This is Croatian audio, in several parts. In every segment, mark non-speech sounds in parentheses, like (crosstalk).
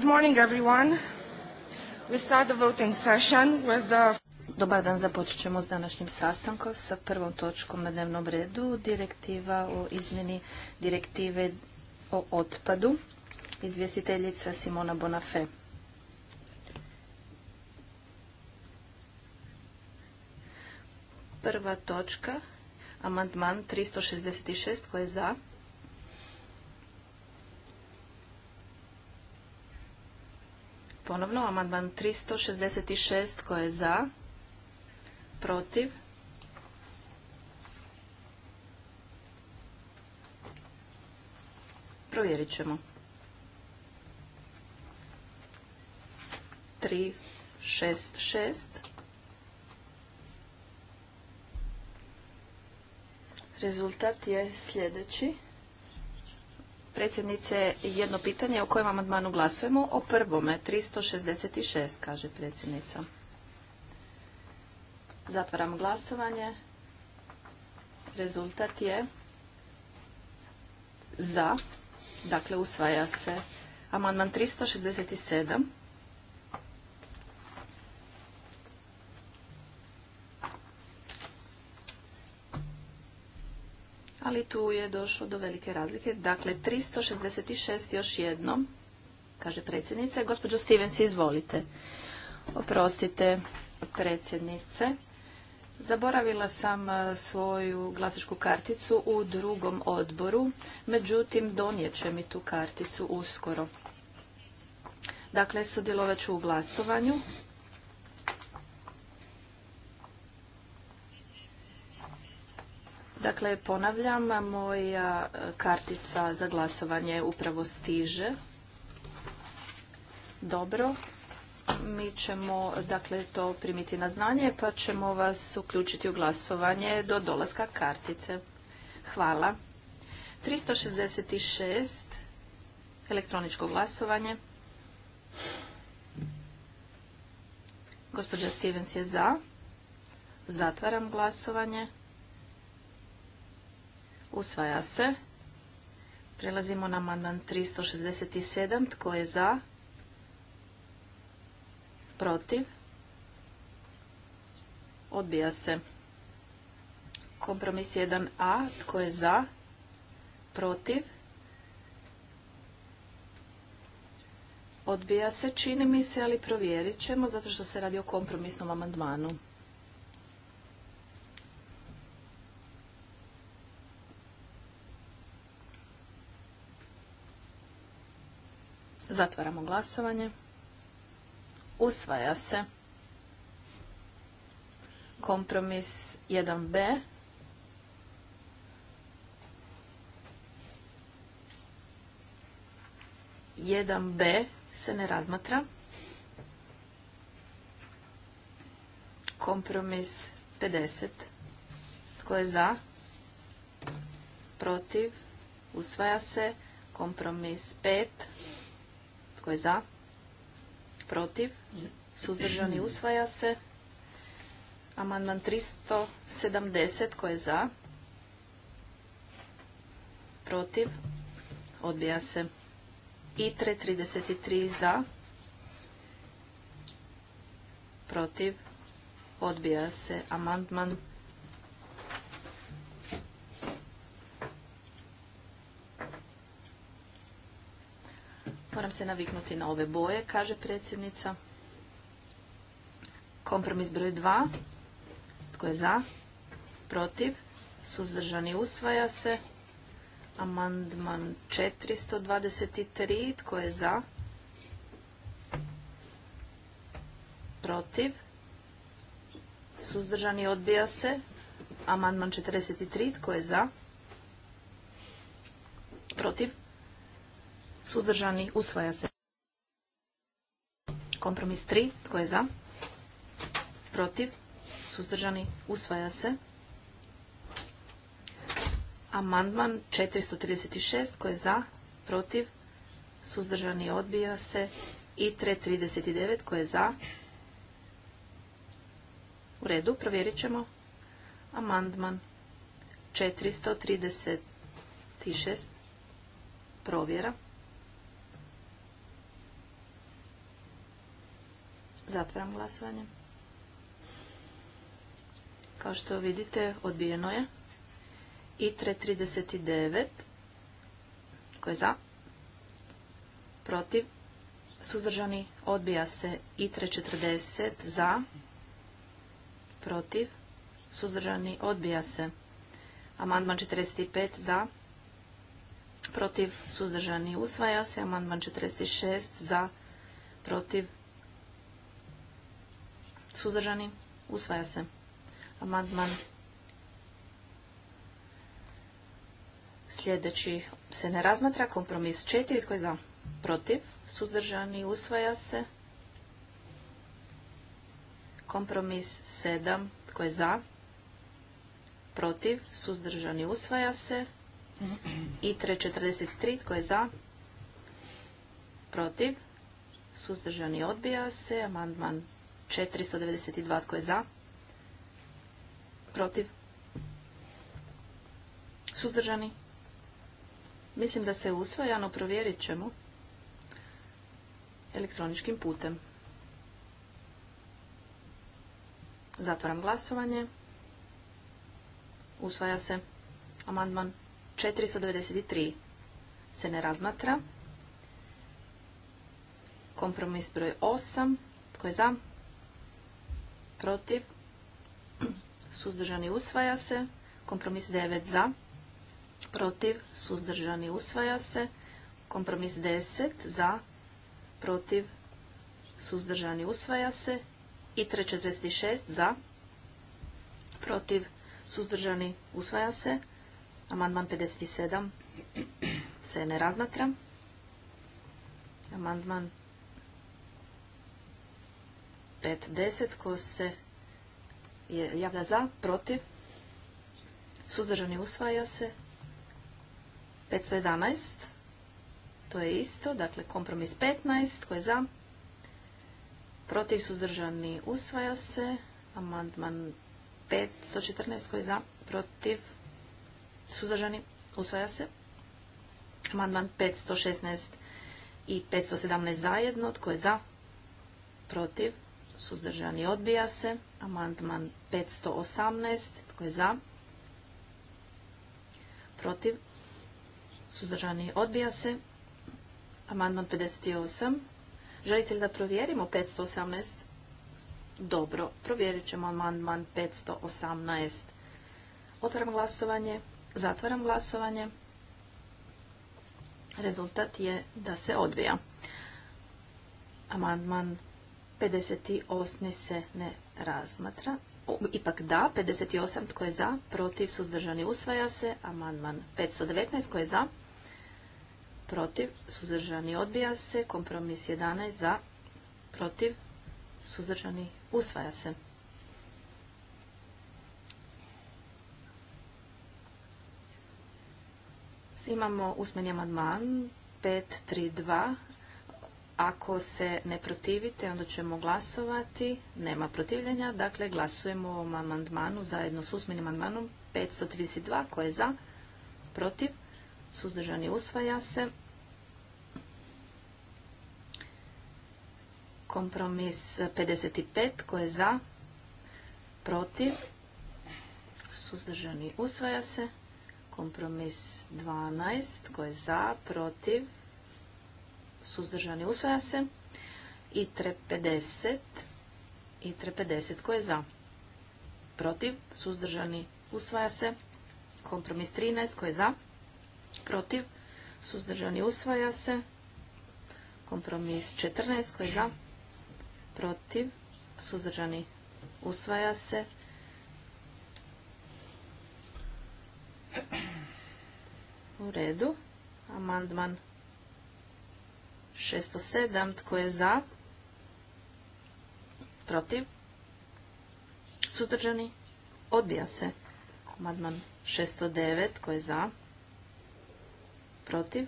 Good morning everyone. We start the voting session with the... Dobar dan, započet ćemo s današnjim sastankom sa prvom točkom na dnevnom redu, direktiva o izmjeni direktive o otpadu, izvjestiteljica Simona Bonafé. Prva točka, amandman 366 koji je za, ponovno. Amandman 366 koje je za, protiv. Provjerit ćemo. 3, 6, 6. Rezultat je sljedeći predsjednice, jedno pitanje o kojem amandmanu glasujemo. O prvome, 366, kaže predsjednica. Zatvaram glasovanje. Rezultat je za, dakle usvaja se amandman 367. ali tu je došlo do velike razlike. Dakle, 366 još jednom, kaže predsjednica. Gospođo Stevens, izvolite. Oprostite, predsjednice. Zaboravila sam e, svoju glasačku karticu u drugom odboru, međutim donijet će mi tu karticu uskoro. Dakle, sudjelovat ću u glasovanju Dakle, ponavljam, moja kartica za glasovanje upravo stiže. Dobro. Mi ćemo dakle, to primiti na znanje pa ćemo vas uključiti u glasovanje do dolaska kartice. Hvala. 366 elektroničko glasovanje. Gospođa Stevens je za. Zatvaram glasovanje. Usvaja se. Prelazimo na amandman 367. Tko je za? Protiv? Odbija se. Kompromis 1a. Tko je za? Protiv? Odbija se, čini mi se, ali provjerit ćemo, zato što se radi o kompromisnom amandmanu. Zatvaramo glasovanje. Usvaja se kompromis 1b. Jedan B se ne razmatra. Kompromis 50. Tko je za? Protiv? Usvaja se. Kompromis 5. Tko je za? Protiv? Suzdržani usvaja se. Amandman 370. Tko je za? Protiv? Odbija se. ITRE 33 za. Protiv? Odbija se. Amandman Moram se naviknuti na ove boje, kaže predsjednica. Kompromis broj 2. Tko je za? Protiv? Suzdržani usvaja se. Amandman 423. Tko je za? Protiv? Suzdržani odbija se. Amandman 43. Tko je za? Protiv? suzdržani, usvaja se. Kompromis 3, tko je za? Protiv, suzdržani, usvaja se. Amandman 436, tko je za? Protiv, suzdržani, odbija se. I 339, tko je za? U redu, provjerit ćemo. Amandman 436, provjera. Zatvaram glasovanje. Kao što vidite, odbijeno je. i 39. Ko je za? Protiv? Suzdržani? Odbija se. i 40. Za? Protiv? Suzdržani? Odbija se. Amandman 45. Za? Protiv? Suzdržani? Usvaja se. Amandman 46. Za? Protiv? Suzdržani? Usvaja se. Amandman sljedeći se ne razmatra. Kompromis četiri, Tko je za? Protiv? Suzdržani? Usvaja se. Kompromis sedam, Tko je za? Protiv? Suzdržani? Usvaja se. I tri, Tko je za? Protiv? Suzdržani? Odbija se. Amandman 492 tko je za? Protiv? Suzdržani? Mislim da se usvojano provjerit ćemo elektroničkim putem. Zatvaram glasovanje. Usvaja se amandman 493 se ne razmatra. Kompromis broj 8. Tko je za? protiv, suzdržani usvaja se. Kompromis 9 za, protiv, suzdržani usvaja se. Kompromis 10 za, protiv, suzdržani usvaja se. I 346 za, protiv, suzdržani usvaja se. Amandman 57 se ne razmatra. Amandman 5.10 ko se je javlja za, protiv, suzdržani usvaja se, 511, to je isto, dakle kompromis 15, ko je za, protiv, suzdržani usvaja se, amandman 514, ko je za, protiv, suzdržani usvaja se, amandman 516 i 517 zajedno, tko je za, protiv, suzdržani, odbija se. Amandman 518, tko je za? Protiv, suzdržani, odbija se. Amandman 58. Želite li da provjerimo 518? Dobro, provjerit ćemo amandman 518. Otvaram glasovanje, zatvaram glasovanje. Rezultat je da se odbija. Amandman 58. se ne razmatra. ipak da, 58. tko je za, protiv, suzdržani, usvaja se. Amandman 519. tko je za, protiv, suzdržani, odbija se. Kompromis 11. za, protiv, suzdržani, usvaja se. Imamo usmeni amandman 532 ako se ne protivite, onda ćemo glasovati. Nema protivljenja, dakle glasujemo o ovom amandmanu zajedno s usmenim amandmanom 532. koje je za? Protiv? Suzdržani usvaja se. Kompromis 55. koje je za? Protiv? Suzdržani usvaja se. Kompromis 12. koje je za? Protiv? suzdržani, usvaja se. I 50 i 50 koje je za, protiv, suzdržani, usvaja se. Kompromis 13 koje je za, protiv, suzdržani, usvaja se. Kompromis 14 koje je za, protiv, suzdržani, usvaja se. U redu. Amandman 607. Tko je za? Protiv? Suzdržani? Odbija se. Amadman 609. Tko je za? Protiv?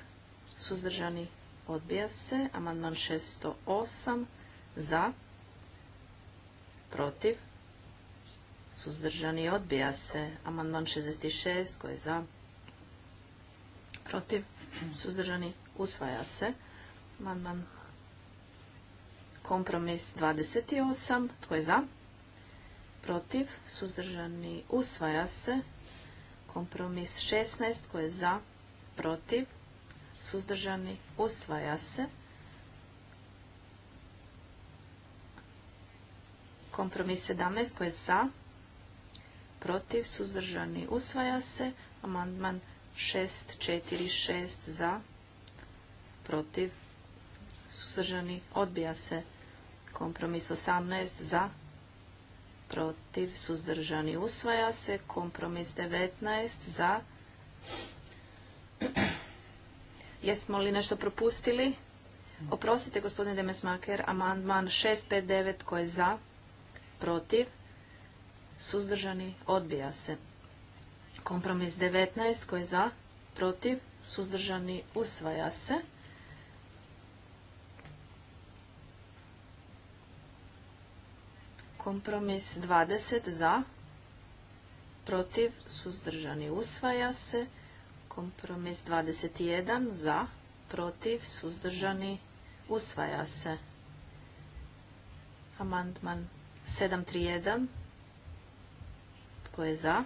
Suzdržani? Odbija se. Amandman 608. Za? Protiv? Suzdržani? Odbija se. Amandman 66. Tko je za? Protiv? Suzdržani? Usvaja se. Amandman kompromis 28. Tko je za? Protiv. Suzdržani usvaja se. Kompromis 16. Tko je za? Protiv. Suzdržani usvaja se. Kompromis 17. Tko je za? Protiv. Suzdržani usvaja se. Amandman 646 za. Protiv suzdržani, odbija se. Kompromis 18 za, protiv, suzdržani, usvaja se. Kompromis 19 za. (clears throat) Jesmo li nešto propustili? Oprostite, gospodine Demesmaker, amandman 659 koji je za, protiv, suzdržani, odbija se. Kompromis 19 koji je za, protiv, suzdržani, usvaja se. Kompromis 20 za, protiv, suzdržani, usvaja se. Kompromis 21 za, protiv, suzdržani, usvaja se. Amandman 731. Tko je za?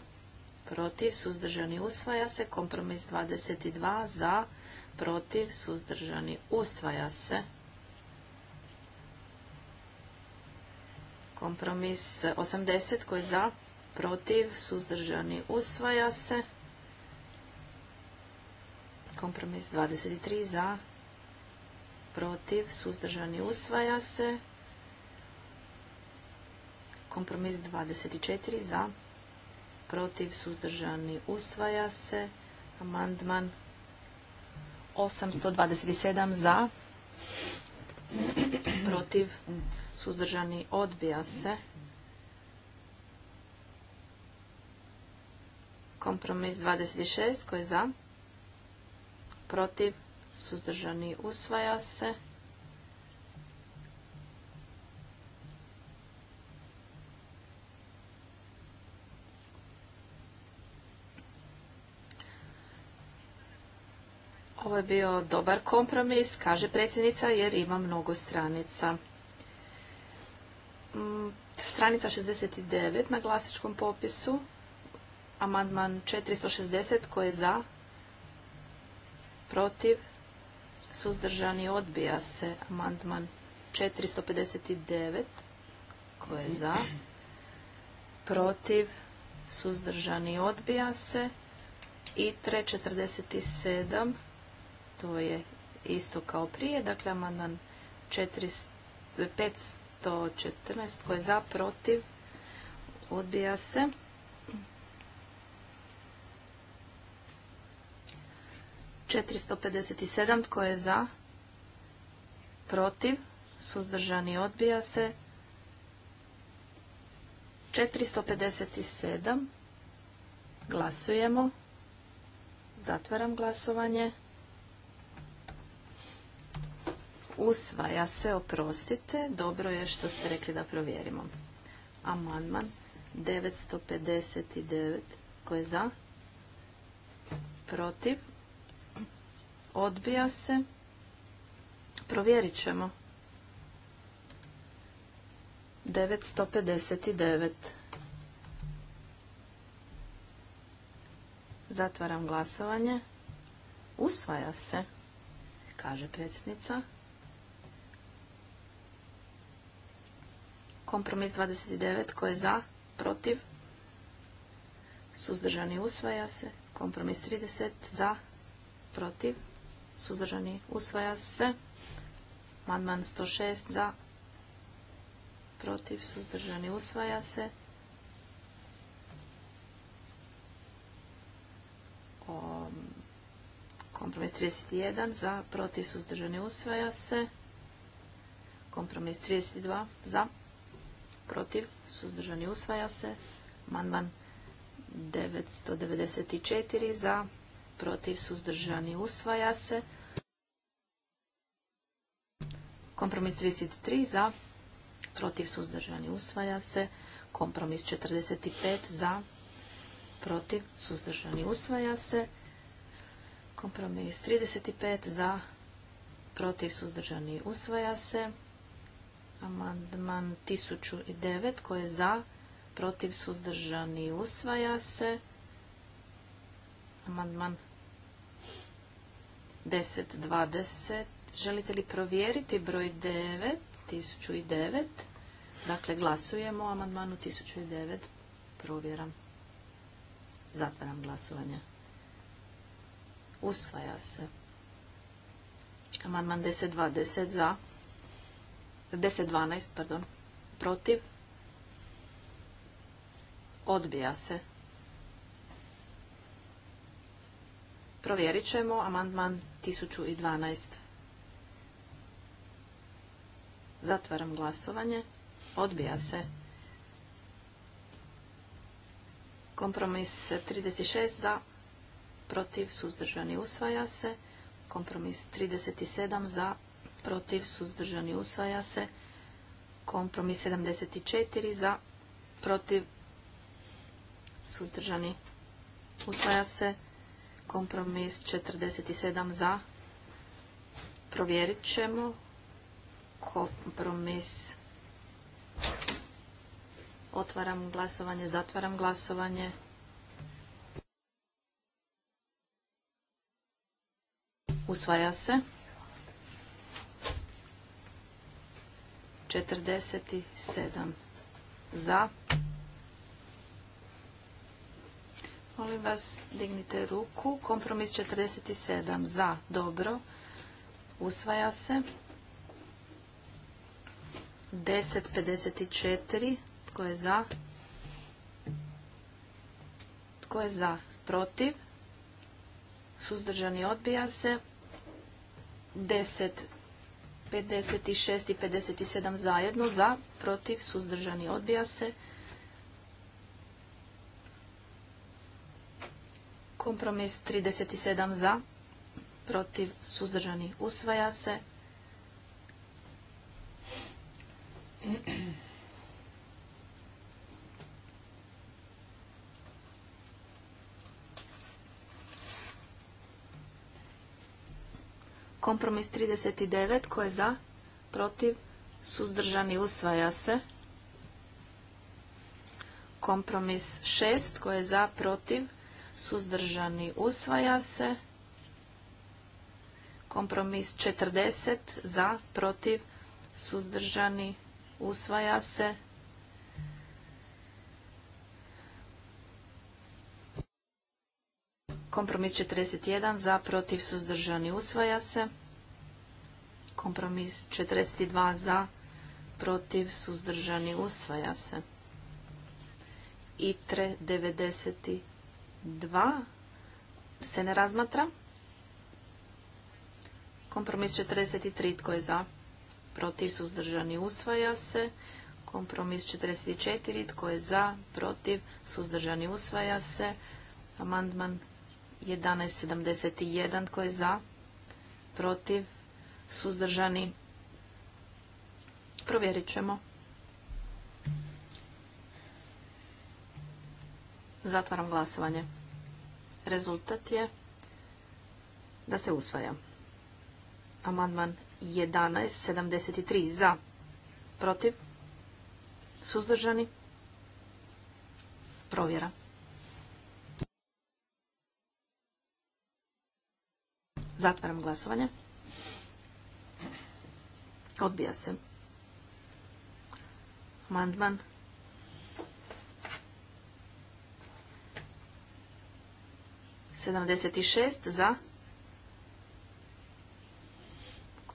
Protiv, suzdržani, usvaja se. Kompromis 22 za, protiv, suzdržani, usvaja se. Kompromis 80 koji je za, protiv, suzdržani, usvaja se. Kompromis 23 za, protiv, suzdržani, usvaja se. Kompromis 24 za, protiv, suzdržani, usvaja se. Amandman 827 za, protiv, suzdržani, odbija se. Kompromis 26, koji je za, protiv, suzdržani, usvaja se. Ovo je bio dobar kompromis, kaže predsjednica, jer ima mnogo stranica. Mm, stranica 69 na glasičkom popisu, amandman 460 koji je za, protiv, suzdržani odbija se, amandman 459 koji je za, protiv, suzdržani odbija se i 347 to je isto kao prije, dakle amandman 400, 114. Tko je za, protiv? Odbija se. Četiristo pedeset Tko je za? Protiv? Suzdržani odbija se. 457. Glasujemo. Zatvaram glasovanje. Usvaja se, oprostite. Dobro je što ste rekli da provjerimo. Amandman 959. Ko je za? Protiv? Odbija se. Provjerit ćemo. 959. Zatvaram glasovanje. Usvaja se, kaže predsjednica. Kompromis 29 tko je za, protiv, suzdržani usvaja se. Kompromis 30 za, protiv, suzdržani usvaja se. Amandman 106 za, protiv, suzdržani usvaja se. Kompromis 31 za, protiv, suzdržani usvaja se. Kompromis 32 za, protiv, suzdržani usvaja se. Amandman 994 za, protiv, suzdržani usvaja se. Kompromis 33 za, protiv, suzdržani usvaja se. Kompromis 45 za, protiv, suzdržani usvaja se. Kompromis 35 za, protiv, suzdržani usvaja se. Amandman 1009 koji je za, protiv, i usvaja se. Amandman 1020. Želite li provjeriti broj 9, 1009? Dakle, glasujemo o amandmanu 1009. Provjeram. Zatvaram glasovanje. Usvaja se. Amandman 1020 za, 10-12, pardon. Protiv. Odbija se. Provjerit ćemo amandman 1012. Zatvaram glasovanje. Odbija se. Kompromis 36 za, protiv, suzdržani, usvaja se. Kompromis 37 za, protiv, suzdržani, usvaja se. Kompromis 74 za, protiv, suzdržani, usvaja se. Kompromis 47 za, provjerit ćemo. Kompromis Otvaram glasovanje, zatvaram glasovanje. Usvaja se. 47 za. Molim vas, dignite ruku. Kompromis 47 za. Dobro. Usvaja se. 10.54. Tko je za? Tko je za? Protiv? Suzdržani odbija se. 10 56 i 57 zajedno, za, protiv, suzdržani, odbija se. Kompromis 37 za, protiv, suzdržani, usvaja se. Kompromis 39. Tko je za? Protiv? Suzdržani usvaja se. Kompromis 6. Tko je za? Protiv? Suzdržani usvaja se. Kompromis 40. Za? Protiv? Suzdržani usvaja se. Kompromis 41 za, protiv, suzdržani, usvaja se. Kompromis 42 za, protiv, suzdržani, usvaja se. I 392 se ne razmatra. Kompromis 43 tko je za, protiv, suzdržani, usvaja se. Kompromis 44 tko je za, protiv, suzdržani, usvaja se. Amandman 11.71 tko je za, protiv, suzdržani. Provjerit ćemo. Zatvaram glasovanje. Rezultat je da se usvaja. Amandman 11.73 za, protiv, suzdržani. Provjera. Zatvaram glasovanje. Odbija se. Amandman. Sedamdeset šest za.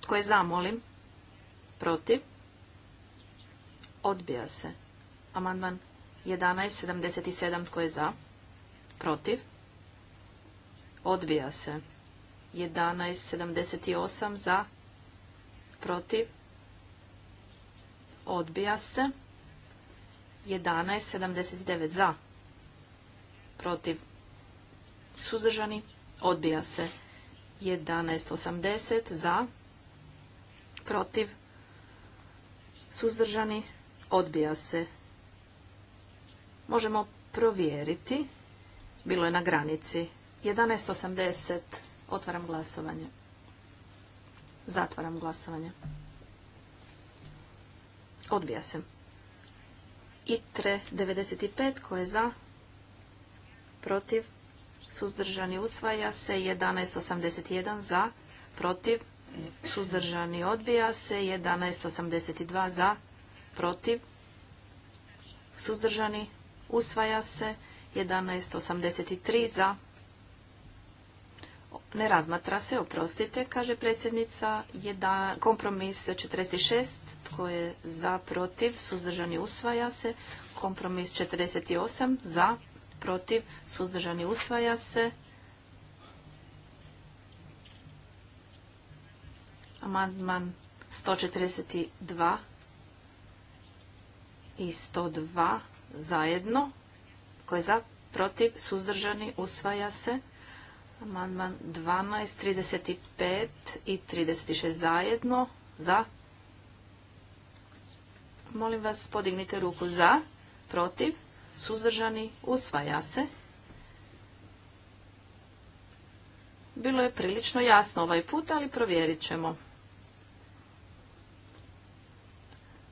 Tko je za, molim? Protiv? Odbija se. Amandman 11.77. Tko je za? Protiv? Odbija se. 11.78 za, protiv, odbija se. 11.79 za, protiv, suzdržani, odbija se. 11.80 za, protiv, suzdržani, odbija se. Možemo provjeriti. Bilo je na granici. 11.80 Otvaram glasovanje. Zatvaram glasovanje. Odbija se. ITRE 95, ko je za? Protiv? Suzdržani usvaja se. 1181 za? Protiv? Suzdržani odbija se. 1182 za? Protiv? Suzdržani usvaja se. 1183 za? Protiv? ne razmatra se, oprostite, kaže predsjednica, je da kompromis 46, tko je za, protiv, suzdržani usvaja se, kompromis 48, za, protiv, suzdržani usvaja se, amandman 142 i 102 zajedno, tko je za, protiv, suzdržani usvaja se, Amandman 12, 35 i 36 zajedno. Za. Molim vas, podignite ruku za, protiv, suzdržani, usvaja se. Bilo je prilično jasno ovaj put, ali provjerit ćemo.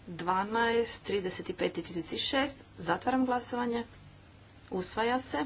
12, 35 i 36. Zatvaram glasovanje. Usvaja se.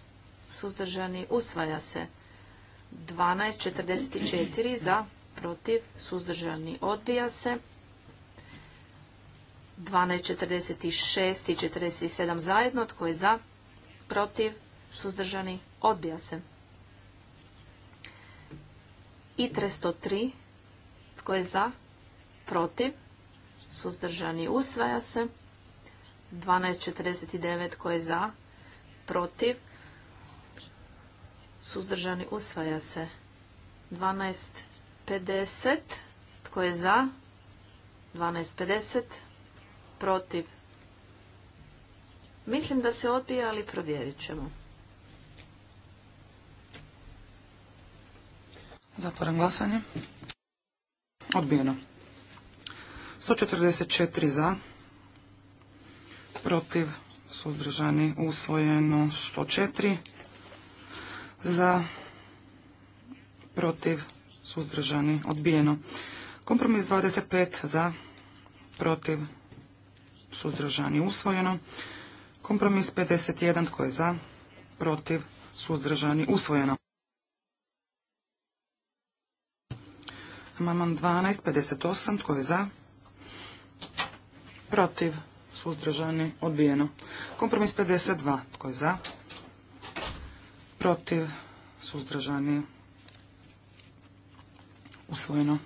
suzdržani, usvaja se. 12.44 za, protiv, suzdržani, odbija se. 12.46 i 47 zajedno, tko je za, protiv, suzdržani, odbija se. I 303, tko je za, protiv, suzdržani, usvaja se. 12.49, tko je za, protiv, suzdržani, usvaja se. 12.50, tko je za? 12.50, protiv. Mislim da se odbija, ali provjerit ćemo. Zatvoram glasanje. Odbijeno. 144 za, protiv, suzdržani, usvojeno 104 za, protiv, suzdržani, odbijeno. Kompromis 25 za, protiv, suzdržani, usvojeno. Kompromis 51 tko je za, protiv, suzdržani, usvojeno. Amandman 12, 58, tko je za? Protiv, suzdržani, odbijeno. Kompromis 52, tko je za? protiv, suzdržani, usvojeno.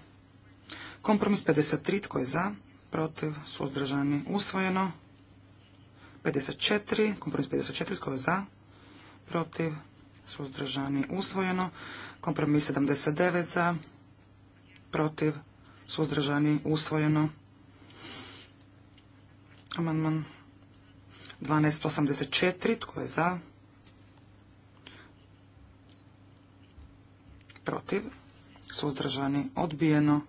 Kompromis 53, tko je za, protiv, suzdržani, usvojeno. 54, kompromis 54, tko je za, protiv, suzdržani, usvojeno. Kompromis 79 za, protiv, suzdržani, usvojeno. Amandman 1284, tko je za, protiv, suzdržani, odbijeno.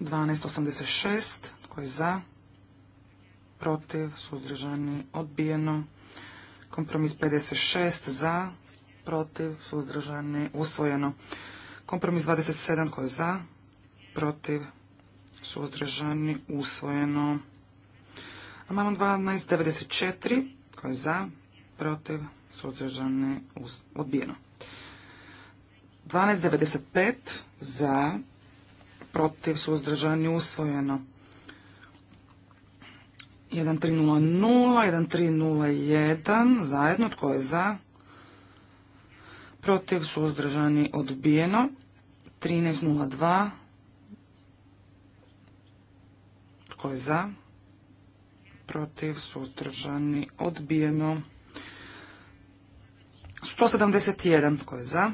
1286, tko je za, protiv, suzdržani, odbijeno. Kompromis 56, za, protiv, suzdržani, usvojeno. Kompromis 27, tko je za, protiv, suzdržani, usvojeno. Amandman 1294, koji je za, protiv, suzdržani, odbijeno. 12.95 za, protiv, suzdržani, usvojeno. 1.300, 1.301, zajedno, tko je za, protiv, suzdržani, odbijeno. 13.02, tko je za, protiv, suzdržani, odbijeno. 171, tko je za,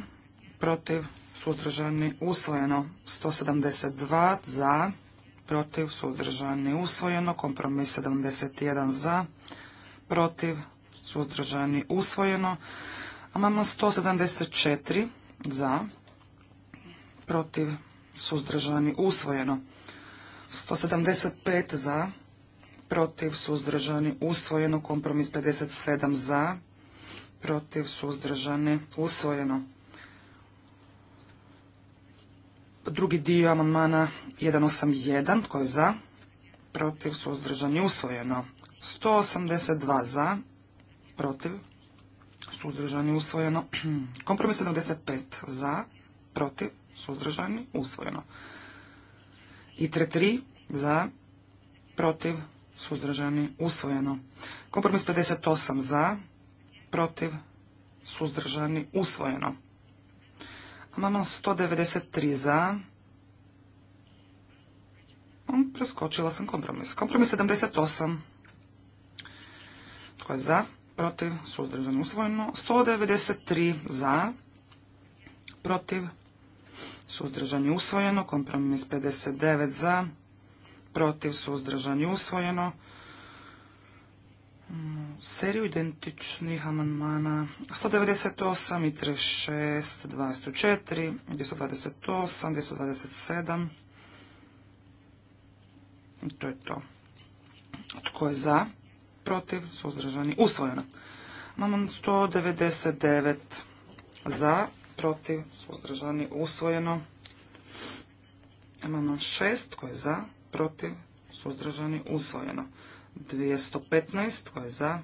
protiv, suzdržani, usvojeno. 172 za, protiv, suzdržani, usvojeno. Kompromis 71 za, protiv, suzdržani, usvojeno. Amandman 174 za, protiv, suzdržani, usvojeno. 175 za, protiv, suzdržani, usvojeno. Kompromis 57 za, protiv, suzdržani, usvojeno drugi dio amandmana 181, tko je za, protiv, suzdržani, usvojeno. 182 za, protiv, suzdržani, usvojeno. (clears throat) Kompromis 75 za, protiv, suzdržani, usvojeno. I tri za, protiv, suzdržani, usvojeno. Kompromis 58 za, protiv, suzdržani, usvojeno. Amandman 193 za. Preskočila sam kompromis. Kompromis 78. Tko je za? Protiv? Suzdržan usvojeno. 193 za. Protiv? Suzdržan je usvojeno. Kompromis 59 za. Protiv? Suzdržan je usvojeno seriju identičnih amandmana 198 i 36, 24, 228, 227. I to je to. Tko je za? Protiv? Suzdržani? Usvojeno. Amandman 199 za, protiv, suzdržani, usvojeno. Amandman 6, tko je za, protiv, suzdržani, usvojeno. 215 tko je za,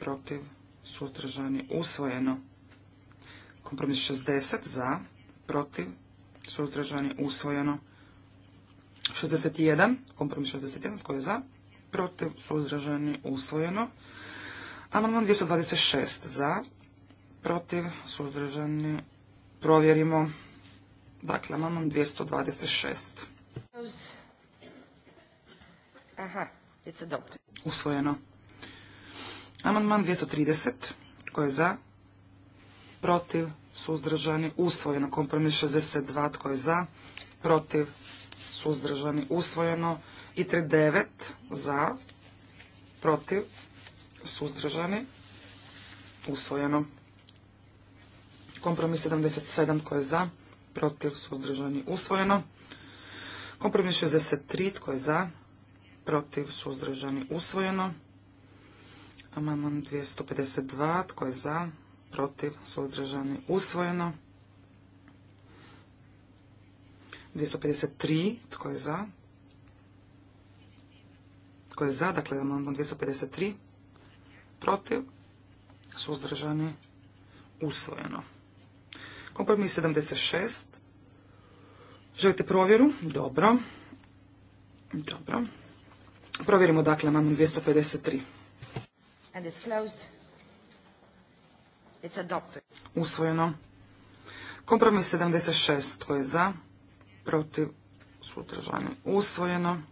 protiv, suzdržani, usvojeno. Kompromis 60 za, protiv, suzdržani, usvojeno. 61, kompromis 61 tko je za, protiv, suzdržani, usvojeno. Amandman 226 za, protiv, suzdržani, provjerimo. Dakle, amandman 226. Aha. Usvojeno. Amandman 230. Tko je za? Protiv? Suzdržani? Usvojeno. Kompromis 62. Tko je za? Protiv? Suzdržani? Usvojeno. I 39. Za? Protiv? Suzdržani? Usvojeno. Kompromis 77. Tko je za? Protiv? Suzdržani? Usvojeno. Kompromis 63. Tko je za? protiv, suzdržani, usvojeno. Amandman 252, tko je za, protiv, suzdržani, usvojeno. 253, tko je za? Tko je za, dakle, amandman 253, protiv, suzdržani, usvojeno. Kompromis 76. Želite provjeru? Dobro. Dobro. Provjerimo dakle amandman 253. And it's adopted. Usvojeno. Kompromis 76. Tko je za? Protiv? Sudržani. Usvojeno.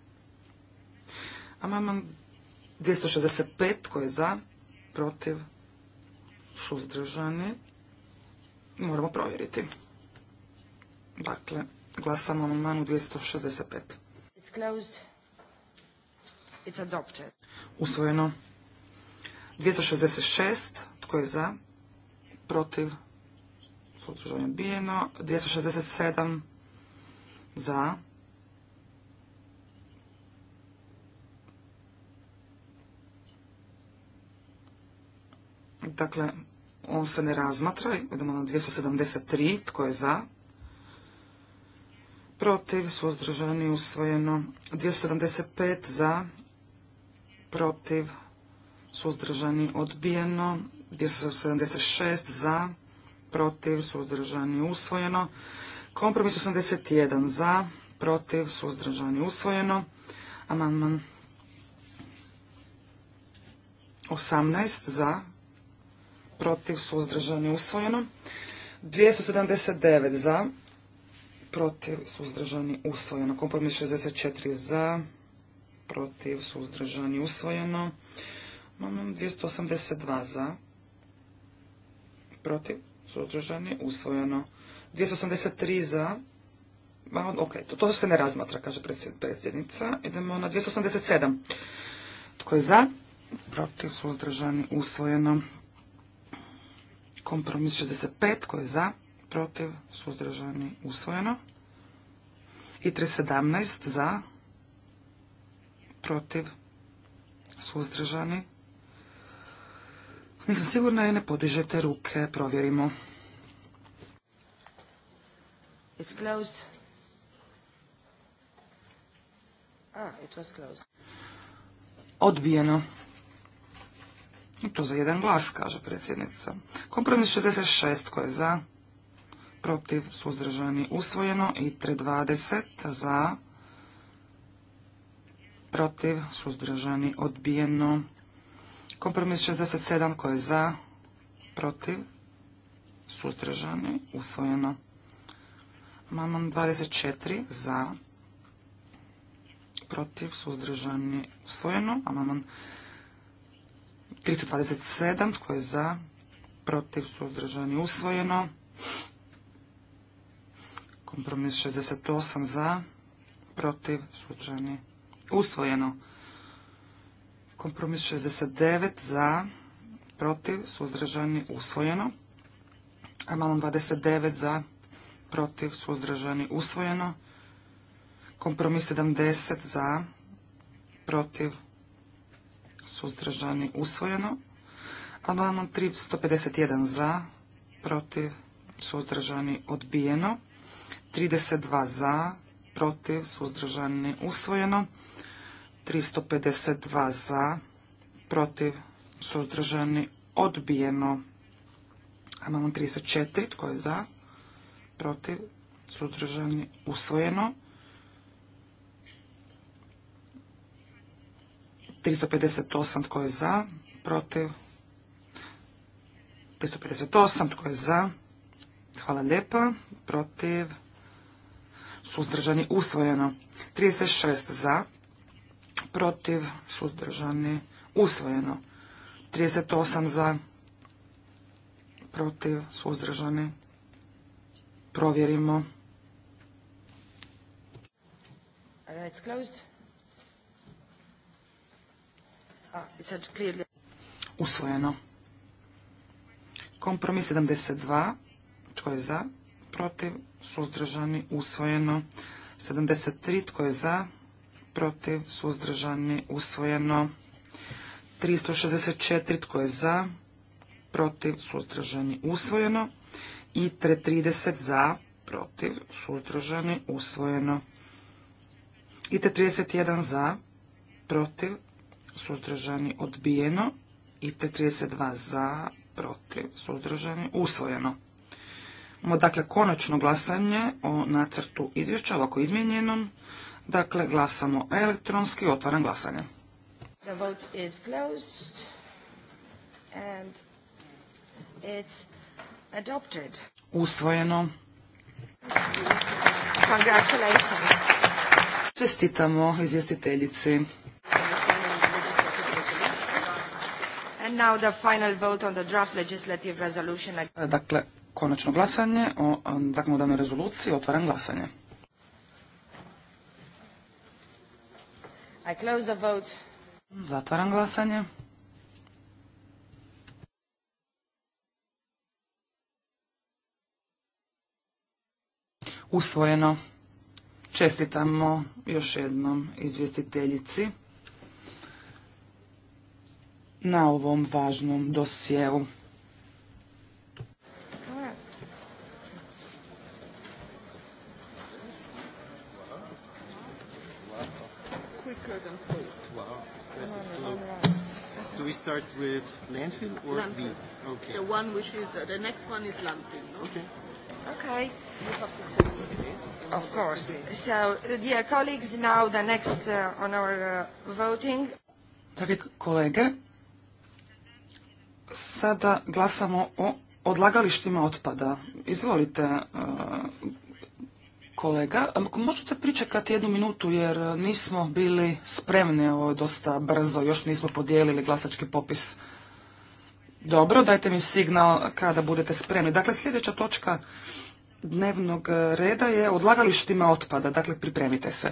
Amandman 265. Tko je za? Protiv? Suzdržani. Moramo provjeriti. Dakle, glasamo o amandmanu 265. It's closed adopted. Usvojeno. 266. Tko je za? Protiv? Suzdržan je 267. Za? Dakle, on se ne razmatra. Idemo na 273. Tko je za? Protiv, suzdržani, usvojeno. 275 za, protiv, suzdržani, odbijeno. 276 za, protiv, suzdržani, usvojeno. Kompromis 81 za, protiv, suzdržani, usvojeno. Amandman 18 za, protiv, suzdržani, usvojeno. 279 za, protiv, suzdržani, usvojeno. Kompromis 64 za, protiv, suzdržani, usvojeno. Imamo 282 za, protiv, suzdržani, usvojeno. 283 za, ok, to, to se ne razmatra, kaže predsjednica. Idemo na 287. Tko je za? Protiv, suzdržani, usvojeno. Kompromis 65, tko je za? Protiv, suzdržani, usvojeno. I 317 za, protiv, suzdržani. Nisam sigurna je ne podižete ruke, provjerimo. It's Ah, it was closed. Odbijeno. I to za jedan glas, kaže predsjednica. Kompromis 66, koje je za, protiv, suzdržani, usvojeno i 320 za, protiv, suzdržani, odbijeno. Kompromis 67 koji je za, protiv, suzdržani, usvojeno. Amandman 24 za, protiv, suzdržani, usvojeno. Amandman 327 tko je za, protiv, suzdržani, usvojeno. Kompromis 68 za, protiv, suzdržani, usvojeno. Kompromis 69 za, protiv, suzdržani, usvojeno. Amalon 29 za, protiv, suzdržani, usvojeno. Kompromis 70 za, protiv, suzdržani, usvojeno. Amandman 351 za, protiv, suzdržani, odbijeno. 32 za, protiv, suzdržani, usvojeno. 352 za, protiv, suzdržani, odbijeno. Amandman 34, tko je za, protiv, suzdržani, usvojeno. 358 tko je za, protiv, 358 tko je za, hvala lijepa, protiv, suzdržani usvojeno. 36 za, protiv, suzdržani usvojeno. 38 za, protiv, suzdržani. Provjerimo. Uh, ah, usvojeno. Kompromis 72. Tko je za? Protiv? suzdržani, usvojeno. 73 tko je za, protiv, suzdržani, usvojeno. 364 tko je za, protiv, suzdržani, usvojeno. I 330 za, protiv, suzdržani, usvojeno. I 31 za, protiv, suzdržani, odbijeno. I 32 za, protiv, suzdržani, usvojeno. Imamo dakle konačno glasanje o nacrtu izvješća, ovako izmijenjenom. Dakle, glasamo elektronski, otvaram glasanje. The vote is closed and it's adopted. Usvojeno. Congratulations. Čestitamo izvjestiteljici. And now the final vote on the draft legislative resolution. Dakle, konačno glasanje o um, zakonodavnoj rezoluciji. Otvaram glasanje. I Zatvaram glasanje. Usvojeno. Čestitamo još jednom izvjestiteljici na ovom važnom dosjeu. start with landfill or landfill. the okay. The one which is uh, the next one is landfill. No? Okay. Okay. have to this. Of course. So, dear colleagues, now the next uh, on our uh, voting. Dragi kolege, sada glasamo o odlagalištima otpada. Izvolite, uh, kolega. Možete pričekati jednu minutu jer nismo bili spremni, ovo je dosta brzo, još nismo podijelili glasački popis. Dobro, dajte mi signal kada budete spremni. Dakle, sljedeća točka dnevnog reda je odlagalištima otpada, dakle pripremite se.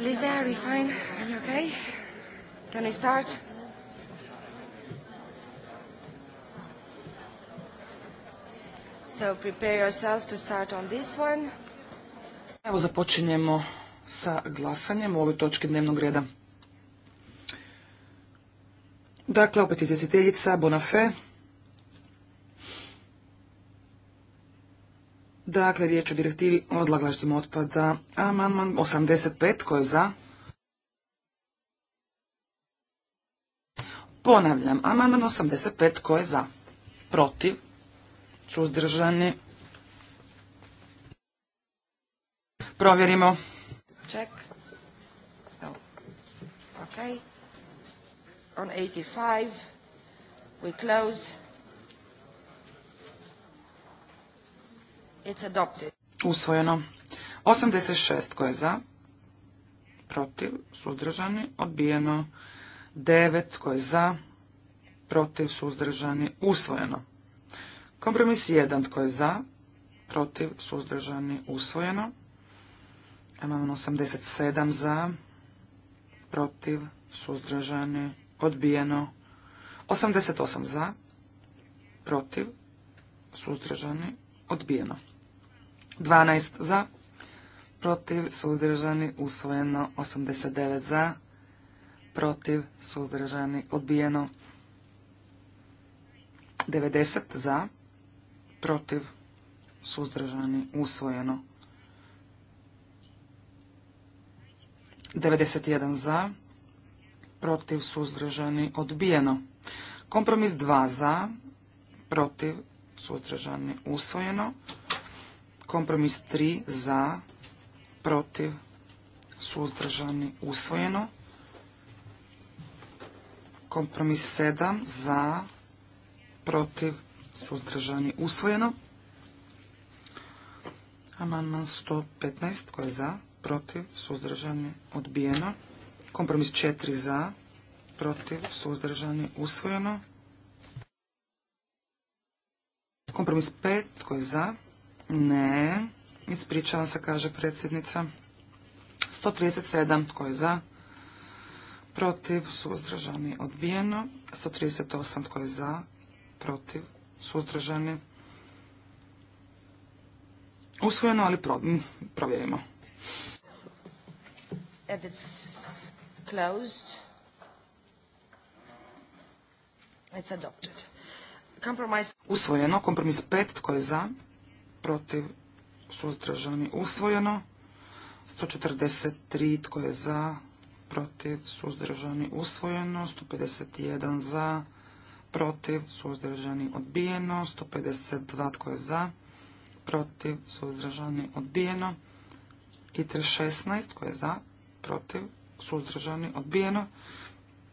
So Lisa, are you fine? Are you okay? Can I start? So prepare yourself to start on this one. Evo započinjemo sa glasanjem u ovoj točki dnevnog reda. Dakle, opet izvjestiteljica Bonafé. Dakle, riječ o direktivi o odlaglaštima otpada. Amandman 85, ko je za? Ponavljam, amandman 85, ko je za? Protiv? Suzdržani? Provjerimo. Ček. Oh. Ok. On 85, we close. Usvojeno. 86 tko je za? Protiv. Suzdržani. Odbijeno. 9 tko je za? Protiv. Suzdržani. Usvojeno. Kompromis 1 tko je za? Protiv. Suzdržani. Usvojeno. Imamo 87 za. Protiv. Suzdržani. Odbijeno. 88 za. Protiv. Suzdržani. Odbijeno. 12 za, protiv, suzdržani, usvojeno. 89 za, protiv, suzdržani, odbijeno. 90 za, protiv, suzdržani, usvojeno. 91 za, protiv, suzdržani, odbijeno. Kompromis 2 za, protiv, suzdržani, usvojeno. Kompromis 3 za, protiv, suzdržani, usvojeno. Kompromis 7 za, protiv, suzdržani, usvojeno. Amandman 115 koji je za, protiv, suzdržani, odbijeno. Kompromis 4 za, protiv, suzdržani, usvojeno. Kompromis 5 koji je za, ne. Ispričavam se, kaže predsjednica. 137. Tko je za? Protiv. Suzdržani. Odbijeno. 138. Tko je za? Protiv. Suzdržani. Usvojeno, ali provjerimo. And closed. It's adopted. Usvojeno. Kompromis pet Tko je za? protiv, suzdržani, usvojeno. 143 tko je za, protiv, suzdržani, usvojeno. 151 za, protiv, suzdržani, odbijeno. 152 tko je za, protiv, suzdržani, odbijeno. I 316 tko je za, protiv, suzdržani, odbijeno.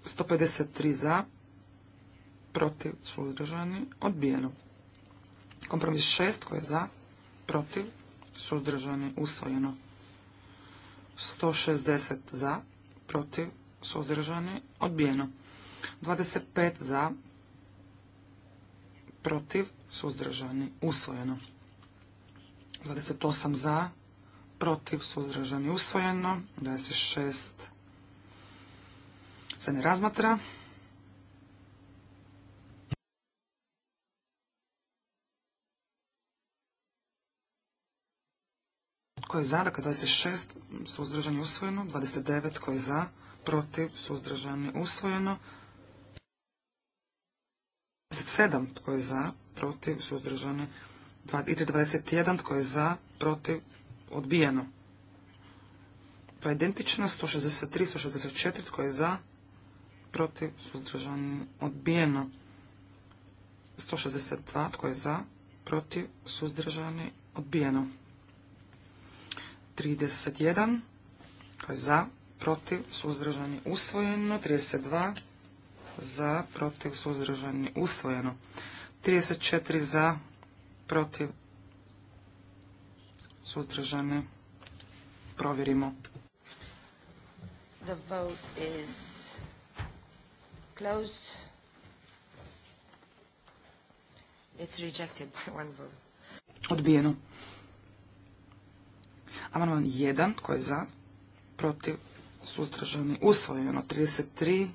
153 za, protiv, suzdržani, odbijeno. Kompromis 6 tko je za, protiv, suzdržani, usvojeno. 160 za, protiv, suzdržani, odbijeno. 25 za, protiv, suzdržani, usvojeno. 28 za, protiv, suzdržani, usvojeno. 26 se ne razmatra. Tko je za? Dakle, 26 suzdržani usvojeno. 29 koji je za? Protiv suzdržani usvojeno. 27 koji je za? Protiv suzdržani i 21 koji je za? Protiv odbijeno. To je identično. 163, 164 koji je za? Protiv suzdržani odbijeno. 162 koji je za? Protiv suzdržani odbijeno. 31. Koji je za? Protiv? Suzdržani? Usvojeno. 32. Za? Protiv? Suzdržani? Usvojeno. 34. Za? Protiv? Suzdržani? Provjerimo. The vote is closed. It's rejected by one vote. Odbijeno. Amandman 1, tko je za, protiv, suzdržani, usvojeno. 33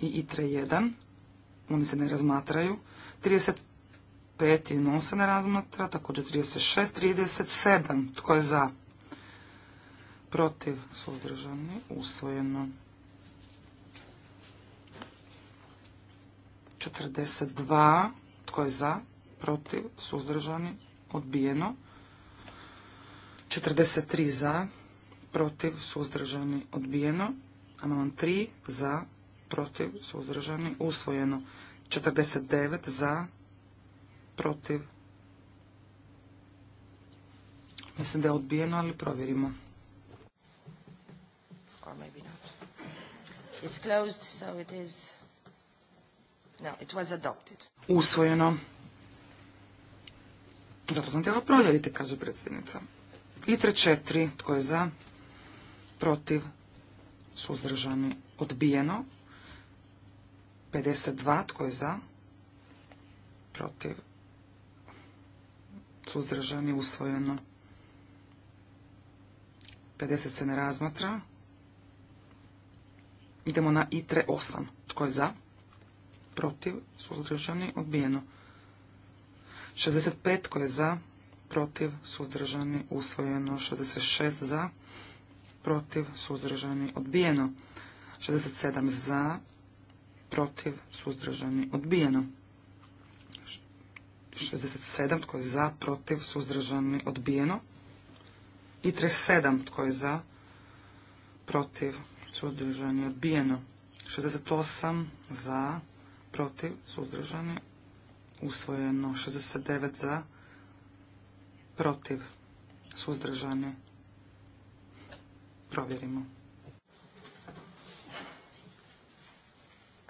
i ITRE 1, oni se ne razmatraju. 35 i NON se ne razmatra, također 36, 37, tko je za, protiv, suzdržani, usvojeno. 42, tko je za, protiv, suzdržani, odbijeno. 43 za, protiv, suzdržani, odbijeno. Amandman 3 za, protiv, suzdržani, usvojeno. 49 za, protiv. Mislim da je odbijeno, ali provjerimo. Or maybe not. It's closed, so Usvojeno. Zato sam htjela provjeriti, kaže predsjednica. I 3-4, tko je za, protiv, suzdržani, odbijeno. 52, tko je za, protiv, suzdržani, usvojeno. 50 se ne razmatra. Idemo na ITRE 8. Tko je za? Protiv, suzdržani, odbijeno. 65 tko je za, protiv, suzdržani, usvojeno. 66 za, protiv, suzdržani, odbijeno. 67 za, protiv, suzdržani, odbijeno. 67 tko je za, protiv, suzdržani, odbijeno. I 37 tko je za, protiv, suzdržani, odbijeno. 68 za, protiv, suzdržani, usvojeno. 69 za, protiv, suzdržane... Provjerimo.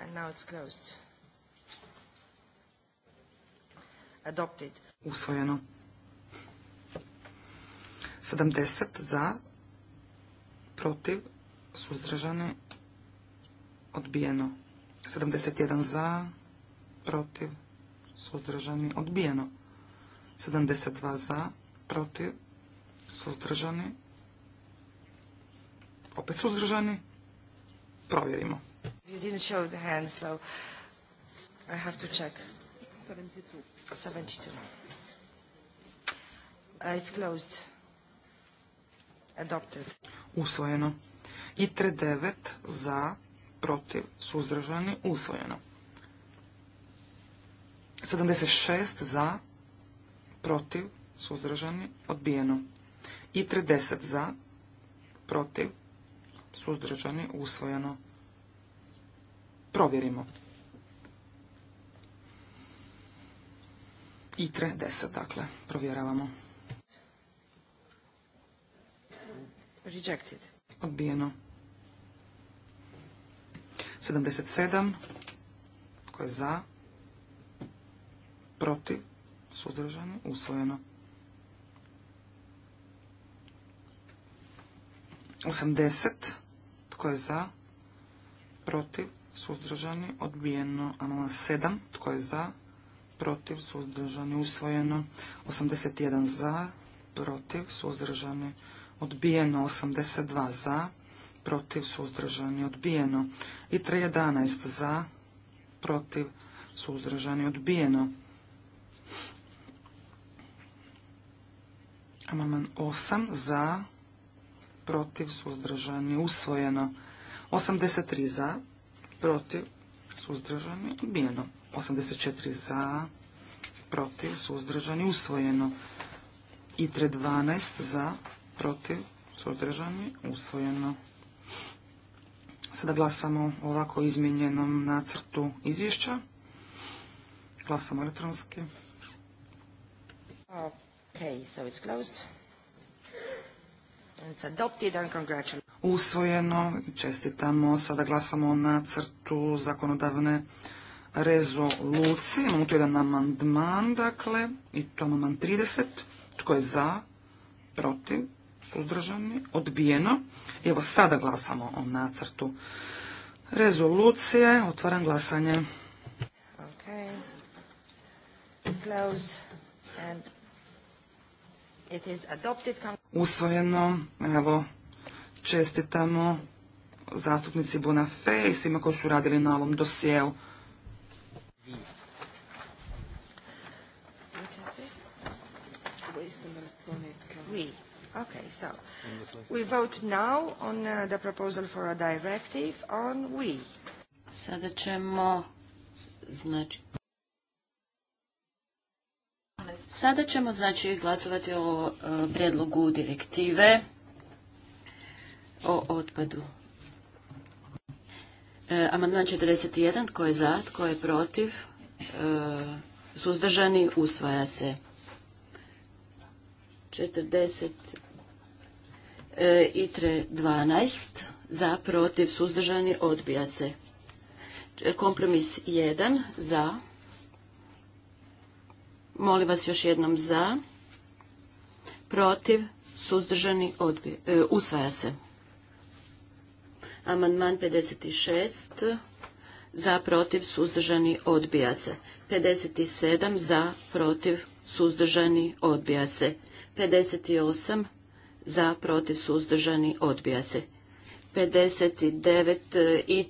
And now it's closed. Adopted. Usvojeno. 70 za, protiv, suzdržane... odbijeno. 71 za, protiv, suzdržani, odbijeno. 72 za, protiv, suzdržani, opet suzdržani, provjerimo. You didn't show the hand, so I have to check. 72. 72. Uh, it's closed. Adopted. Usvojeno. I 39 za, protiv, suzdržani, usvojeno. 76 za, protiv, suzdržani, odbijeno. I 30 za, protiv, suzdržani, usvojeno. Provjerimo. I 30, dakle, provjeravamo. Rejected. Odbijeno. 77. koje je za? Protiv? Suzdržani? Usvojeno. 80. Tko je za? Protiv? Suzdržani? Odbijeno. Amandman 7. Tko je za? Protiv? Suzdržani? Usvojeno. 81 za? Protiv? Suzdržani? Odbijeno. 82 za? Protiv? Suzdržani? Odbijeno. I 311 za? Protiv? Suzdržani? Odbijeno. Amandman 8 za? protiv, suzdržani, usvojeno. 83 za, protiv, suzdržani, odbijeno. 84 za, protiv, suzdržani, usvojeno. I 12 za, protiv, suzdržani, usvojeno. Sada glasamo o ovako izmijenjenom nacrtu izvješća. Glasamo elektronski. Okay, so it's closed. Usvojeno, čestitamo, sada glasamo o nacrtu zakonodavne rezolucije. Imamo tu jedan amandman, dakle, i to amandman 30. Tko je za? Protiv? Suzdržani? Odbijeno. I evo sada glasamo o nacrtu rezolucije. Otvaram glasanje. Ok. Close and Usvojeno, evo, čestitamo zastupnici Bonafé i svima koji su radili na ovom dosijelu. Okay, so we vote now on uh, the proposal for a directive on we. Sada ćemo znači Sada ćemo znači glasovati o e, prijedlogu direktive o otpadu. E, amandman 41, tko je za, tko je protiv, e, suzdržani, usvaja se. 40 i 12, za, protiv, suzdržani, odbija se. Kompromis 1, za, Molim vas još jednom za. Protiv. Suzdržani. E, usvaja se. Amandman 56. Za. Protiv. Suzdržani. Odbija se. 57. Za. Protiv. Suzdržani. Odbija se. 58. Za. Protiv. Suzdržani. Odbija se. 59 e, i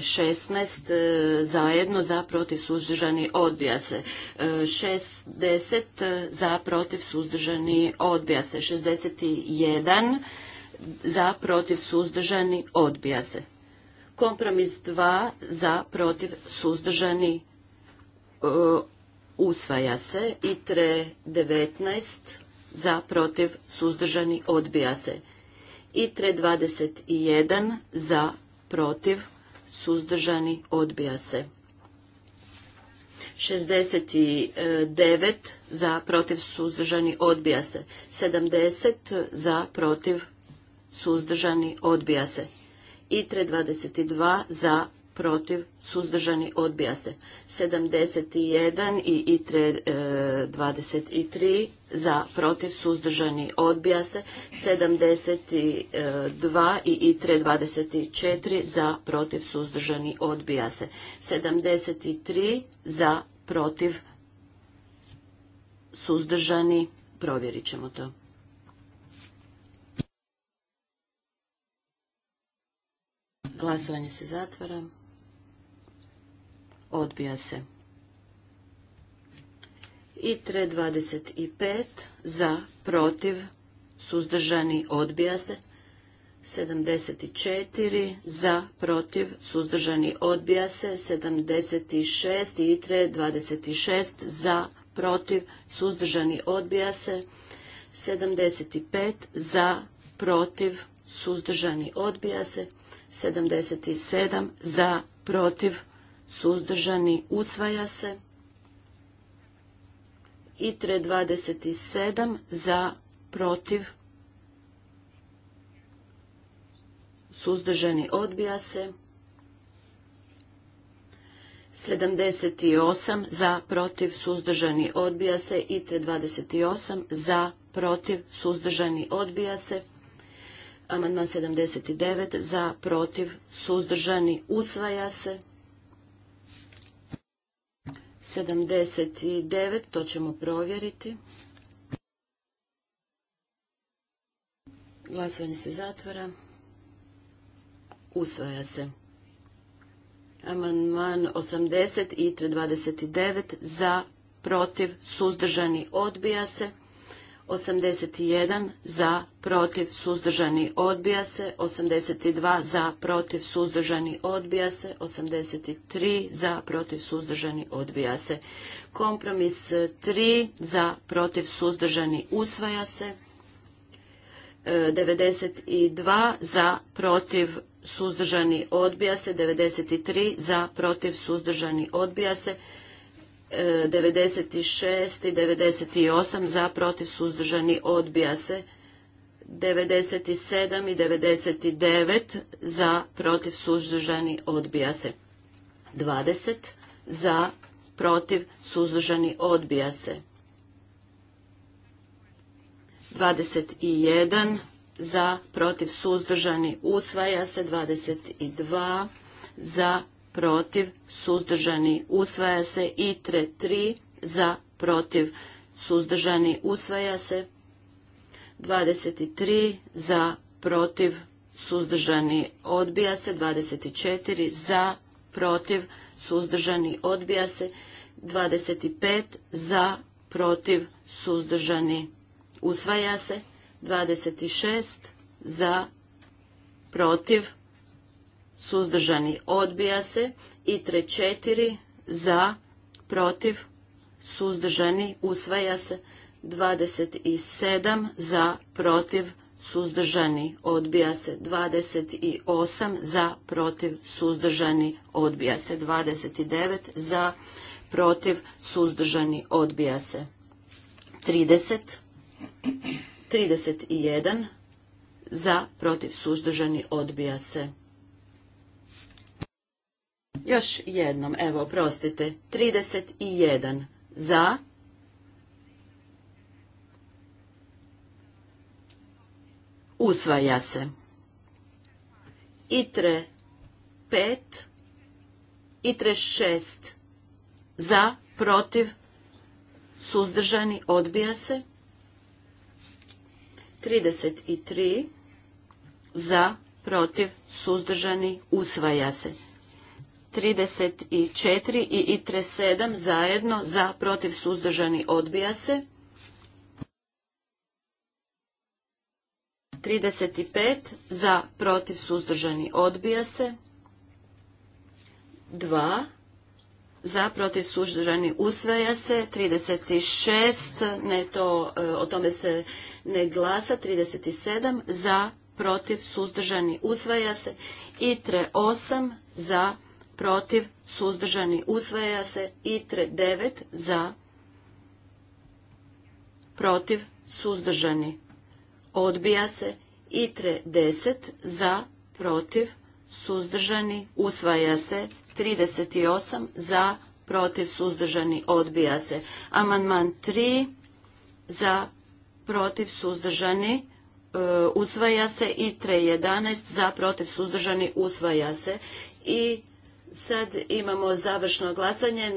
16 e, e, zajedno za protiv suzdržani odbija se. 60 za protiv suzdržani odbija se. 61 za protiv suzdržani odbija se. Kompromis 2 za protiv suzdržani usvaja se. ITRE 19 za protiv suzdržani odbija se. I 21 za protiv suzdržani odbija se. 69 za protiv suzdržani odbija se. 70 za protiv suzdržani odbija se. ITRE 22 za protiv, suzdržani, odbija se. 71 i ITRE 23 e, za, protiv, suzdržani, odbija se. 72 i ITRE 24 za, protiv, suzdržani, odbija se. 73 za, protiv, suzdržani, provjerit ćemo to. Glasovanje se zatvara odbija se. I 325 za, protiv, suzdržani, odbija se. 74 za, protiv, suzdržani, odbija se. 76 i 326 za, protiv, suzdržani, odbija se. 75 za, protiv, suzdržani, odbija se. 77 za, protiv, suzdržani, usvaja se. i 3.27 za, protiv, suzdržani, odbija se. 78 za, protiv, suzdržani, odbija se. i 28 za, protiv, suzdržani, odbija se. Amandman 79 za, protiv, suzdržani, usvaja se. 79, to ćemo provjeriti. Glasovanje se zatvara. Usvaja se. Amandman 80 i 329 za, protiv, suzdržani, odbija se. 81 za, protiv, suzdržani, odbija se. 82 za, protiv, suzdržani, odbija se. 83 za, protiv, suzdržani, odbija se. Kompromis 3 e, za, protiv, suzdržani, usvaja se. 92 e, za, protiv, suzdržani, odbija se. 93 za, protiv, suzdržani, odbija se. 96 i 98 za protiv suzdržani odbija se 97 i 99 za protiv suzdržani odbija se 20 za protiv suzdržani odbija se 21 za protiv suzdržani usvaja se 22 za protiv, suzdržani, usvaja se. ITRE 3 za, protiv, suzdržani, usvaja se. 23 za, protiv, suzdržani, odbija se. 24 za, protiv, suzdržani, odbija se. 25 za, protiv, suzdržani, usvaja se. 26 za, protiv, suzdržani, odbija se. I tre četiri za, protiv, suzdržani, usvaja se. 27 za, protiv, suzdržani, odbija se. 28 za, protiv, suzdržani, odbija se. 29 za, protiv, suzdržani, odbija se. 30, jedan za, protiv, suzdržani, odbija se. Još jednom, evo, prostite, 31 za, usvaja se. ITRE 5, ITRE 6, za, protiv, suzdržani, odbija se. 33, za, protiv, suzdržani, usvaja se. 34 i 37. zajedno za protiv suzdržani odbija se. 35 za protiv suzdržani odbija se. 2 za protiv suzdržani usvaja se. 36 ne to e, o tome se ne glasa. 37 za protiv suzdržani usvaja se. ITRE 8 za protiv protiv, suzdržani, usvaja se. ITRE 9 za, protiv, suzdržani, odbija se. i 10 za, protiv, suzdržani, usvaja se. 38 za, protiv, suzdržani, odbija se. Amandman 3 e, za, protiv, suzdržani, usvaja se i 3.11 za protiv suzdržani usvaja se i Sad imamo završno glasanje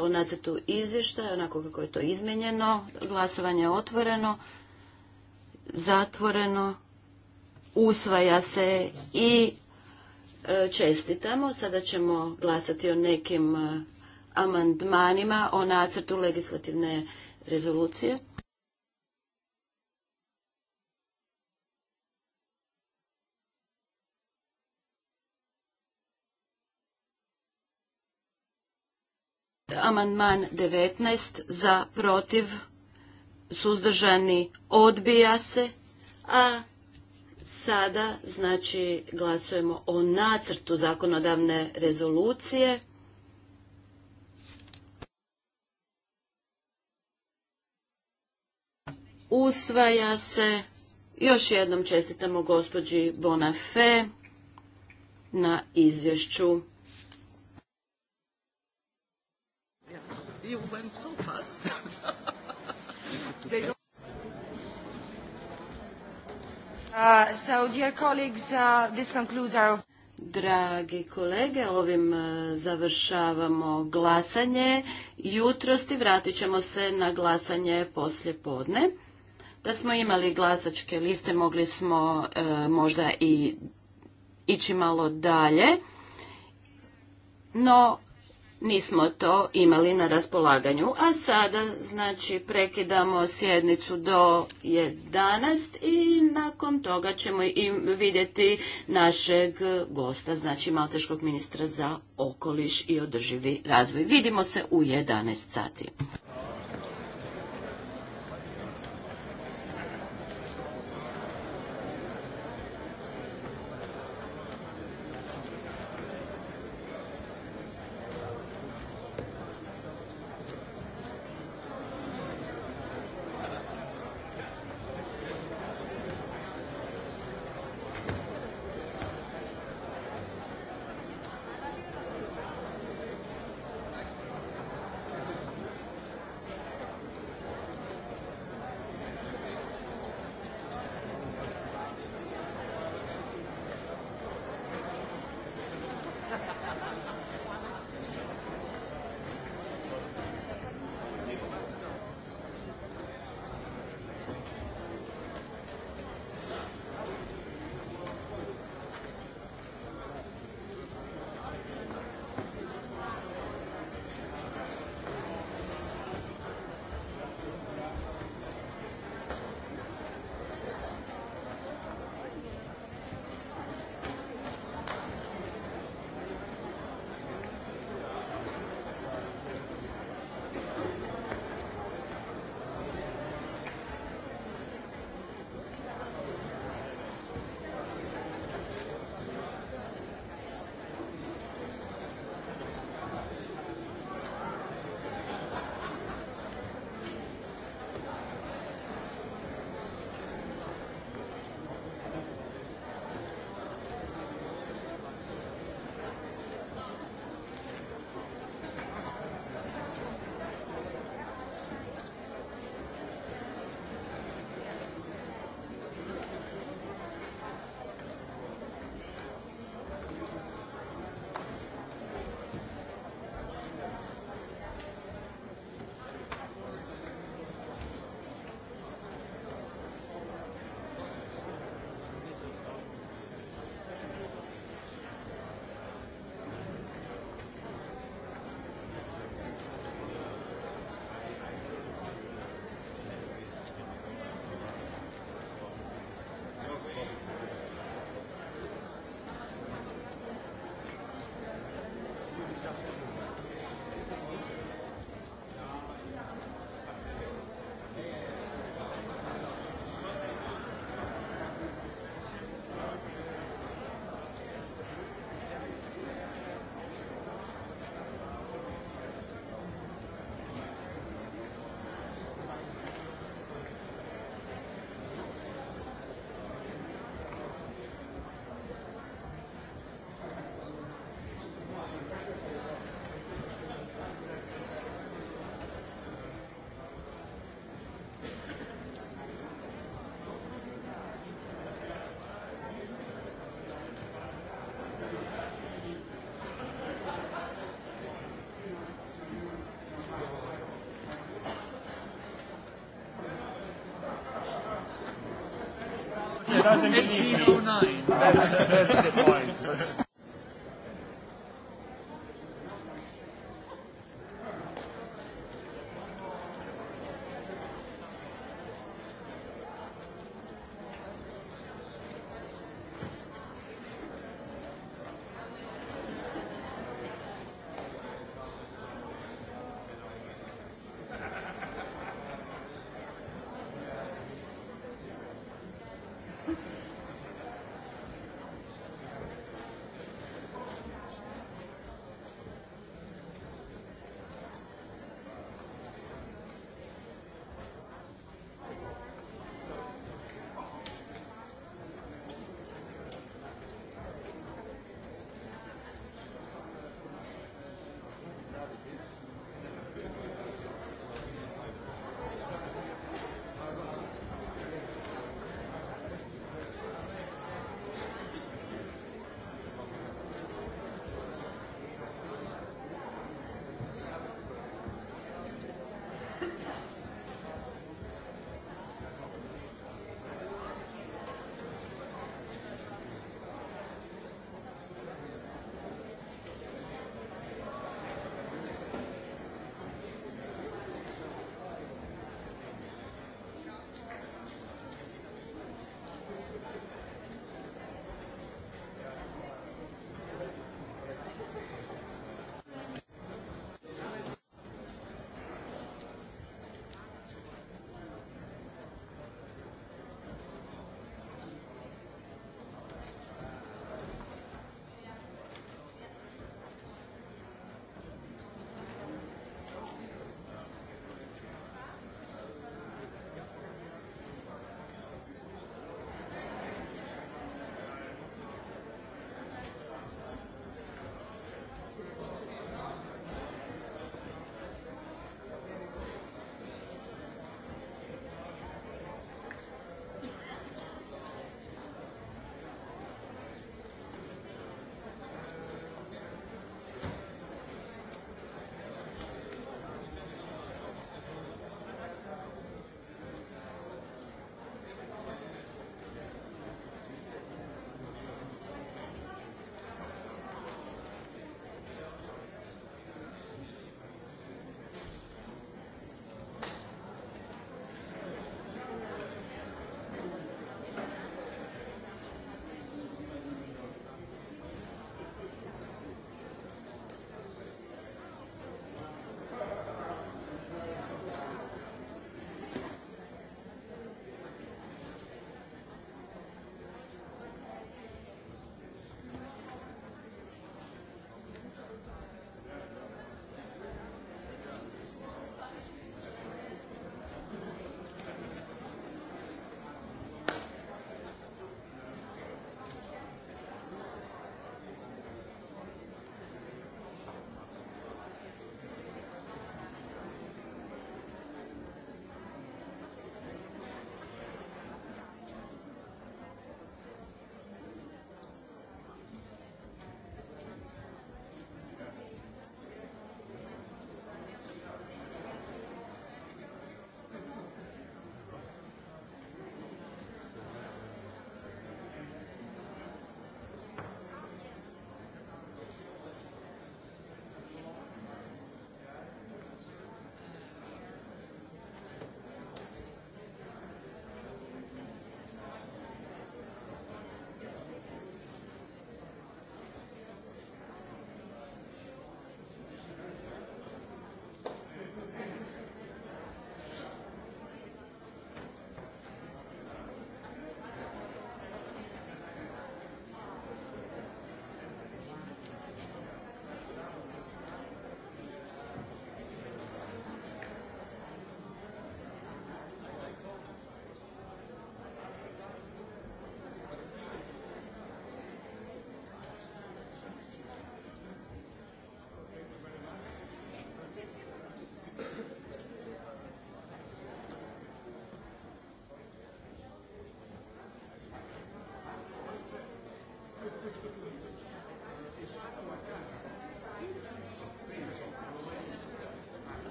o nacrtu izvještaja, onako kako je to izmenjeno. Glasovanje je otvoreno, zatvoreno, usvaja se i e, čestitamo. Sada ćemo glasati o nekim e, amandmanima o nacrtu legislativne rezolucije. Amandman 19 za protiv suzdržani odbija se, a sada znači glasujemo o nacrtu zakonodavne rezolucije. Usvaja se, još jednom čestitamo gospođi Bonafé na izvješću. You went so fast. (laughs) Uh, colleagues, uh, this concludes our... Dragi kolege, ovim uh, završavamo glasanje. Jutrosti vratit ćemo se na glasanje poslje podne. Da smo imali glasačke liste, mogli smo možda i ići malo dalje. No, nismo to imali na raspolaganju. A sada, znači, prekidamo sjednicu do 11 i nakon toga ćemo im vidjeti našeg gosta, znači Malteškog ministra za okoliš i održivi razvoj. Vidimo se u 11 sati. doesn't 1809. That's, that's the point.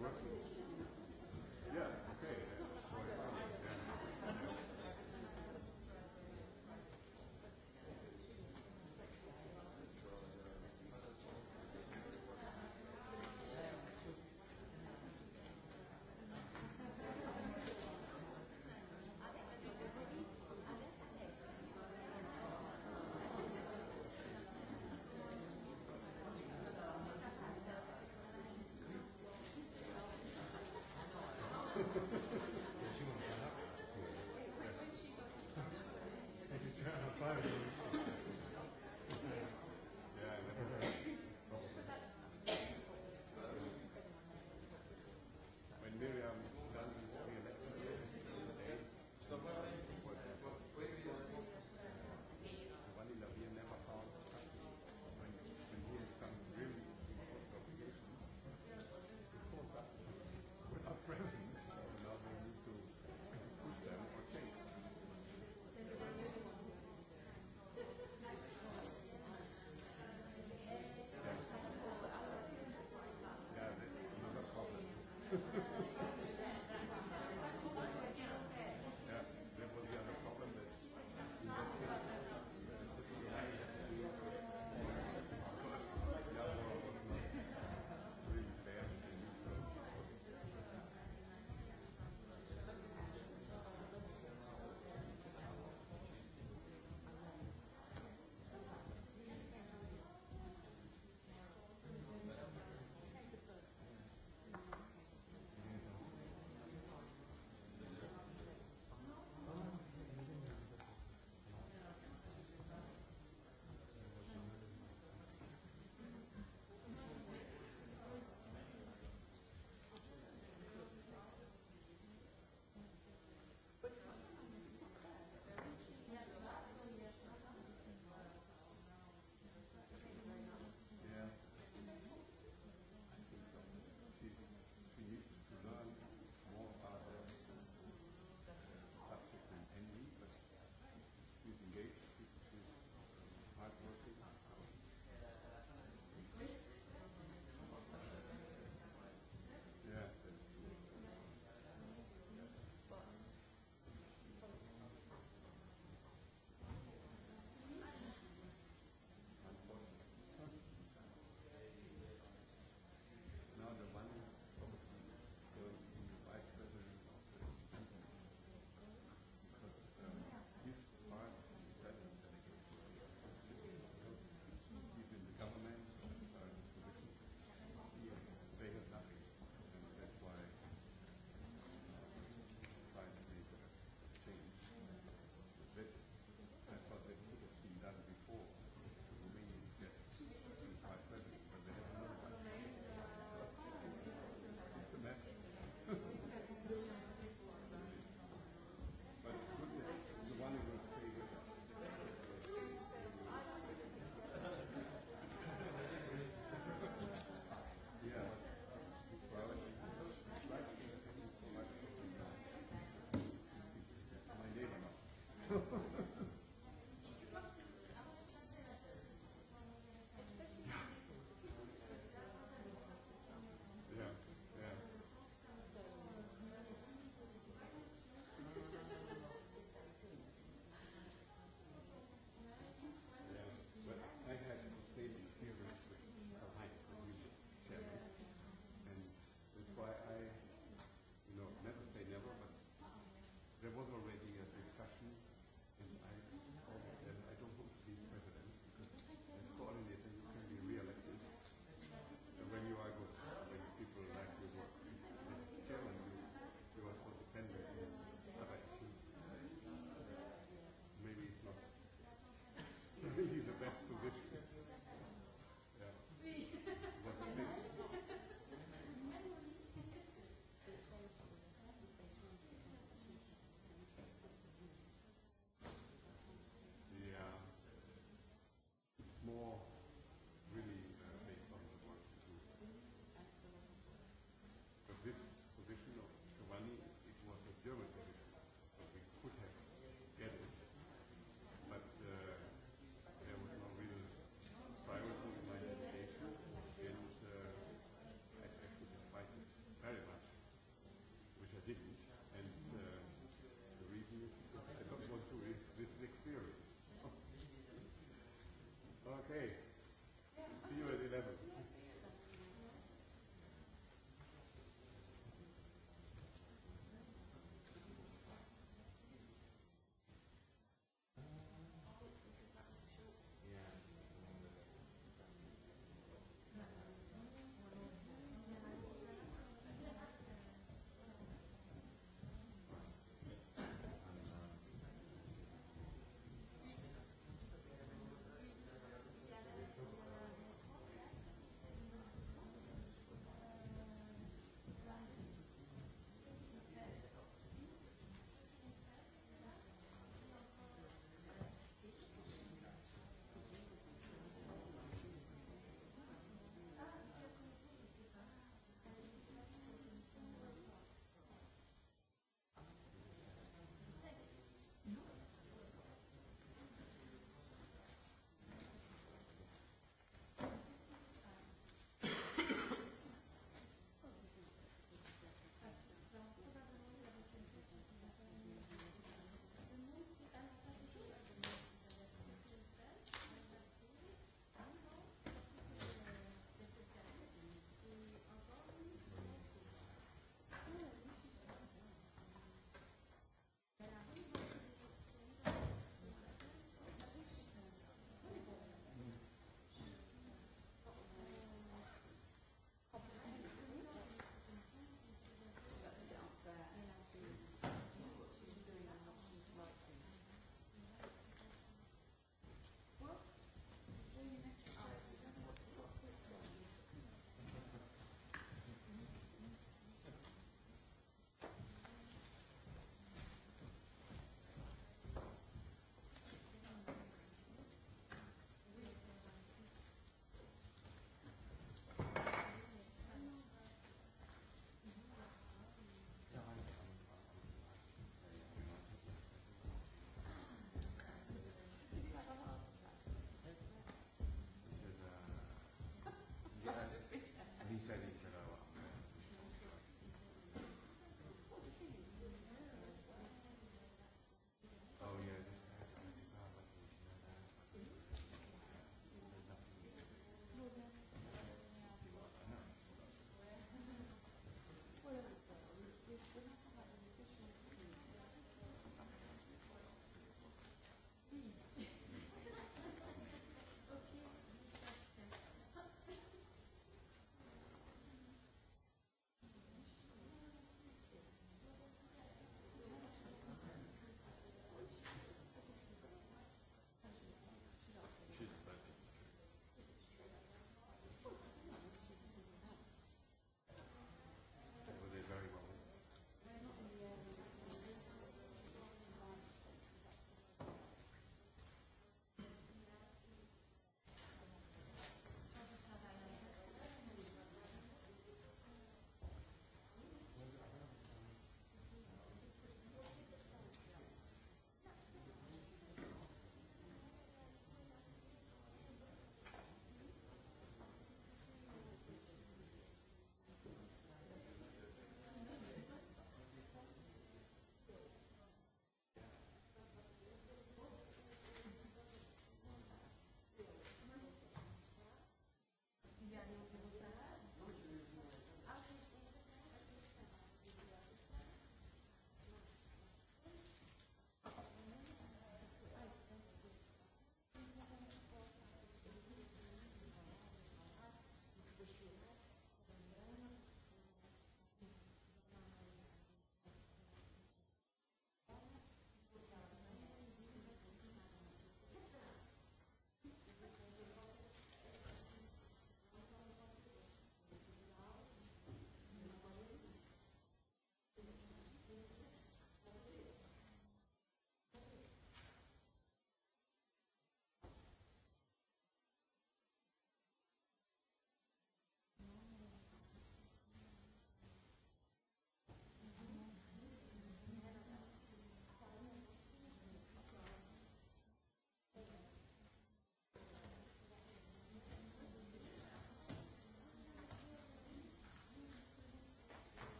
Right Hvala e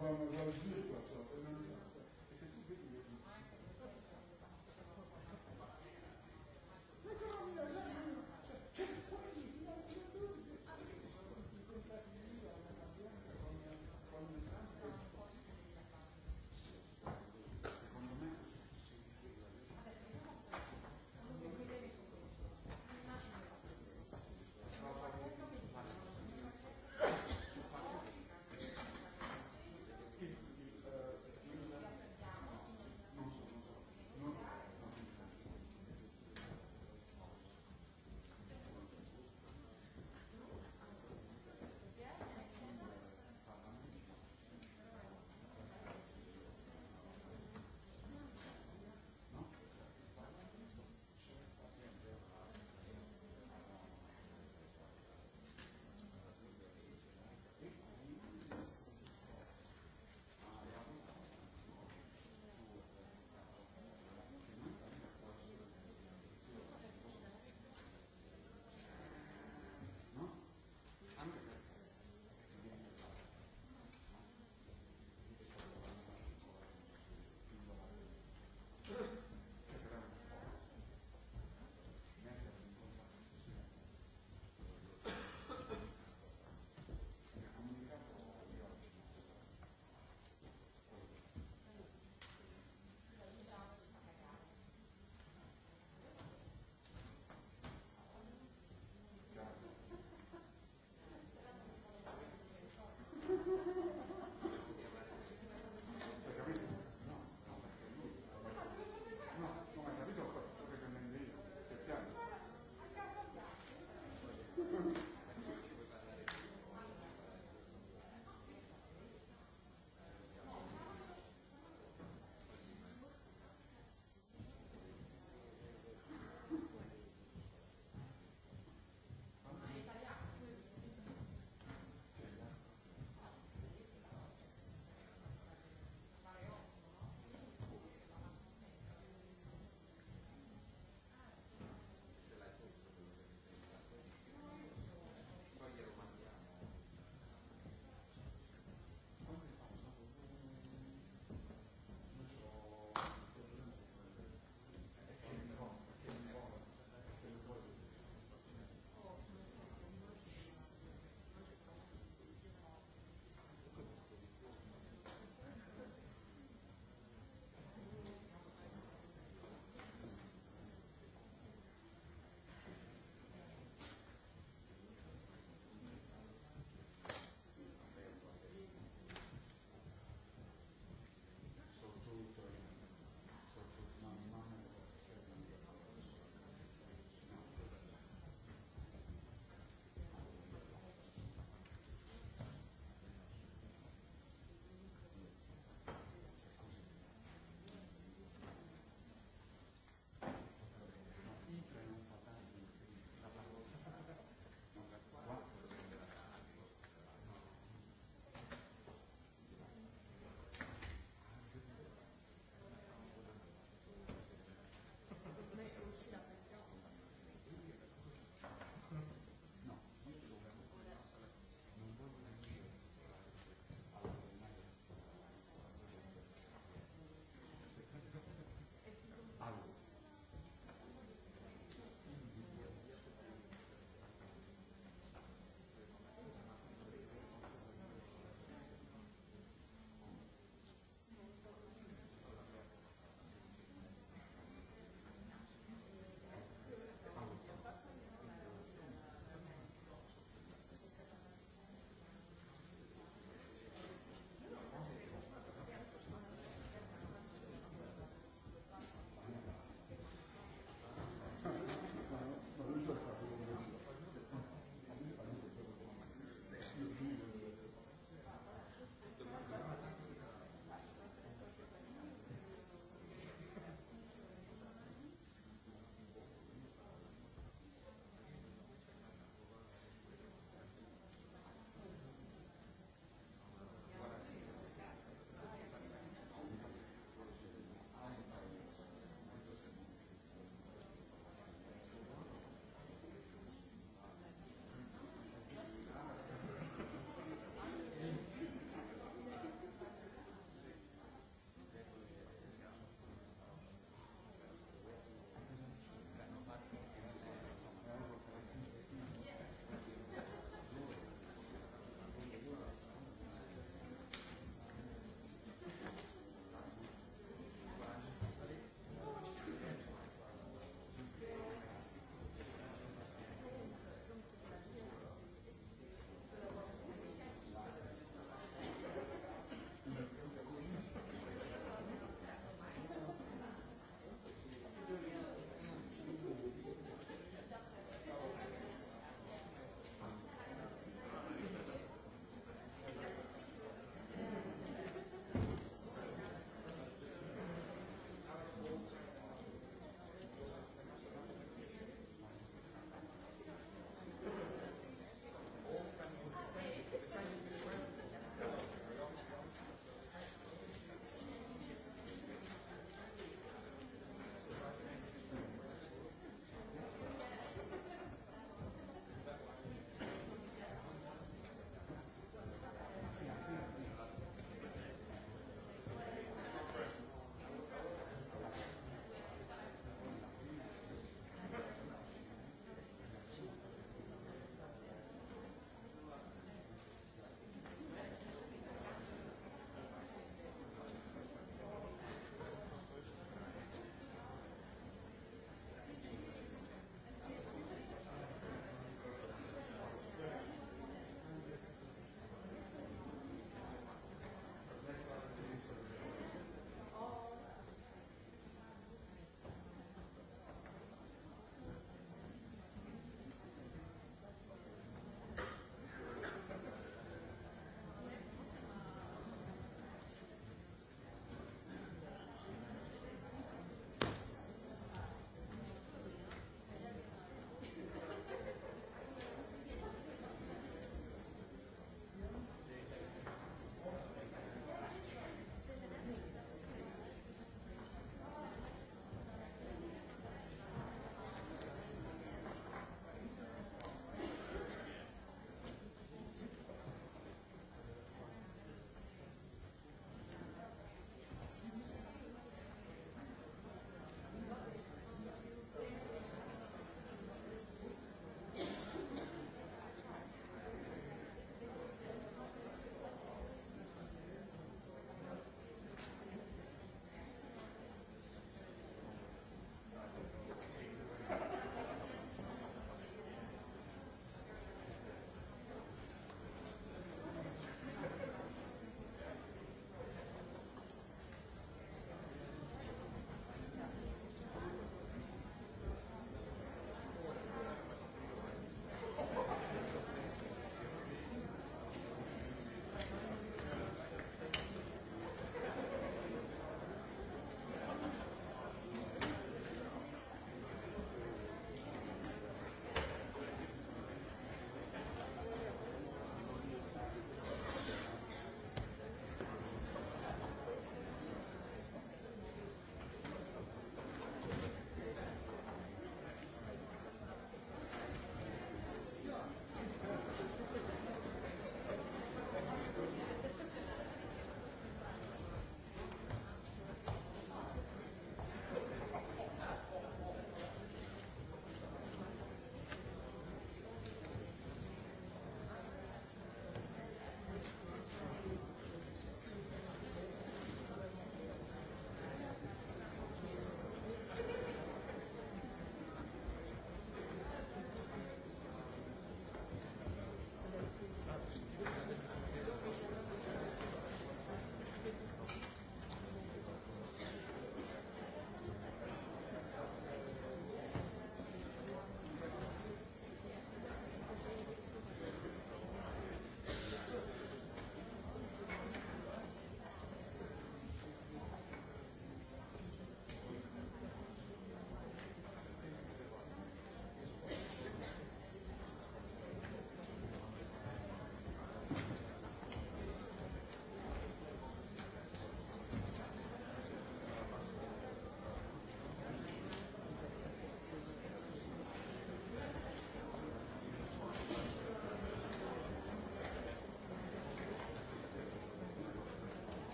Hvala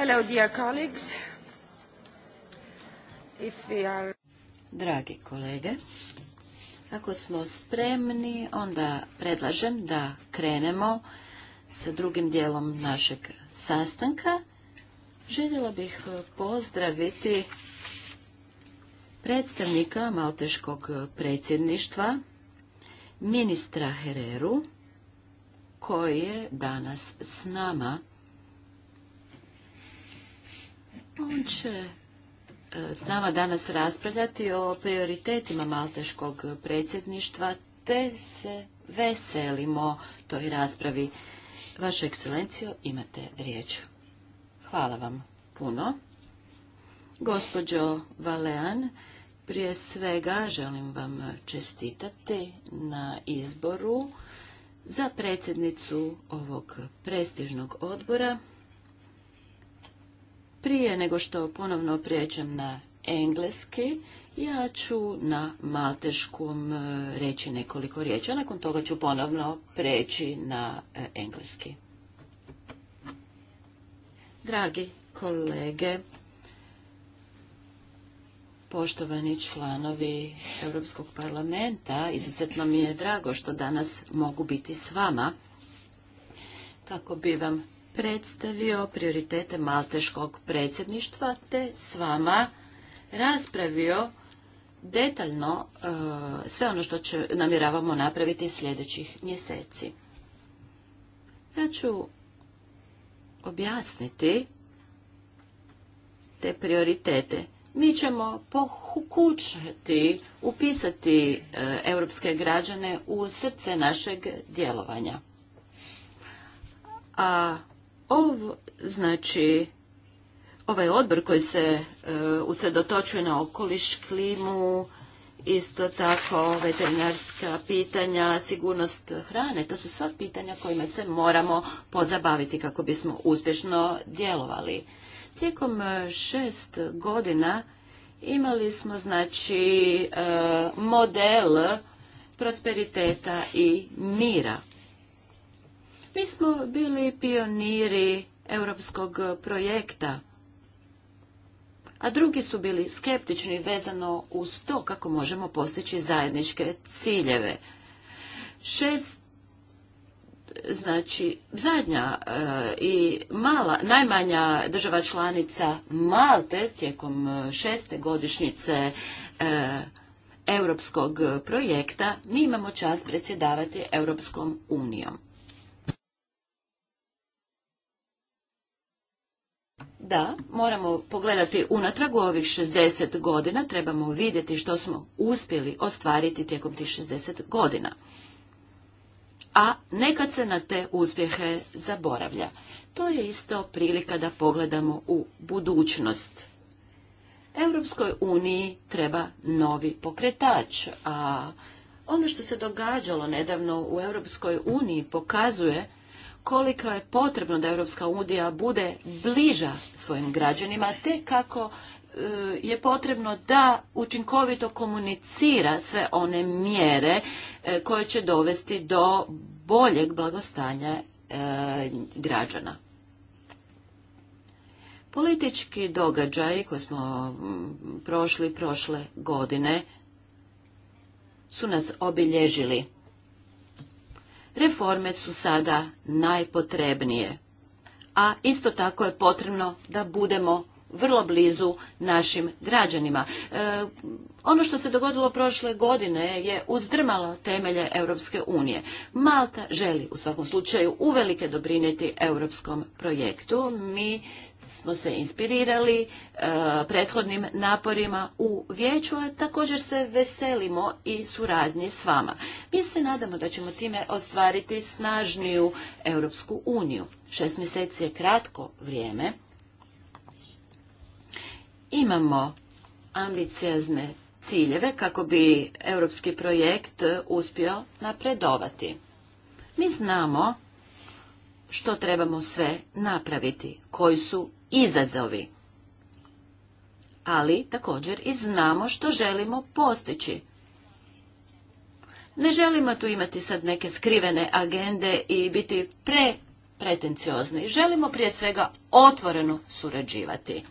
Hello, dear Dragi kolege, ako smo spremni, onda predlažem da krenemo sa drugim dijelom našeg sastanka. Željela bih e, pozdraviti predstavnika Malteškog predsjedništva, ministra Hereru, koji je danas s nama će e, s nama danas raspravljati o prioritetima malteškog predsjedništva, te se veselimo toj raspravi. Vaša ekscelencijo, imate riječ. Hvala vam puno. Gospođo Valean, prije svega želim vam čestitati na izboru za predsjednicu ovog prestižnog odbora. Prije nego što ponovno prijeđem na engleski, ja ću na malteškom e, reći nekoliko riječi, a nakon toga ću ponovno prijeći na e, engleski. Dragi kolege, poštovani članovi Europskog parlamenta, izuzetno mi je drago što danas mogu biti s vama kako bi vam predstavio prioritete Malteškog predsjedništva te s vama raspravio detaljno e, sve ono što će, namjeravamo napraviti sljedećih mjeseci. Ja ću objasniti te prioritete. Mi ćemo pokušati upisati e, europske građane u srce našeg djelovanja. A ovo, znači, ovaj odbor koji se e, usredotočuje na okoliš, klimu, isto tako veterinarska pitanja, sigurnost hrane, to su sva pitanja kojima se moramo pozabaviti kako bismo uspješno djelovali. Tijekom e, šest godina imali smo znači e, model prosperiteta i mira. Mi smo bili pioniri europskog projekta, a drugi su bili skeptični vezano uz to kako možemo postići zajedničke ciljeve. Šest znači zadnja e, i mala, najmanja država članica Malte tijekom e, šeste godišnjice e, europskog projekta mi imamo čast predsjedavati Europskom unijom. da moramo pogledati unatrag u ovih 60 godina, trebamo vidjeti što smo uspjeli ostvariti tijekom tih 60 godina. A nekad se na te uspjehe zaboravlja. To je isto prilika da pogledamo u budućnost. Europskoj uniji treba novi pokretač, a ono što se događalo nedavno u Europskoj uniji pokazuje koliko je potrebno da Europska unija bude bliža svojim građanima, te kako e, je potrebno da učinkovito komunicira sve one mjere e, koje će dovesti do boljeg blagostanja e, građana. Politički događaji koje smo prošli prošle godine su nas obilježili. Reforme su sada najpotrebnije, a isto tako je potrebno da budemo vrlo blizu našim građanima. E, ono što se dogodilo prošle godine je uzdrmalo temelje Europske unije. Malta želi u svakom slučaju uvelike doprinijeti europskom projektu. Mi smo se inspirirali e, prethodnim naporima u vijeću, a također se veselimo i suradnji s vama. Mi se nadamo da ćemo time ostvariti snažniju Europsku uniju. Šest mjeseci je kratko vrijeme imamo ambiciozne ciljeve kako bi europski projekt uspio napredovati. Mi znamo što trebamo sve napraviti, koji su izazovi. Ali također i znamo što želimo postići. Ne želimo tu imati sad neke skrivene agende i biti pre pretenciozni. Želimo prije svega otvoreno surađivati.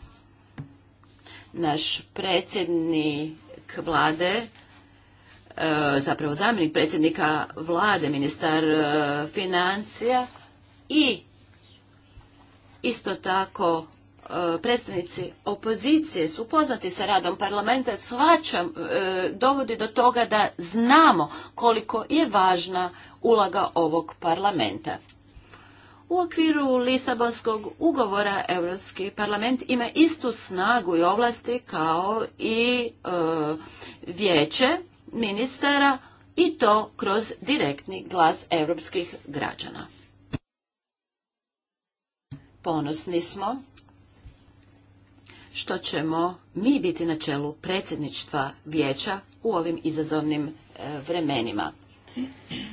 Naš predsjednik vlade, e, zapravo zamjenik predsjednika vlade, ministar e, financija i isto tako e, predstavnici opozicije su upoznati sa radom parlamenta, svačam dovodi do toga da znamo koliko je važna ulaga ovog parlamenta. U okviru Lisabonskog ugovora Europski parlament ima istu snagu i ovlasti kao i e, vijeće ministara i to kroz direktni glas europskih građana. Ponosni smo što ćemo mi biti na čelu predsjedništva vijeća u ovim izazovnim e, vremenima.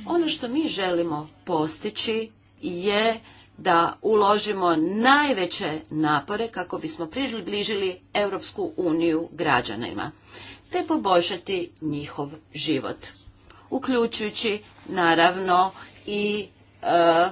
Ono što mi želimo postići je da uložimo najveće napore kako bismo približili Europsku uniju građanima, te poboljšati njihov život, uključujući naravno i e,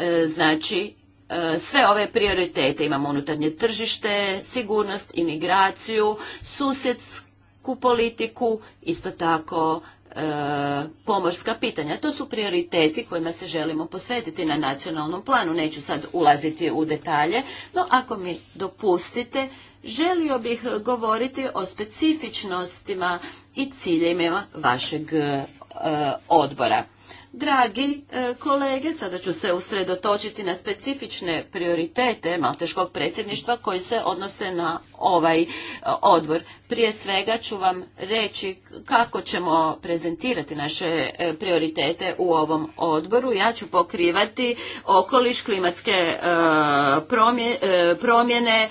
e, znači e, sve ove prioritete imamo unutarnje tržište, sigurnost, imigraciju, susjedsku politiku, isto tako E, pomorska pitanja. To su prioriteti kojima se želimo posvetiti na nacionalnom planu. Neću sad ulaziti u detalje, no ako mi dopustite, želio bih govoriti o specifičnostima i ciljevima vašeg e, odbora. Dragi e, kolege, sada ću se usredotočiti na specifične prioritete Malteškog predsjedništva koji se odnose na ovaj e, odbor. Prije svega ću vam reći kako ćemo prezentirati naše e, prioritete u ovom odboru. Ja ću pokrivati okoliš, klimatske promjene,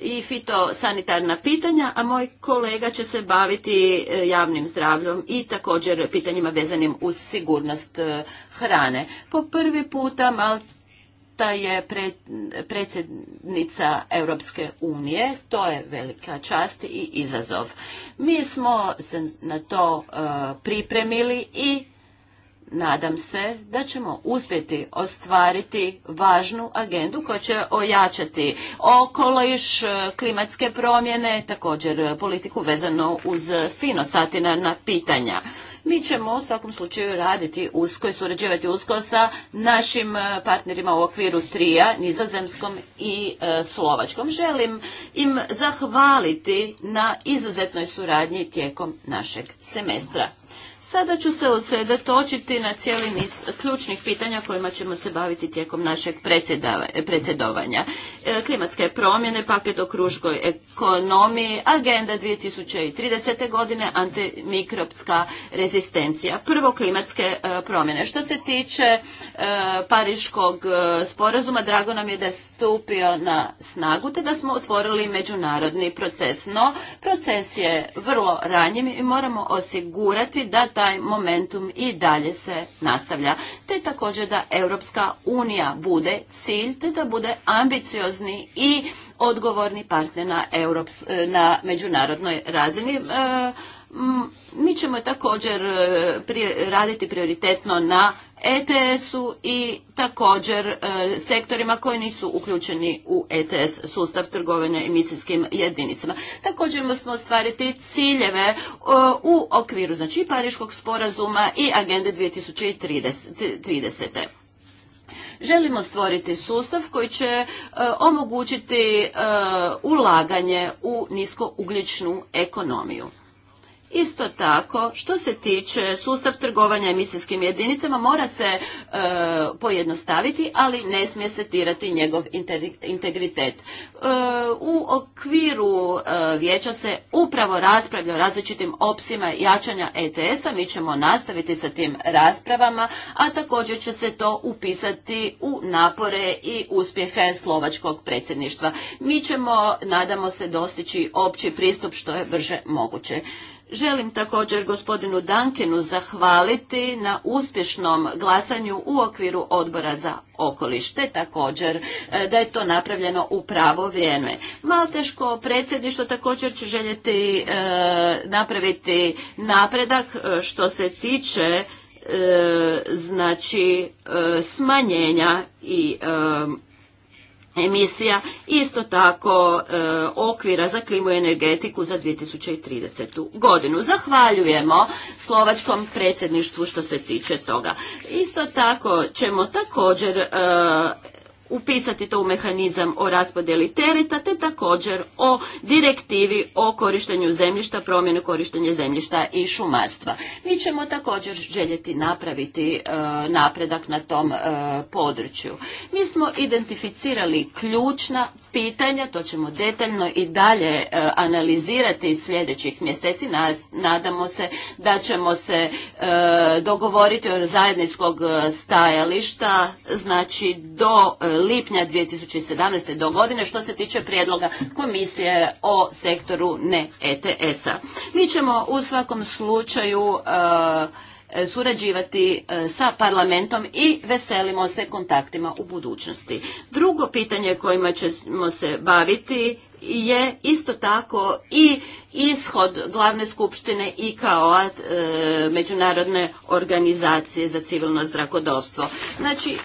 i fitosanitarna pitanja, a moj kolega će se baviti e, javnim zdravljom i također pitanjima vezanim uz sigurnost e, hrane. Po prvi puta Malta je predsjednica Europske unije, to je velika čast i izazov. Mi smo se na to e, pripremili i Nadam se da ćemo uspjeti ostvariti važnu agendu koja će ojačati okoliš, klimatske promjene, također politiku vezano uz finosatinarna pitanja. Mi ćemo u svakom slučaju raditi usko i surađivati usko sa našim e, partnerima u okviru Trija, Nizozemskom i e, Slovačkom. Želim im zahvaliti na izuzetnoj suradnji tijekom našeg semestra. Sada ću se usredotočiti na cijeli niz ključnih pitanja kojima ćemo se baviti tijekom našeg predsjedovanja. E, klimatske promjene, paket o kruškoj ekonomiji, agenda 2030. godine, antimikropska rezistencija. Prvo klimatske e, promjene. Što se tiče e, Pariškog sporazuma, drago nam je da je stupio na snagu te da smo otvorili međunarodni proces. No, proces je vrlo ranjiv i moramo osigurati da taj momentum i dalje se nastavlja. Te također da Europska unija bude cilj, te da bude ambiciozni i odgovorni partner na, Europs, e, na međunarodnoj razini. E, mi ćemo također e, raditi prioritetno na ETS-u i također e, sektorima koji nisu uključeni u ETS sustav trgovanja emisijskim jedinicama. Također smo ostvariti ciljeve e, u okviru znači Pariškog sporazuma i agende 2030. Želimo stvoriti sustav koji će e, omogućiti ulaganje u niskougljičnu ekonomiju. Isto tako, što se tiče sustav trgovanja emisijskim jedinicama, mora se e, pojednostaviti, ali ne smije se tirati njegov integritet. E, u okviru e, vijeća se upravo raspravlja o različitim opsima jačanja ETS-a, mi ćemo nastaviti sa tim raspravama, a također će se to upisati u napore i uspjehe slovačkog predsjedništva. Mi ćemo, nadamo se, dostići opći pristup što je brže moguće. Želim također gospodinu Dankenu zahvaliti na uspješnom glasanju u okviru odbora za okolište također e, da je to napravljeno u pravo vrijeme. Malteško predsjedništvo također će željeti e, napraviti napredak e, što se tiče znači smanjenja i emisija, isto tako e, okvira za klimu i energetiku za 2030. godinu. Zahvaljujemo slovačkom predsjedništvu što se tiče toga. Isto tako ćemo također e, upisati to u mehanizam o raspodjeli tereta te također o direktivi o korištenju zemljišta, promjenu korištenja zemljišta i šumarstva. Mi ćemo također željeti napraviti e, napredak na tom e, području. Mi smo identificirali ključna pitanja, to ćemo detaljno i dalje analizirati e, analizirati sljedećih mjeseci. Nadamo se da ćemo se dogovoriti o zajedničkog stajališta, znači do lipnja 2017. do godine što se tiče prijedloga komisije o sektoru ne ETS-a. Mi ćemo u svakom slučaju e, surađivati e, sa parlamentom i veselimo se kontaktima u budućnosti. Drugo pitanje kojima ćemo se baviti je isto tako i ishod glavne skupštine i kao e, međunarodne organizacije za civilno zrakodovstvo. Znači, e,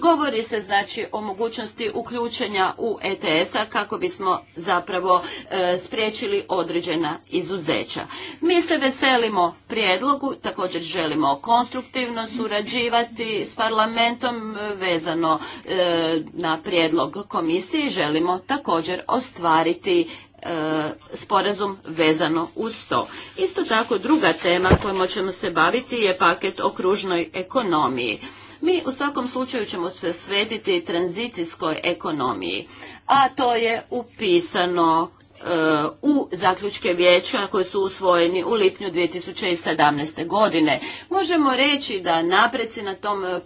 govori se znači o mogućnosti uključenja u ETS-a kako bismo zapravo e, spriječili određena izuzeća. Mi se veselimo prijedlogu, također želimo konstruktivno surađivati s parlamentom vezano na prijedlog komisije i želimo također ostvariti ostvariti e, sporazum vezano uz to. Isto tako druga tema kojom ćemo se baviti je paket o kružnoj ekonomiji. Mi u svakom slučaju ćemo se svetiti tranzicijskoj ekonomiji, a to je upisano u zaključke vijeća koji su usvojeni u lipnju 2017. godine. Možemo reći da napreci na tom e, e,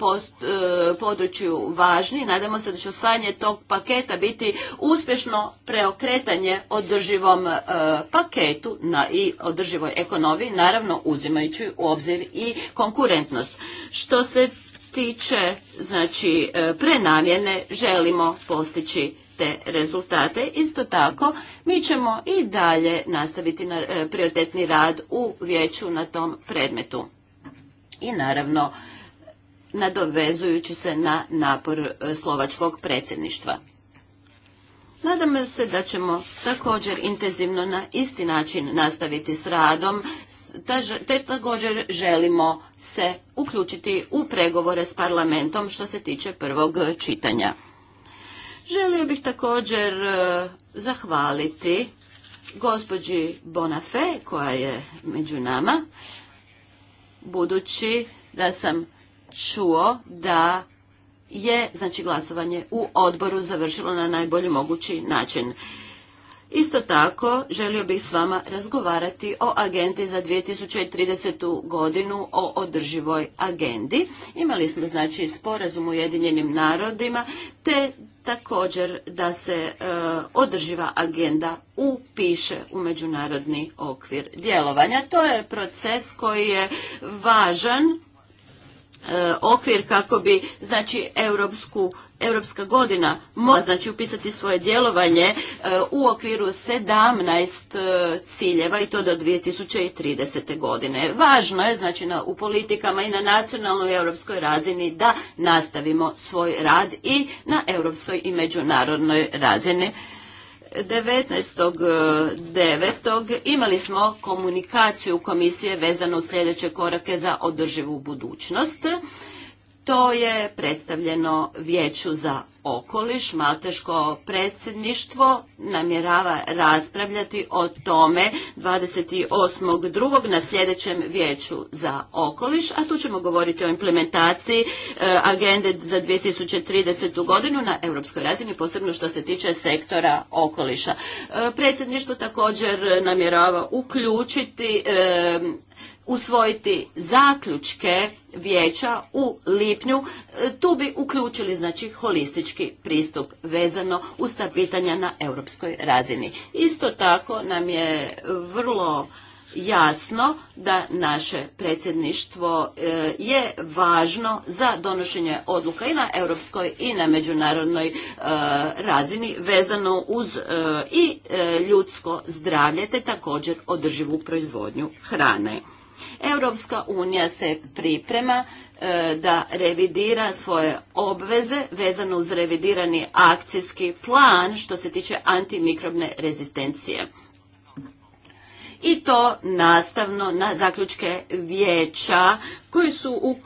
području važni. Nadamo se da će usvajanje tog paketa biti uspješno preokretanje održivom e, paketu na i održivoj ekonomiji, naravno uzimajući u obzir i konkurentnost. Što se tiče znači e, prenamjene želimo postići te rezultate. Isto tako, mi ćemo i dalje nastaviti na e, prioritetni rad u vijeću na tom predmetu. I naravno, nadovezujući se na napor e, slovačkog predsjedništva. Nadam se da ćemo također intenzivno na isti način nastaviti s radom, te također želimo se uključiti u pregovore s parlamentom što se tiče prvog čitanja. Želio bih također e, zahvaliti gospođi Bonafé koja je među nama, budući da sam čuo da je znači glasovanje u odboru završilo na najbolji mogući način. Isto tako želio bih s vama razgovarati o agendi za 2030. godinu o održivoj agendi. Imali smo znači sporazum u Ujedinjenim narodima te također da se e, održiva agenda upiše u međunarodni okvir djelovanja. To je proces koji je važan E, okvir kako bi znači europsku Europska godina mora znači upisati svoje djelovanje e, u okviru 17 e, ciljeva i to do 2030. godine. Važno je znači na, u politikama i na nacionalnoj i europskoj razini da nastavimo svoj rad i na europskoj i međunarodnoj razini. 19.9. Eh, imali smo komunikaciju komisije vezano u sljedeće korake za održivu budućnost to je predstavljeno vijeću za okoliš. Malteško predsjedništvo namjerava raspravljati o tome 28.2. na sljedećem vijeću za okoliš, a tu ćemo govoriti o implementaciji e, agende za 2030. godinu na europskoj razini, posebno što se tiče sektora okoliša. E, predsjedništvo također namjerava uključiti e, usvojiti zaključke vijeća u lipnju, e, tu bi uključili znači holistički pristup vezano uz ta pitanja na europskoj razini. Isto tako nam je vrlo jasno da naše predsjedništvo e, je važno za donošenje odluka i na europskoj i na međunarodnoj e, razini vezano uz i ljudsko zdravlje te također održivu proizvodnju hrane. Europska unija se priprema e, da revidira svoje obveze vezano uz revidirani akcijski plan što se tiče antimikrobne rezistencije i to nastavno na zaključke vijeća koji su e,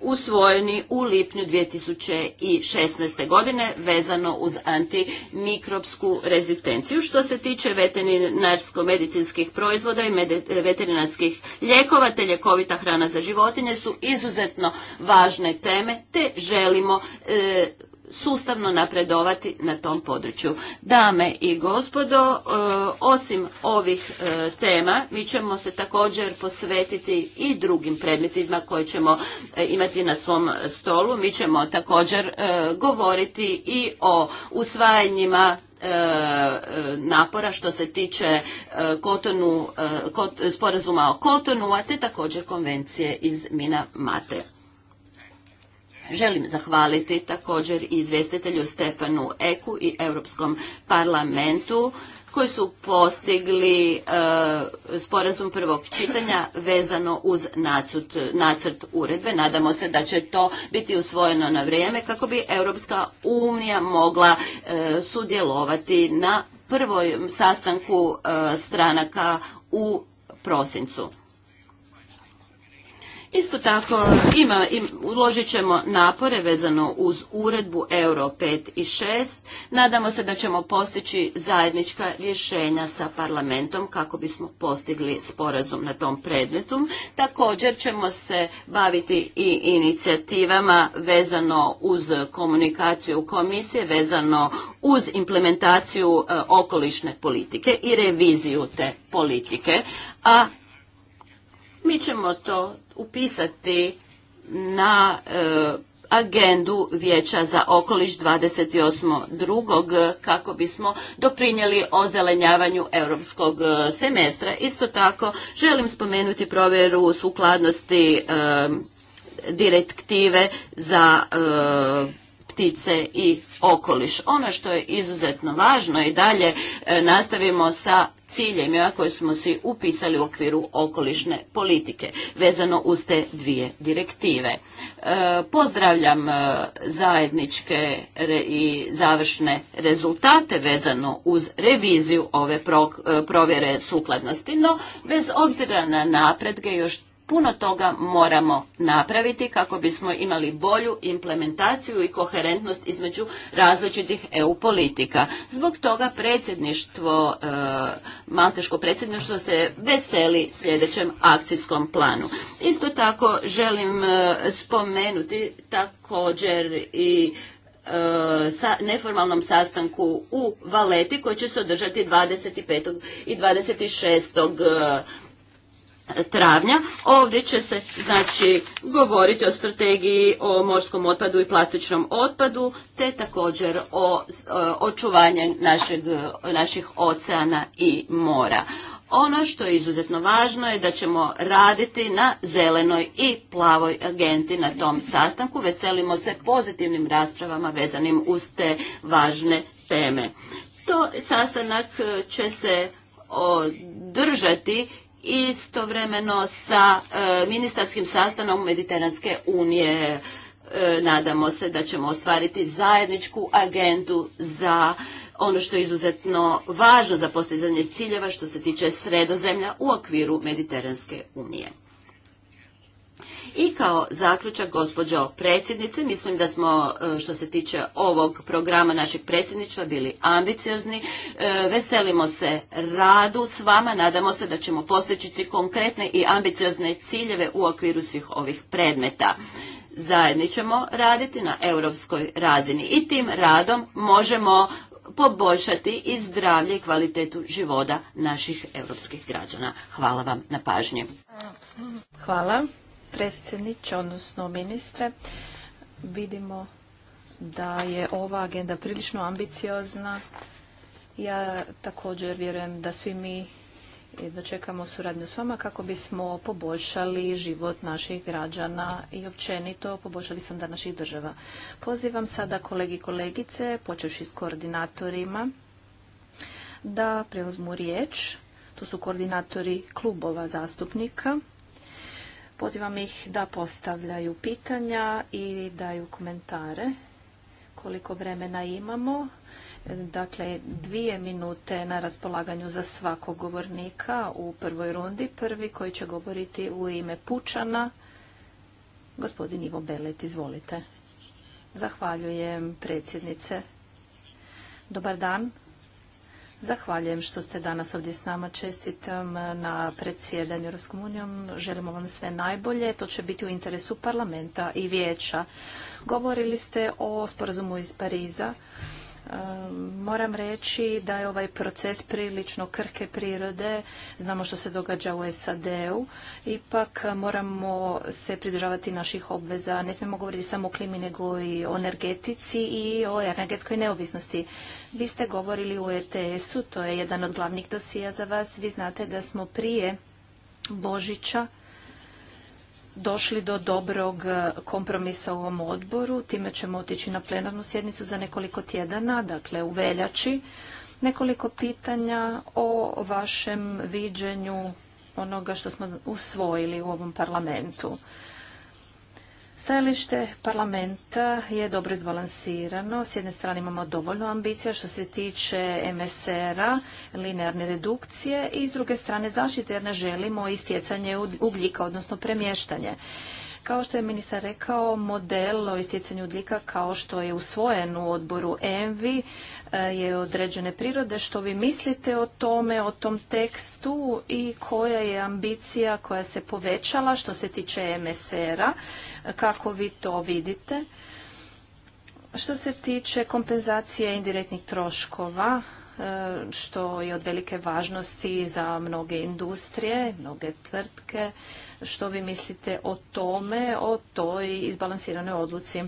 usvojeni u lipnju 2016. godine vezano uz antimikropsku rezistenciju. Što se tiče veterinarsko-medicinskih proizvoda i e, veterinarskih lijekova te ljekovita hrana za životinje su izuzetno važne teme te želimo e, sustavno napredovati na tom području. Dame i gospodo, e, osim ovih e, tema, mi ćemo se također posvetiti i drugim predmetima koje ćemo e, imati na svom stolu. Mi ćemo također govoriti i o usvajanjima napora što se tiče kotonu, sporazuma o kotonu, a te također konvencije iz Mina Želim zahvaliti također i izvjestitelju Stefanu Eku i Europskom parlamentu koji su postigli e, sporazum prvog čitanja vezano uz nacrt, uredbe. Nadamo se da će to biti usvojeno na vrijeme kako bi Europska unija mogla e, sudjelovati na prvoj sastanku e, stranaka u prosincu. Isto tako ima, im, uložit ćemo napore vezano uz uredbu Euro 5 i 6. Nadamo se da ćemo postići zajednička rješenja sa parlamentom kako bismo postigli sporazum na tom predmetu. Također ćemo se baviti i inicijativama vezano uz komunikaciju komisije, vezano uz implementaciju e, okolišne politike i reviziju te politike. A mi ćemo to upisati na e, agendu Vijeća za okoliš 28.2. kako bismo doprinijeli ozelenjavanju europskog e, semestra. Isto tako želim spomenuti provjeru sukladnosti e, direktive za ptice i okoliš. Ono što je izuzetno važno i dalje e, nastavimo sa ciljem koje smo si upisali u okviru okolišne politike vezano uz te dvije direktive. E, pozdravljam e, zajedničke i završne rezultate vezano uz reviziju ove provjere sukladnosti, no bez obzira na napredge još puno toga moramo napraviti kako bismo imali bolju implementaciju i koherentnost između različitih EU politika. Zbog toga predsjedništvo, e, malteško predsjedništvo se veseli sljedećem akcijskom planu. Isto tako želim e, spomenuti također i e, sa neformalnom sastanku u Valeti koji će se održati 25. i 26 travnja. Ovdje će se znači govoriti o strategiji o morskom otpadu i plastičnom otpadu, te također o očuvanju naših oceana i mora. Ono što je izuzetno važno je da ćemo raditi na zelenoj i plavoj agenti na tom sastanku. Veselimo se pozitivnim raspravama vezanim uz te važne teme. To sastanak e, će se održati istovremeno sa e, ministarskim sastanom Mediteranske unije. E, nadamo se da ćemo ostvariti zajedničku agendu za ono što je izuzetno važno za postizanje ciljeva što se tiče sredozemlja u okviru Mediteranske unije. I kao zaključak, gospođo predsjednice, mislim da smo e, što se tiče ovog programa našeg predsjedniča bili ambiciozni. E, veselimo se radu s vama, nadamo se da ćemo postići konkretne i ambiciozne ciljeve u okviru svih ovih predmeta zajedni ćemo raditi na europskoj razini i tim radom možemo poboljšati i zdravlje i kvalitetu života naših europskih građana. Hvala vam na pažnji. Hvala predsjedniče, odnosno ministre. Vidimo da je ova agenda prilično ambiciozna. Ja također vjerujem da svi mi dočekamo čekamo suradnju s vama kako bismo poboljšali život naših građana i općenito poboljšali standard naših država. Pozivam sada kolegi i kolegice, počevši s koordinatorima, da preuzmu riječ. To su koordinatori klubova zastupnika. Pozivam ih da postavljaju pitanja i daju komentare. Koliko vremena imamo? Dakle, dvije minute na raspolaganju za svakog govornika u prvoj rundi. Prvi koji će govoriti u ime Pučana, gospodin Ivo Belet, izvolite. Zahvaljujem predsjednice. Dobar dan, Zahvaljujem što ste danas ovdje s nama. Čestitam na predsjedanju Europskom unijom. Želimo vam sve najbolje. To će biti u interesu parlamenta i vijeća. Govorili ste o sporazumu iz Pariza Moram reći da je ovaj proces prilično krke prirode, znamo što se događa u SAD-u, ipak moramo se pridržavati naših obveza, ne smijemo govoriti samo o klimi nego i o energetici i o energetskoj neovisnosti. Vi ste govorili u ETS-u, to je jedan od glavnih dosija za vas, vi znate da smo prije Božića došli do dobrog e, kompromisa u ovom odboru. Time ćemo otići na plenarnu sjednicu za nekoliko tjedana, dakle u veljači. Nekoliko pitanja o vašem viđenju onoga što smo usvojili u ovom parlamentu. Stajalište parlamenta je dobro izbalansirano. S jedne strane imamo dovoljno ambicija što se tiče MSR-a, linearne redukcije i s druge strane zaštite jer ne želimo istjecanje ugljika, odnosno premještanje. Kao što je ministar rekao, model o istjecanju odlika kao što je usvojen u odboru ENVI e, je određene prirode. Što vi mislite o tome, o tom tekstu i koja je ambicija koja se povećala što se tiče MSR-a? Kako vi to vidite? Što se tiče kompenzacije indirektnih troškova, E, što je od velike važnosti za mnoge industrije, mnoge tvrtke. Što vi mislite o tome, o toj izbalansiranoj odluci?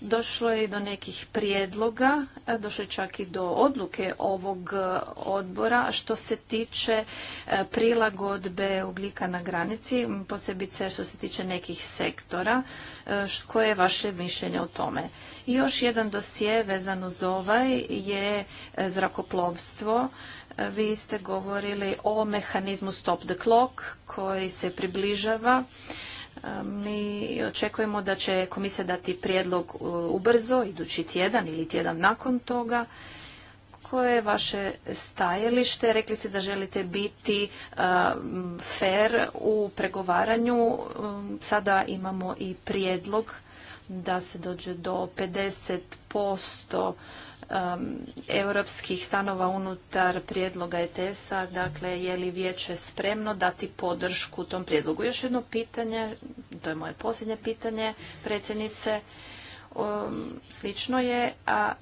Došlo je i do nekih prijedloga, e, došlo je čak i do odluke ovog odbora što se tiče e, prilagodbe ugljika na granici, posebice što se tiče nekih sektora. Koje je vaše mišljenje o tome? I još jedan dosije vezan uz ovaj je e, zrakoplovstvo. E, vi ste govorili o mehanizmu stop the clock koji se približava. E, mi očekujemo da će komisija dati prijedlog ubrzo, idući tjedan ili tjedan nakon toga koje je vaše stajalište? Rekli ste da želite biti fair u pregovaranju. sada imamo i prijedlog da se dođe do 50% um, europskih stanova unutar prijedloga ETS-a, dakle je li vijeće spremno dati podršku tom prijedlogu. Još jedno pitanje, to je moje posljednje pitanje, predsjednice, um, slično je, a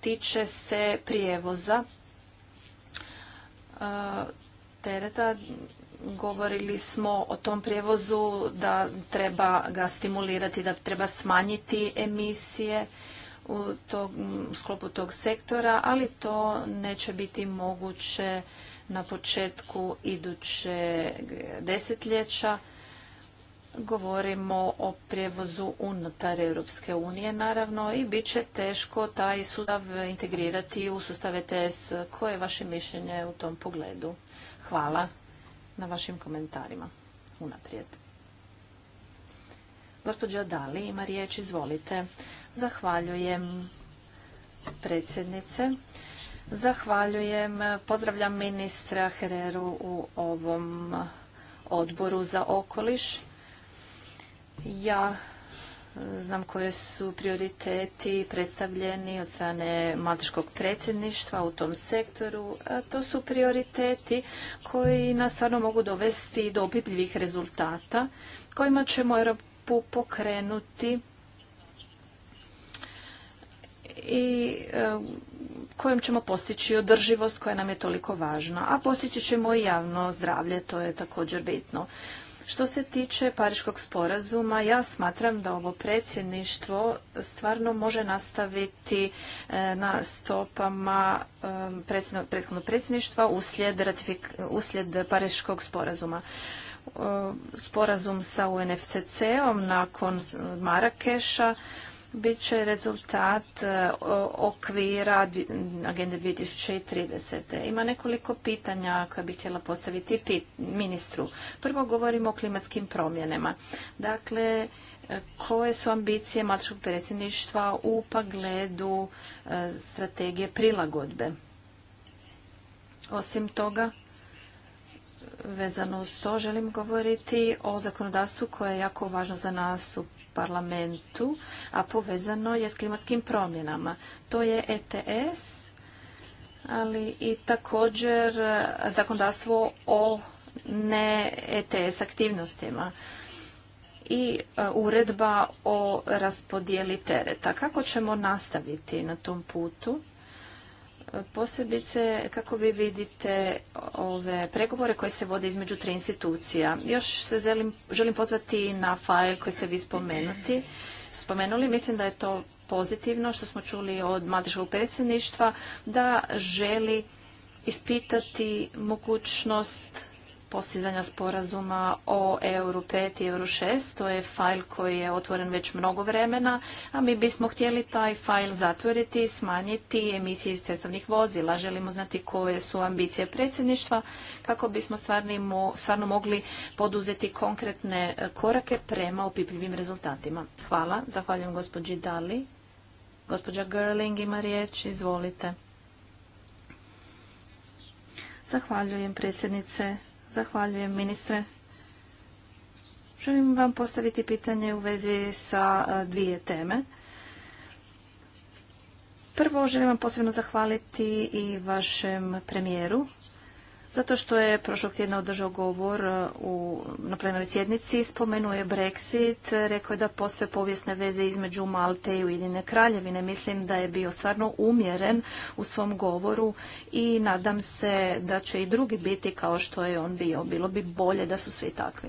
tiče se prijevoza uh, tereta govorili smo o tom prijevozu da treba ga stimulirati, da treba smanjiti emisije u, tog, u sklopu tog sektora, ali to neće biti moguće na početku iduće desetljeća. Govorimo o prijevozu unutar Europske unije, naravno, i bit će teško taj sustav integrirati u sustav ETS. Koje je vaše mišljenje u tom pogledu? Hvala na vašim komentarima unaprijed. Gospođa Dali ima riječ, izvolite. Zahvaljujem predsjednice. Zahvaljujem, pozdravljam ministra Hereru u ovom odboru za okoliš. Ja Znam koje su prioriteti predstavljeni od strane mateškog predsjedništva u tom sektoru. To su prioriteti koji nas stvarno mogu dovesti do opipljivih rezultata kojima ćemo Europu pokrenuti i e, kojim ćemo postići održivost koja nam je toliko važna. A postići ćemo i javno zdravlje, to je također bitno. Što se tiče Pariškog sporazuma, ja smatram da ovo predsjedništvo stvarno može nastaviti e, na stopama e, prethodnog predsjedništva uslijed, uslijed Pariškog sporazuma e, sporazum sa UNFCC-om nakon Marakeša bit će rezultat e, okvira Agende 2030. Ima nekoliko pitanja koja bih htjela postaviti ministru. Prvo govorimo o klimatskim promjenama. Dakle, e, koje su ambicije mačkog predsjedništva u pogledu e, strategije prilagodbe? Osim toga, vezano uz to želim govoriti o zakonodavstvu koje je jako važno za nas u parlamentu, a povezano je s klimatskim promjenama. To je ETS, ali i također zakonodavstvo o ne ETS aktivnostima i e, uredba o raspodijeli tereta. Kako ćemo nastaviti na tom putu? posebice kako vi vidite ove pregovore koje se vode između tri institucija. Još se želim, želim pozvati na fajl koji ste vi spomenuti. Spomenuli, mislim da je to pozitivno što smo čuli od Malteškog predsjedništva da želi ispitati mogućnost postizanja sporazuma o euro 5 i euro 6. To je fajl koji je otvoren već mnogo vremena, a mi bismo htjeli taj fajl zatvoriti, smanjiti emisije iz cestovnih vozila. Želimo znati koje su ambicije predsjedništva kako bismo stvarno, mogli poduzeti konkretne e, korake prema opipljivim rezultatima. Hvala. Zahvaljujem gospođi Dali. Gospođa Gerling ima riječ. Izvolite. Zahvaljujem predsjednice. Zahvaljujem ministre. Želim vam postaviti pitanje u vezi sa e, dvije teme. Prvo želim vam posebno zahvaliti i vašem premijeru zato što je prošlog tjedna održao govor e, u, na plenarnoj sjednici, spomenuo je Brexit, rekao je da postoje povijesne veze između Malte i Ujedine kraljevine. Mislim da je bio stvarno umjeren u svom govoru i nadam se da će i drugi biti kao što je on bio. Bilo bi bolje da su svi takvi.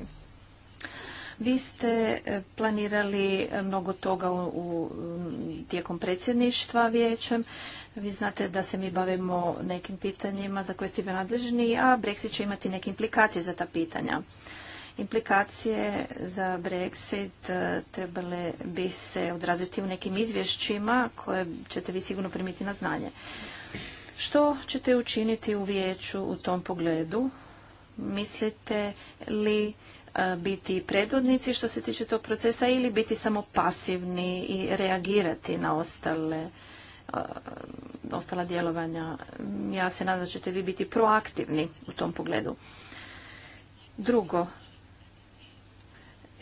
Vi ste e, planirali e, mnogo toga u, tijekom predsjedništva vijećem. Vi znate da se mi bavimo nekim pitanjima za koje ste bi nadležni, a Brexit će imati neke implikacije za ta pitanja. Implikacije za Brexit e, trebale bi se odraziti u nekim izvješćima koje ćete vi sigurno primiti na znanje. Što ćete učiniti u vijeću u tom pogledu? Mislite li E, biti predvodnici što se tiče tog procesa ili biti samo pasivni i reagirati na ostale e, ostala djelovanja. Ja se nadam da ćete vi biti proaktivni u tom pogledu. Drugo,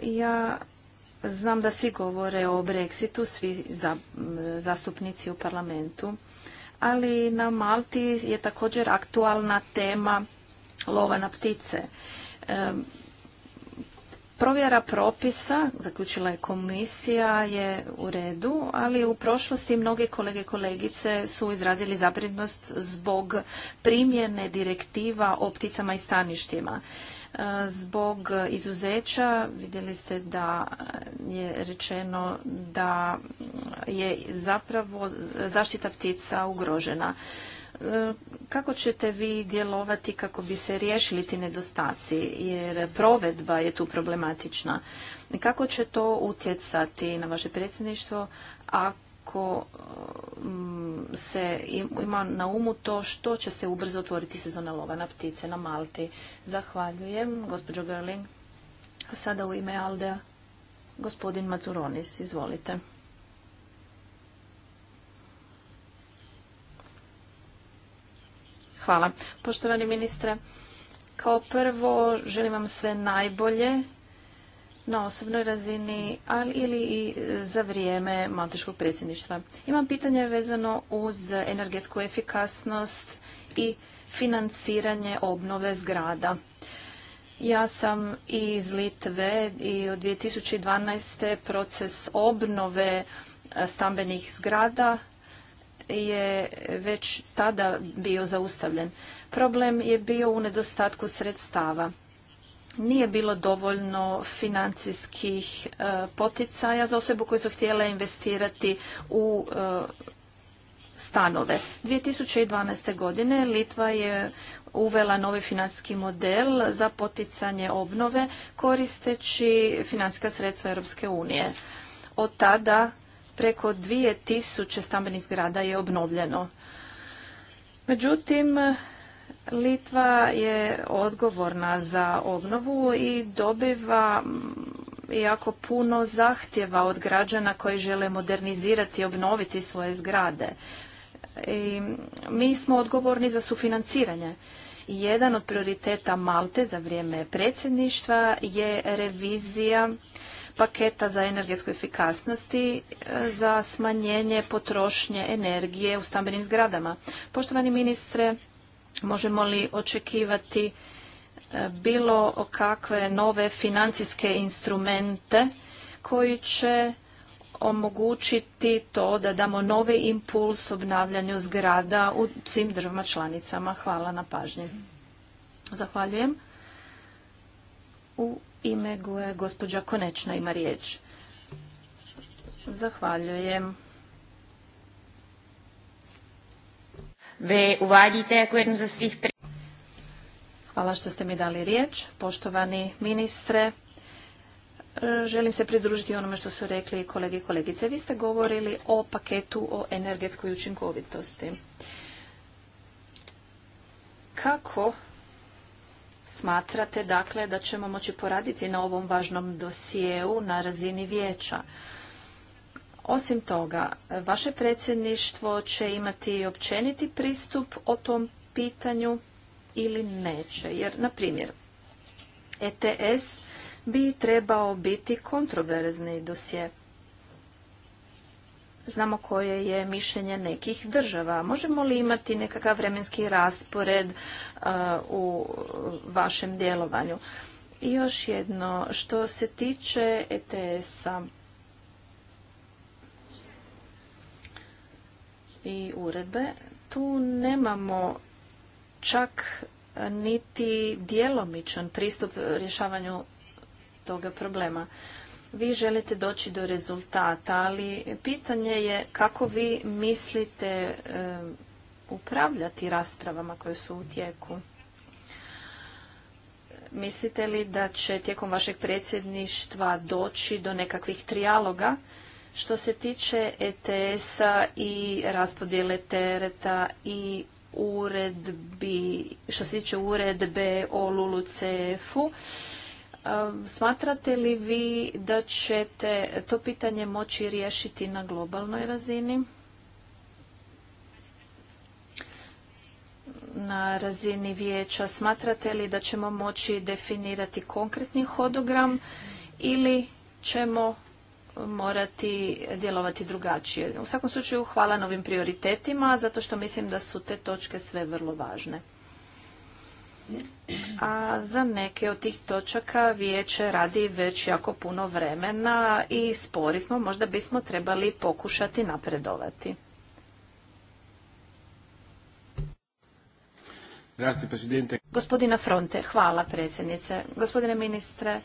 ja znam da svi govore o Brexitu, svi zastupnici u parlamentu, ali na Malti je također aktualna tema lova na ptice. Provjera propisa, zaključila je komisija, je u redu, ali u prošlosti mnoge kolege i kolegice su izrazili zabrinutost zbog primjene direktiva o pticama i staništima. E, zbog izuzeća vidjeli ste da je rečeno da je zapravo zaštita ptica ugrožena. Kako ćete vi djelovati kako bi se riješili ti nedostaci, jer provedba je tu problematična. Kako će to utjecati na vaše predsjedništvo ako mm, se ima na umu to što će se ubrzo otvoriti sezona lova na ptice na Malti? Zahvaljujem, gospođo Gerling. A sada u ime Aldea, gospodin Mazuronis, izvolite. Hvala. Poštovani ministre, kao prvo želim vam sve najbolje na osobnoj razini, ali ili i za vrijeme malteškog predsjedništva. Imam pitanje vezano uz energetsku efikasnost i financiranje obnove zgrada. Ja sam iz Litve i od 2012. proces obnove stambenih zgrada je već tada bio zaustavljen. Problem je bio u nedostatku sredstava. Nije bilo dovoljno financijskih e, poticaja za osobu koje su htjele investirati u e, stanove. 2012. godine Litva je uvela novi financijski model za poticanje obnove koristeći financijska sredstva Europske unije. Od tada preko 2000 stambenih zgrada je obnovljeno. Međutim, Litva je odgovorna za obnovu i dobiva mm, jako puno zahtjeva od građana koji žele modernizirati i obnoviti svoje zgrade. I mi smo odgovorni za sufinanciranje. Jedan od prioriteta Malte za vrijeme predsjedništva je revizija paketa za energetsku efikasnosti e, za smanjenje potrošnje energije u stambenim zgradama. Poštovani ministre, možemo li očekivati e, bilo kakve nove financijske instrumente koji će omogućiti to da damo novi impuls obnavljanju zgrada u svim državama članicama. Hvala na pažnji. Zahvaljujem. U ime go gospođa Konečna ima riječ. Zahvaljujem. Ve za svih Hvala što ste mi dali riječ. Poštovani ministre, želim se pridružiti onome što su rekli kolege i kolegice. Vi ste govorili o paketu o energetskoj učinkovitosti. Kako Smatrate dakle da ćemo moći poraditi na ovom važnom dosijeu na razini vijeća. Osim toga, vaše predsjedništvo će imati općeniti pristup o tom pitanju ili neće. Jer, na primjer, ETS bi trebao biti kontroverzni dosje. Znamo koje je mišljenje nekih država. Možemo li imati nekakav vremenski raspored u vašem djelovanju? I još jedno, što se tiče ETS-a i uredbe, tu nemamo čak niti djelomičan pristup rješavanju toga problema vi želite doći do rezultata, ali pitanje je kako vi mislite eh, upravljati raspravama koje su u tijeku. Mislite li da će tijekom vašeg predsjedništva doći do nekakvih trijaloga što se tiče ETS-a i raspodjele tereta i uredbi, što se tiče uredbe o LULU-CF-u? Smatrate li vi da ćete to pitanje moći riješiti na globalnoj razini? Na razini vijeća smatrate li da ćemo moći definirati konkretni hodogram ili ćemo morati djelovati drugačije. U svakom slučaju hvala novim prioritetima zato što mislim da su te točke sve vrlo važne a za neke od tih točaka vijeće radi već jako puno vremena i spori smo, možda bismo trebali pokušati napredovati. Gospodina Fronte, hvala predsjednice. Gospodine ministre,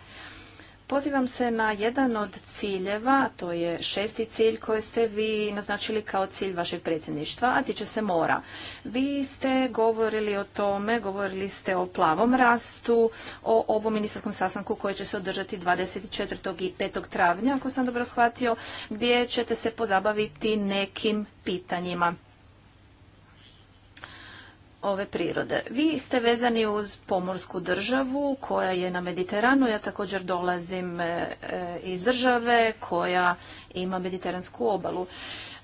Pozivam se na jedan od ciljeva, to je šesti cilj koji ste vi naznačili kao cilj vašeg predsjedništva, a tiče se mora. Vi ste govorili o tome, govorili ste o plavom rastu, o ovom ministarskom sastanku koji će se održati 24. i 5. travnja, ako sam dobro shvatio, gdje ćete se pozabaviti nekim pitanjima ove prirode. Vi ste vezani uz pomorsku državu koja je na Mediteranu. Ja također dolazim e, e, iz države koja ima mediteransku obalu.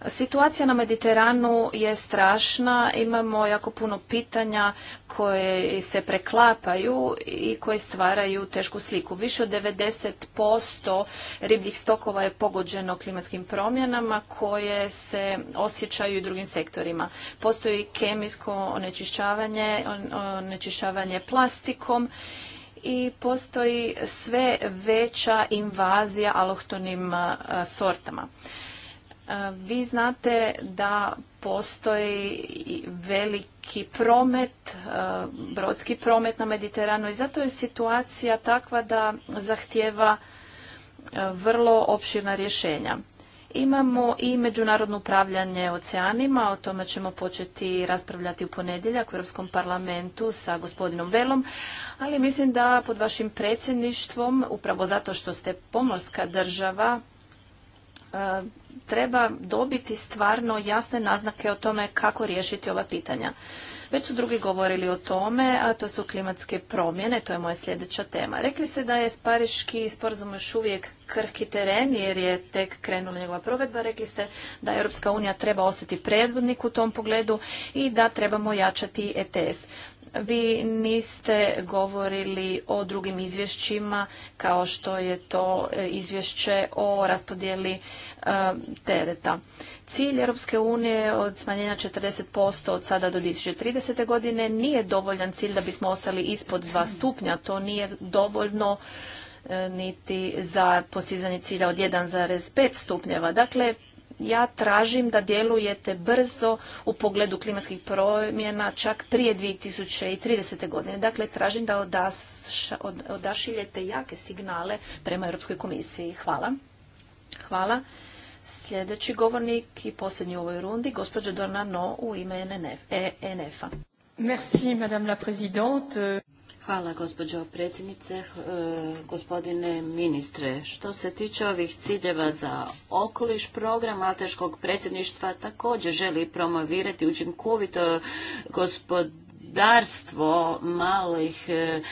Situacija na Mediteranu je strašna, imamo jako puno pitanja koje se preklapaju i koje stvaraju tešku sliku. Više od 90% ribljih stokova je pogođeno klimatskim promjenama koje se osjećaju i drugim sektorima. Postoji kemijsko onečišćavanje, onečišćavanje plastikom i postoji sve veća invazija alohtonim sortama. Vi znate da postoji veliki promet, brodski promet na Mediteranu i zato je situacija takva da zahtjeva vrlo opširna rješenja. Imamo i međunarodno upravljanje oceanima, o tome ćemo početi raspravljati u ponedjeljak u Europskom parlamentu sa gospodinom Velom, ali mislim da pod vašim predsjedništvom, upravo zato što ste pomorska država, E, treba dobiti stvarno jasne naznake o tome kako riješiti ova pitanja. Već su drugi govorili o tome, a to su klimatske promjene, to je moja sljedeća tema. Rekli ste da je Pariški sporazum još uvijek krhki teren jer je tek krenula njegova provedba. Rekli ste da Europska unija treba ostati predvodnik u tom pogledu i da trebamo jačati ETS. Vi niste govorili o drugim izvješćima kao što je to e, izvješće o raspodjeli e, tereta. Cilj Europske unije od smanjenja 40% od sada do 2030. godine nije dovoljan cilj da bismo ostali ispod dva stupnja. To nije dovoljno e, niti za postizanje cilja od 1,5 stupnjeva. Dakle, ja tražim da djelujete brzo u pogledu klimatskih promjena čak prije 2030. godine. Dakle, tražim da odašiljete jake signale prema Europskoj komisiji. Hvala. Hvala. Sljedeći govornik i posljednji u ovoj rundi, gospođa No u ime ENF-a. Merci, madame la présidente. Hvala gospođo predsjednice, e, gospodine ministre. Što se tiče ovih ciljeva za okoliš, program Malteškog predsjedništva također želi promovirati učinkovito gospodarstvo malih e, e,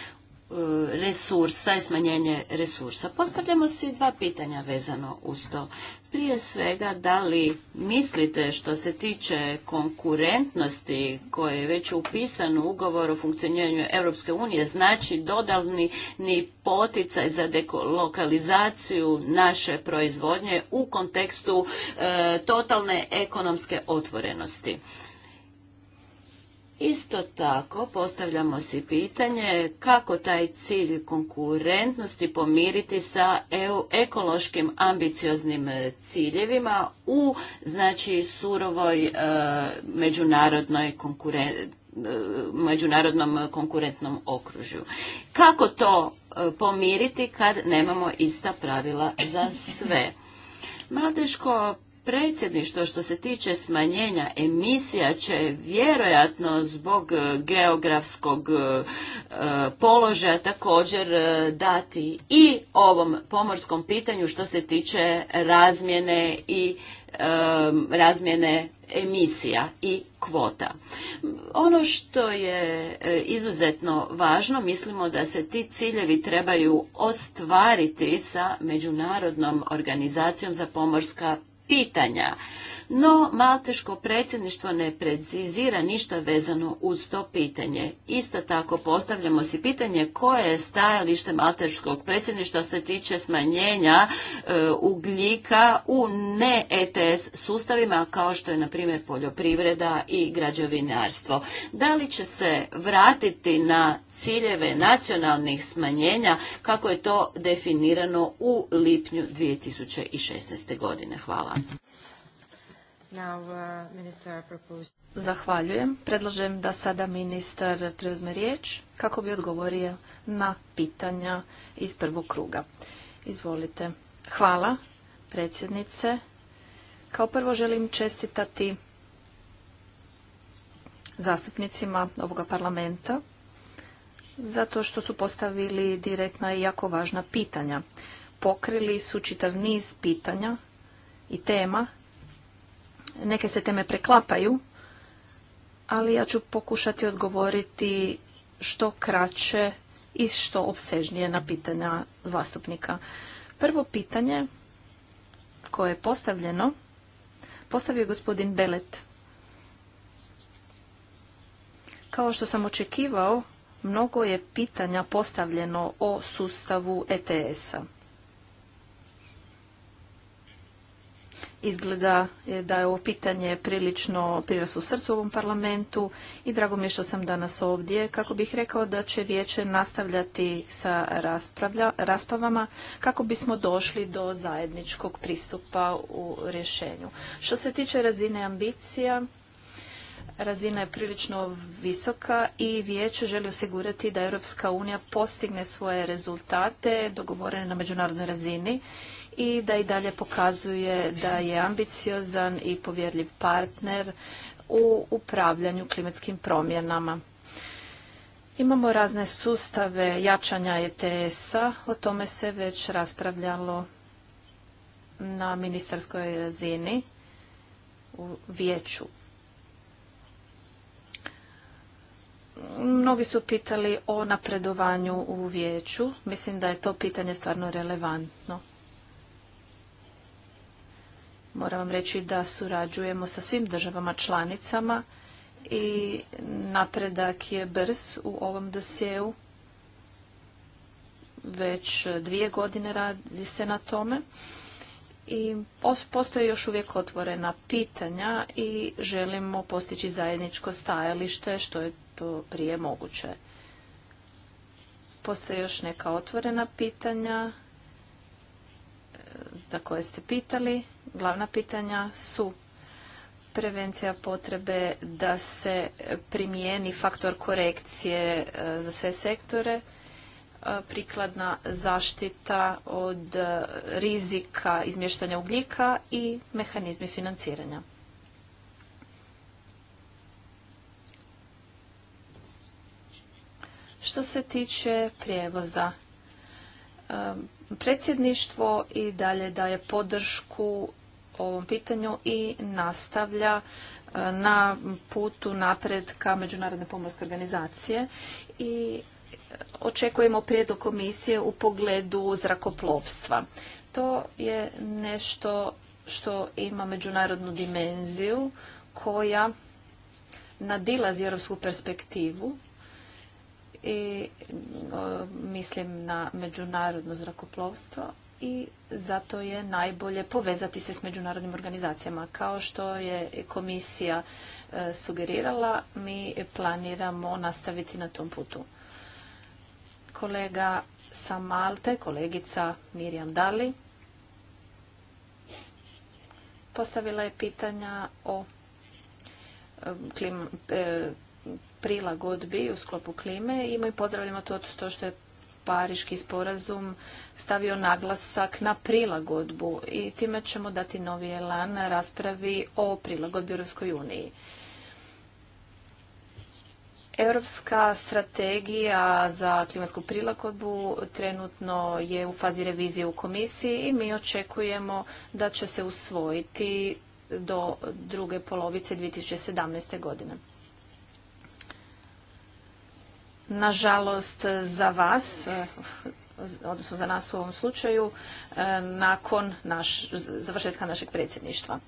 resursa i smanjenje resursa. Postavljamo si dva pitanja vezano uz to prije svega da li mislite što se tiče konkurentnosti koje je već upisan u ugovor o funkcioniranju Europske unije znači dodalni ni poticaj za dekolokalizaciju naše proizvodnje u kontekstu e, totalne ekonomske otvorenosti. Isto tako postavljamo si pitanje kako taj cilj konkurentnosti pomiriti sa EU ekološkim ambicioznim e, ciljevima u znači surovoj e, međunarodnoj e, međunarodnom konkurentnom okružju. Kako to pomiriti kad nemamo ista pravila za sve? Malteško predsjedništvo što se tiče smanjenja emisija će vjerojatno zbog e, geografskog e, e, položaja također dati i ovom pomorskom pitanju što se tiče razmjene i razmjene emisija i kvota. Ono što je izuzetno važno, mislimo da se ti ciljevi trebaju ostvariti sa Međunarodnom organizacijom za pomorska pitanja no Malteško predsjedništvo ne precizira ništa vezano uz to pitanje. Isto tako postavljamo si pitanje koje je stajalište Malteškog predsjedništva se tiče smanjenja e, ugljika u ne ETS sustavima kao što je na primjer poljoprivreda i građevinarstvo. Da li će se vratiti na ciljeve nacionalnih smanjenja kako je to definirano u lipnju 2016. godine. Hvala. Uh, Zahvaljujem. Predlažem da sada ministar preuzme riječ kako bi odgovorio na pitanja iz prvog kruga. Izvolite. Hvala, predsjednice. Kao prvo želim čestitati zastupnicima ovoga parlamenta zato što su postavili direktna i jako važna pitanja. Pokrili su čitav niz pitanja i tema neke se teme preklapaju, ali ja ću pokušati odgovoriti što kraće i što obsežnije na pitanja zastupnika. Prvo pitanje koje je postavljeno, postavio je gospodin Belet. Kao što sam očekivao, mnogo je pitanja postavljeno o sustavu ETS-a. Izgleda da je ovo pitanje prilično priras u srcu ovom parlamentu i drago mi je što sam danas ovdje kako bih rekao da će vijeće nastavljati sa raspravama kako bismo došli do zajedničkog pristupa u rješenju. Što se tiče razine ambicija, razina je prilično visoka i vijeće želi osigurati da Europska unija postigne svoje rezultate dogovorene na međunarodnoj razini i da i dalje pokazuje da je ambiciozan i povjerljiv partner u upravljanju klimatskim promjenama. Imamo razne sustave jačanja ETS-a, o tome se već raspravljalo na ministarskoj razini u vijeću. Mnogi su pitali o napredovanju u vijeću. Mislim da je to pitanje stvarno relevantno. Moram vam reći da surađujemo sa svim državama članicama i napredak je brz u ovom dosjeu. Već dvije godine radi se na tome i postoje još uvijek otvorena pitanja i želimo postići zajedničko stajalište što je to prije moguće. Postoje još neka otvorena pitanja e, za koje ste pitali Glavna pitanja su prevencija potrebe da se primijeni faktor korekcije e, za sve sektore, e, prikladna zaštita od e, rizika izmještanja ugljika i mehanizmi financiranja. Što se tiče prijevoza, predsjedništvo i dalje daje podršku ovom pitanju i nastavlja e, na putu ka Međunarodne pomorske organizacije i očekujemo prijedlog komisije u pogledu zrakoplovstva. To je nešto što ima međunarodnu dimenziju koja nadilazi europsku perspektivu i e, mislim na međunarodno zrakoplovstvo i zato je najbolje povezati se s međunarodnim organizacijama. Kao što je komisija e, sugerirala, mi planiramo nastaviti na tom putu. Kolega sa Malte, kolegica Mirjam Dali, postavila je pitanja o e, e, prilagodbi u sklopu klime i mi pozdravljamo to što je Pariški sporazum stavio naglasak na prilagodbu i time ćemo dati novi elan raspravi o prilagodbi Europskoj uniji. Europska strategija za klimatsku prilagodbu trenutno je u fazi revizije u komisiji i mi očekujemo da će se usvojiti do druge polovice 2017. godine. Nažalost za vas odnosno za nas u ovom slučaju, e, nakon završetka našeg predsjedništva.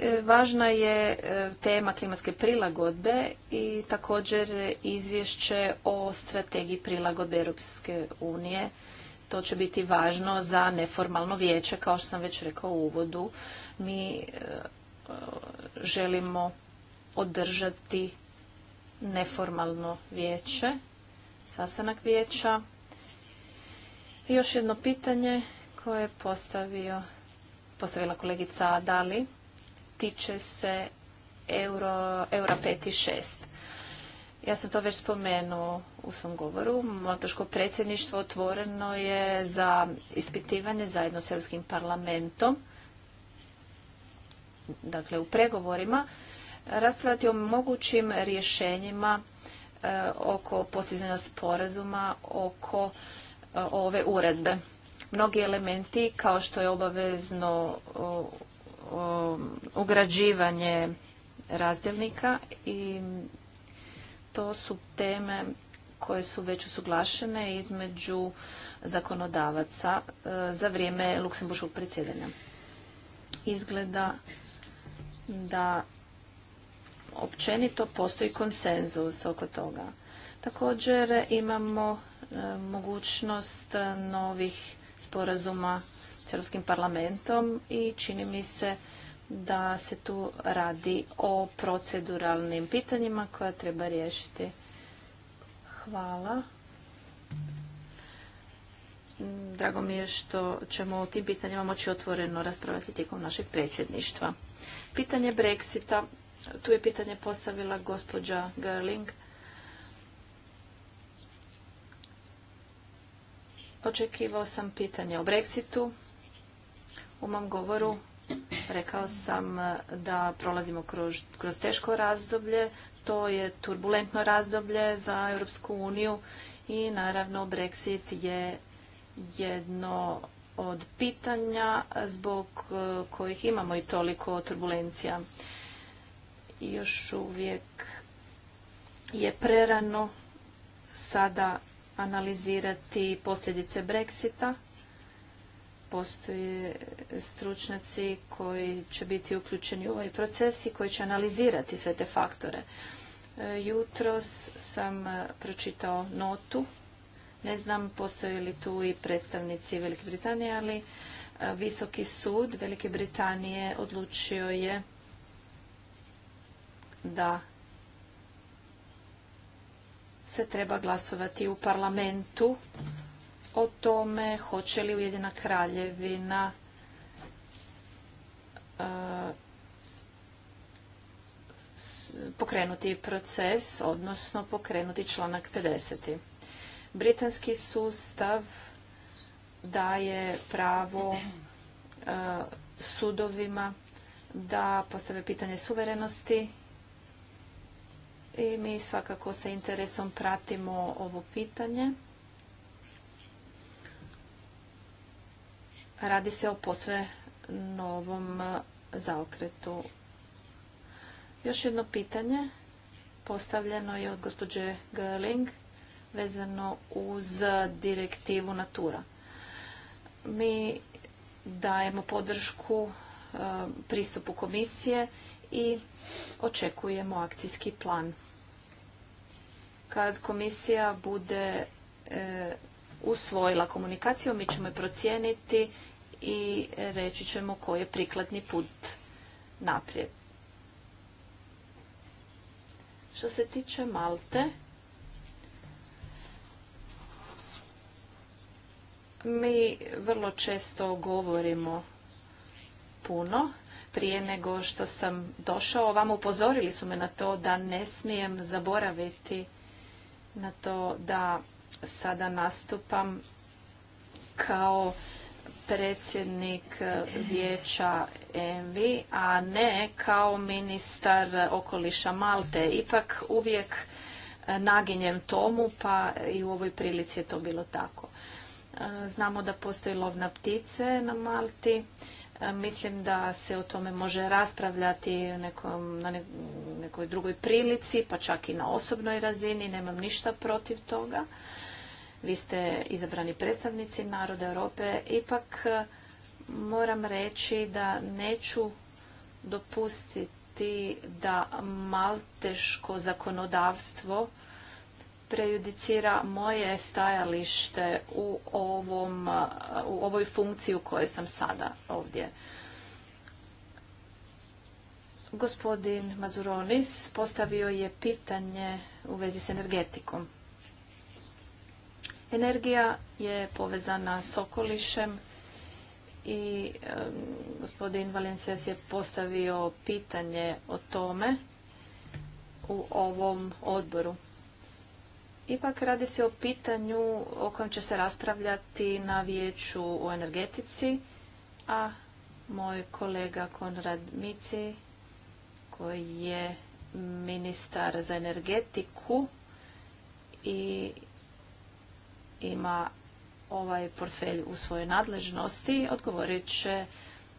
E, važna je e, tema klimatske prilagodbe i također izvješće o strategiji prilagodbe Europske unije. To će biti važno za neformalno vijeće, kao što sam već rekao u uvodu. Mi želimo održati neformalno vijeće sastanak vijeća. I još jedno pitanje koje je postavio, postavila kolegica Dali tiče se euro, eura 5 i 6. Ja sam to već spomenuo u svom govoru. Maltoško predsjedništvo otvoreno je za ispitivanje zajedno s Europskim parlamentom, dakle u pregovorima, raspravljati o mogućim rješenjima Eh, oko postizanja sporazuma oko eh, ove uredbe. Mnogi elementi kao što je obavezno eh, ugrađivanje razdjelnika i to su teme koje su već usuglašene između zakonodavaca za vrijeme luksemburškog predsjedanja. Izgleda da općenito postoji konsenzus oko toga. Također imamo e, mogućnost e, novih sporazuma s Europskim parlamentom i čini mi se da se tu radi o proceduralnim pitanjima koja treba riješiti. Hvala. Drago mi je što ćemo o tim pitanjima moći otvoreno raspravljati tijekom našeg predsjedništva. Pitanje Brexita tu je pitanje postavila gospođa Gerling. Očekivao sam pitanje o Brexitu. U mom govoru rekao sam eh, da prolazimo kroz, kroz teško razdoblje. To je turbulentno razdoblje za Europsku uniju i naravno Brexit je jedno od pitanja zbog eh, kojih imamo i toliko turbulencija još uvijek je prerano sada analizirati posljedice Brexita. Postoje stručnjaci koji će biti uključeni u ovaj proces i koji će analizirati sve te faktore. E, jutros sam e, pročitao notu. Ne znam postoje li tu i predstavnici Velike Britanije, ali e, Visoki sud Velike Britanije odlučio je da se treba glasovati u parlamentu o tome hoće li Ujedina kraljevina e, pokrenuti proces, odnosno pokrenuti članak 50. Britanski sustav daje pravo e, sudovima da postave pitanje suverenosti i mi svakako sa interesom pratimo ovo pitanje. Radi se o posve novom zaokretu. Još jedno pitanje postavljeno je od gospođe Gerling vezano uz direktivu Natura. Mi dajemo podršku eh, pristupu komisije i očekujemo akcijski plan. Kad komisija bude e, usvojila komunikaciju, mi ćemo je procijeniti i reći ćemo koji je prikladni put naprijed. Što se tiče Malte, mi vrlo često govorimo puno prije nego što sam došao vam upozorili su me na to da ne smijem zaboraviti na to da sada nastupam kao predsjednik vijeća mv a ne kao ministar okoliša Malte. Ipak uvijek naginjem tomu, pa i u ovoj prilici je to bilo tako. Znamo da postoji lovna na ptice na Malti Mislim da se o tome može raspravljati nekom, na nekoj drugoj prilici, pa čak i na osobnoj razini. Nemam ništa protiv toga. Vi ste izabrani predstavnici naroda Europe. Ipak moram reći da neću dopustiti da malteško zakonodavstvo prejudicira moje stajalište u, ovom, u ovoj funkciji u kojoj sam sada ovdje. Gospodin Mazuronis postavio je pitanje u vezi s energetikom. Energija je povezana s okolišem i gospodin Valencijas je postavio pitanje o tome u ovom odboru. Ipak radi se o pitanju o kojem će se raspravljati na vijeću u energetici, a moj kolega Konrad Mici, koji je ministar za energetiku i ima ovaj portfelj u svojoj nadležnosti, odgovorit će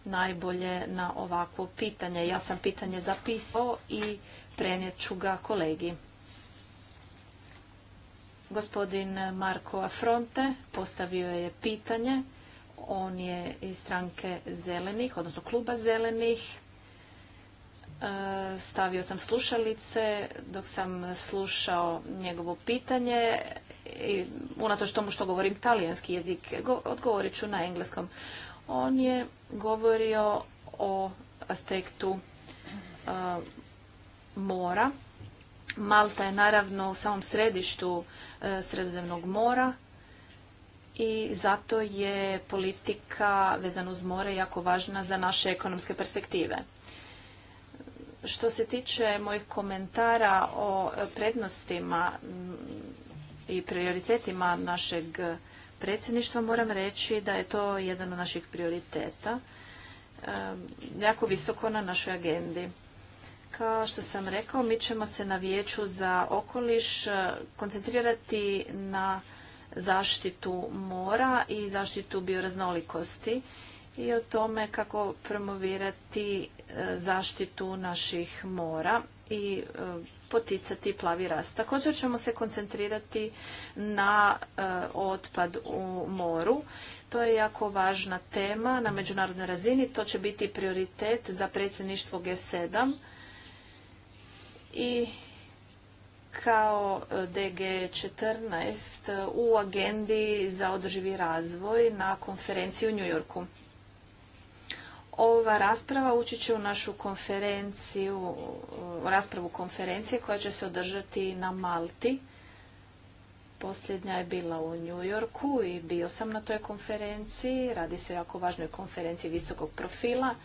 najbolje na ovako pitanje. Ja sam pitanje zapisao i prenijet ću ga kolegi. Gospodin Marko Afronte postavio je pitanje. On je iz stranke zelenih, odnosno kluba zelenih. E, stavio sam slušalice dok sam slušao njegovo pitanje i unatoč tomu što govorim talijanski jezik, odgovorit ću na engleskom. On je govorio o aspektu e, mora Malta je naravno u samom središtu e, Sredozemnog mora i zato je politika vezana uz more jako važna za naše ekonomske perspektive. Što se tiče mojih komentara o prednostima mm, i prioritetima našeg predsjedništva, moram reći da je to jedan od naših prioriteta, e, jako visoko na našoj agendi. Kao što sam rekao, mi ćemo se na vijeću za okoliš e, koncentrirati na zaštitu mora i zaštitu bioraznolikosti i o tome kako promovirati e, zaštitu naših mora i e, poticati plavi rast. Također ćemo se koncentrirati na otpad u moru. To je jako važna tema na međunarodnoj razini. To će biti prioritet za predsjedništvo G7 i kao e, DG14 e, u agendi za održivi razvoj na konferenciji u Njujorku. Ova rasprava ući će u našu konferenciju, raspravu konferencije koja će se održati na Malti. Posljednja je bila u Njujorku i bio sam na toj konferenciji. Radi se o jako važnoj konferenciji visokog profila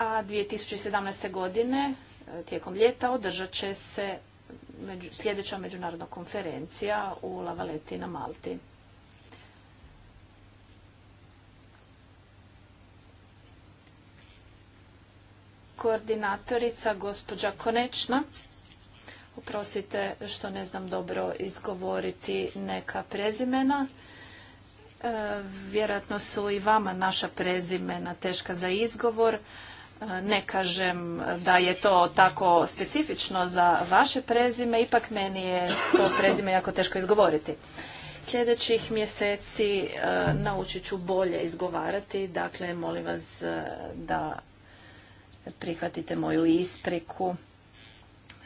a 2017. godine e, tijekom ljeta održat će se sljedeća međunarodna konferencija u Lavaleti na Malti. Koordinatorica gospođa Konečna, oprostite što ne znam dobro izgovoriti neka prezimena, e, vjerojatno su i vama naša prezimena teška za izgovor, ne kažem da je to tako specifično za vaše prezime, ipak meni je to prezime jako teško izgovoriti. Sljedećih mjeseci e, naučit ću bolje izgovarati, dakle molim vas e, da prihvatite moju ispriku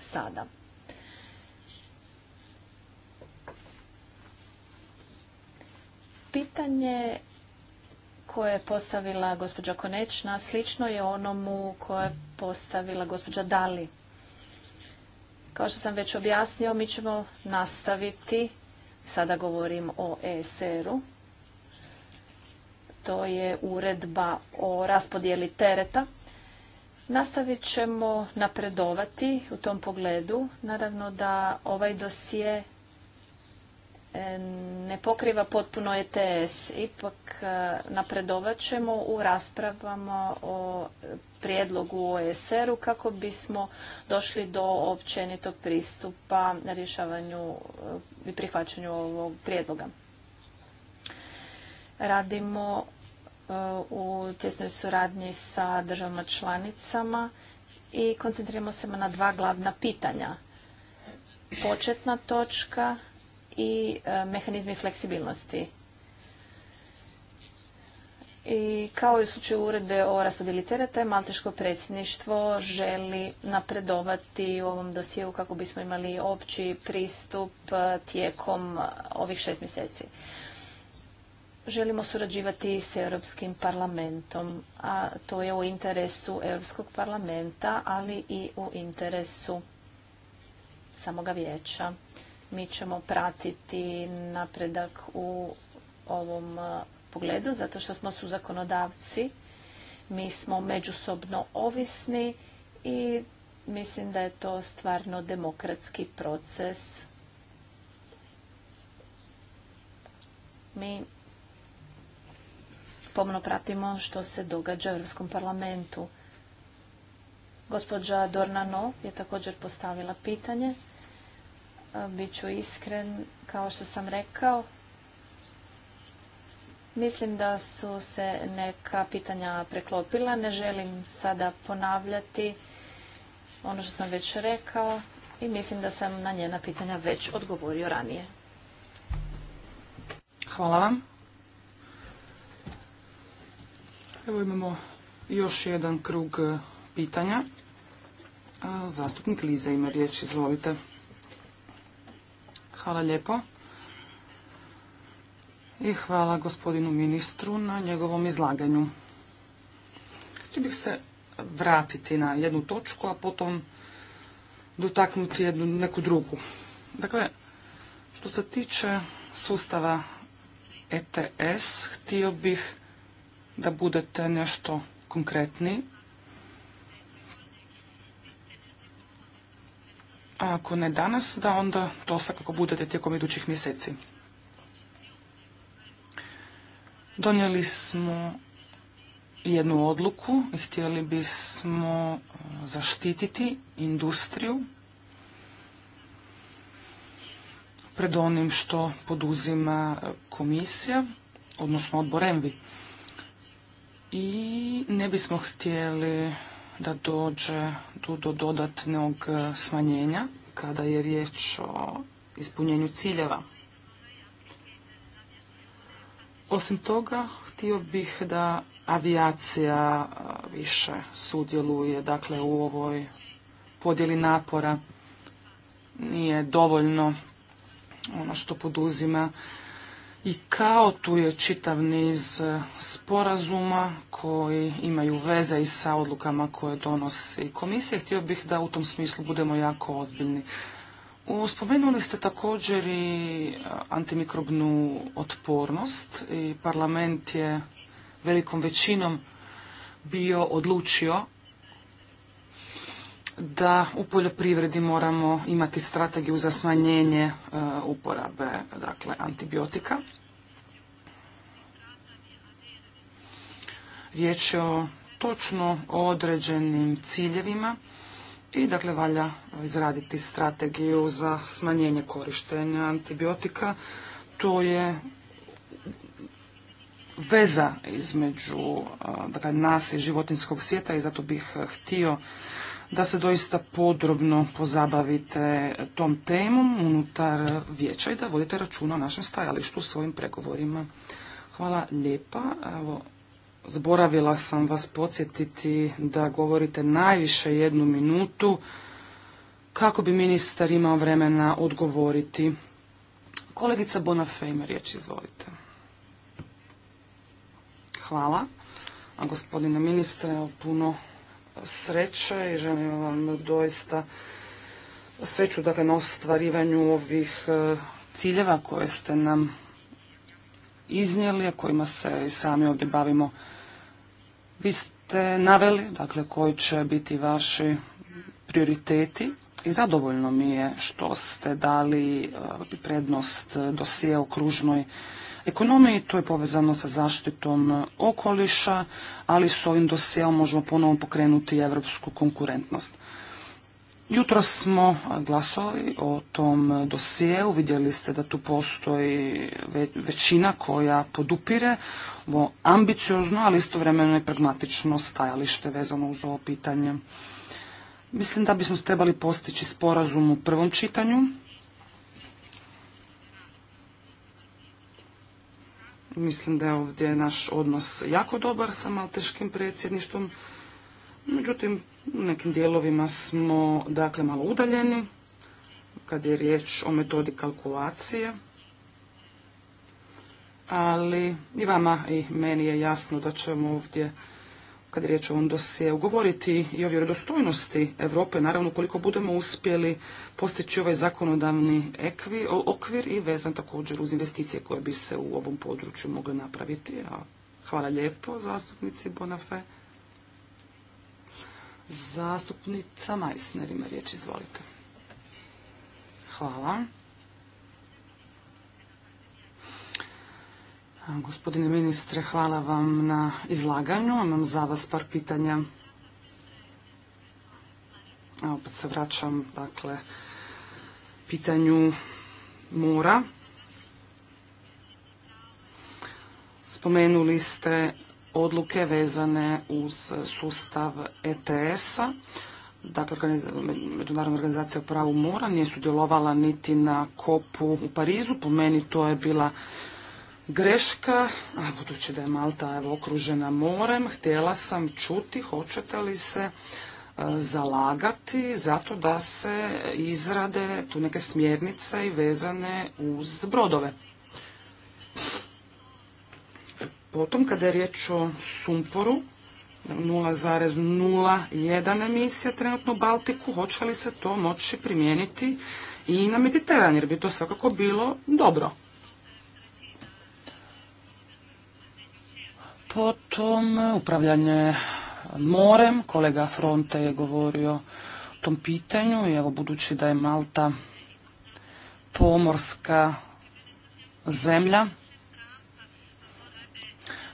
sada. Pitanje koje je postavila gospođa Konečna slično je onomu koje je postavila gospođa Dali. Kao što sam već objasnio, mi ćemo nastaviti, sada govorim o ESR-u, to je uredba o raspodjeli tereta. Nastavit ćemo napredovati u tom pogledu. Naravno da ovaj dosije ne pokriva potpuno ETS. Ipak e, napredovat ćemo u raspravama o prijedlogu OSR-u kako bismo došli do općenitog pristupa na rješavanju e, i prihvaćanju ovog prijedloga. Radimo e, u tjesnoj suradnji sa državama članicama i koncentriramo se na dva glavna pitanja. Početna točka i e, mehanizmi fleksibilnosti. I kao i u slučaju uredbe o raspodjeli tereta, Malteško predsjedništvo želi napredovati u ovom dosjeu kako bismo imali opći pristup e, tijekom ovih šest mjeseci. Želimo surađivati s Europskim parlamentom, a to je u interesu Europskog parlamenta, ali i u interesu samoga vijeća. Mi ćemo pratiti napredak u ovom e, pogledu, zato što smo su zakonodavci. Mi smo međusobno ovisni i mislim da je to stvarno demokratski proces. Mi pomno pratimo što se događa u Europskom parlamentu. Gospođa Dornano je također postavila pitanje ću iskren, kao što sam rekao. Mislim da su se neka pitanja preklopila. Ne želim sada ponavljati ono što sam već rekao i mislim da sam na njena pitanja već odgovorio ranije. Hvala vam. Evo imamo još jedan krug eh, pitanja. Zastupnik Liza ima riječ, izvolite. Hvala lijepo. I hvala gospodinu ministru na njegovom izlaganju. Htio bih se vratiti na jednu točku, a potom dotaknuti jednu, neku drugu. Dakle, što se tiče sustava ETS, htio bih da budete nešto konkretniji. ako ne danas, da onda to svakako budete tijekom idućih mjeseci. Donijeli smo jednu odluku i htjeli bismo e, zaštititi industriju pred onim što poduzima e, komisija, odnosno odbor Envi. I ne bismo htjeli da dođe tu do dodatnog e, smanjenja kada je riječ o ispunjenju ciljeva. Osim toga, htio bih da avijacija e, više sudjeluje dakle, u ovoj podjeli napora. Nije dovoljno ono što poduzima i kao tu je čitav niz e, sporazuma koji imaju veze i sa odlukama koje donosi komisija. Htio bih da u tom smislu budemo jako ozbiljni. Spomenuli ste također i e, antimikrobnu otpornost i parlament je velikom većinom bio odlučio da u poljoprivredi moramo imati strategiju za smanjenje e, uporabe dakle, antibiotika. Riječ je o točno određenim ciljevima i dakle valja izraditi strategiju za smanjenje korištenja antibiotika. To je veza između e, dakle, nas i životinskog svijeta i zato bih htio da se doista podrobno pozabavite tom temom unutar vijeća i da vodite računa o našem stajalištu u svojim pregovorima. Hvala lijepa. Evo, zboravila sam vas podsjetiti da govorite najviše jednu minutu kako bi ministar imao vremena odgovoriti. Kolegica Bonafej ima riječ, izvolite. Hvala. A gospodine ministre, puno sreće i želim vam doista sreću dakle, na ostvarivanju ovih e, ciljeva koje ste nam iznijeli, a kojima se i sami ovdje bavimo. Vi ste naveli dakle, koji će biti vaši prioriteti i zadovoljno mi je što ste dali e, prednost dosije okružnoj kružnoj ekonomiji, to je povezano sa zaštitom e, okoliša, ali s ovim dosjeom možemo ponovo pokrenuti evropsku konkurentnost. Jutro smo glasovali o tom dosijeu, vidjeli ste da tu postoji većina koja podupire ovo ambiciozno, ali istovremeno i pragmatično stajalište vezano uz ovo pitanje. Mislim da bismo trebali postići sporazum u prvom čitanju, Mislim da je ovdje naš odnos jako dobar sa malteškim predsjedništvom. Međutim, u nekim dijelovima smo dakle malo udaljeni kad je riječ o metodi kalkulacije. Ali i vama i meni je jasno da ćemo ovdje kad je riječ o ovom govoriti i o vjerodostojnosti Europe, naravno koliko budemo uspjeli postići ovaj zakonodavni ekvi, okvir i vezan također uz investicije koje bi se u ovom području mogle napraviti. Hvala lijepo zastupnici Bonafe. Zastupnica Majsner ima riječ, izvolite. Hvala. Gospodine ministre, hvala vam na izlaganju. Imam za vas par pitanja. A opet se vraćam, dakle, pitanju mora. Spomenuli ste odluke vezane uz sustav ETS-a. Dakle, Međunarodna organizacija o pravu mora nije sudjelovala niti na kopu u Parizu. Po meni to je bila greška, a budući da je Malta evo, okružena morem, htjela sam čuti hoćete li se e, zalagati zato da se izrade tu neke smjernice i vezane uz brodove. Potom kada je riječ o sumporu, 0,01 emisija trenutno u Baltiku, hoće li se to moći primijeniti i na Mediteran, jer bi to svakako bilo dobro. Potom upravljanje morem, kolega Fronte je govorio o tom pitanju i evo budući da je Malta pomorska zemlja,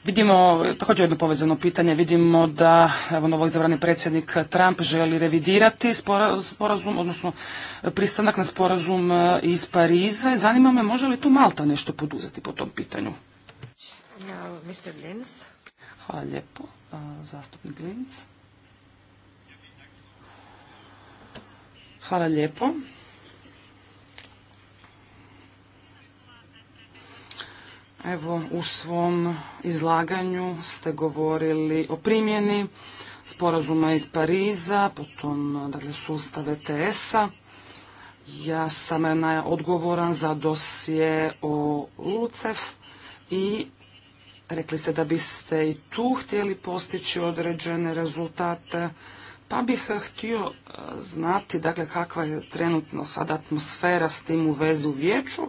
Vidimo, također jedno povezano pitanje, vidimo da evo, izabrani predsjednik Trump želi revidirati sporazum, odnosno pristanak na sporazum eh, iz Pariza. Zanima me, može li tu Malta nešto poduzeti po tom pitanju? Mr. Hvala lijepo. E, zastupnik Glinc. Hvala lijepo. Evo, u svom izlaganju ste govorili o primjeni sporazuma iz Pariza, potom dakle, sustav ETS-a. Ja sam odgovoran za dosje o LUCEF i Rekli ste da biste i tu htjeli postići određene rezultate, pa bih htio e, znati dakle, kakva je trenutno sad atmosfera s tim u vezi u vijeću.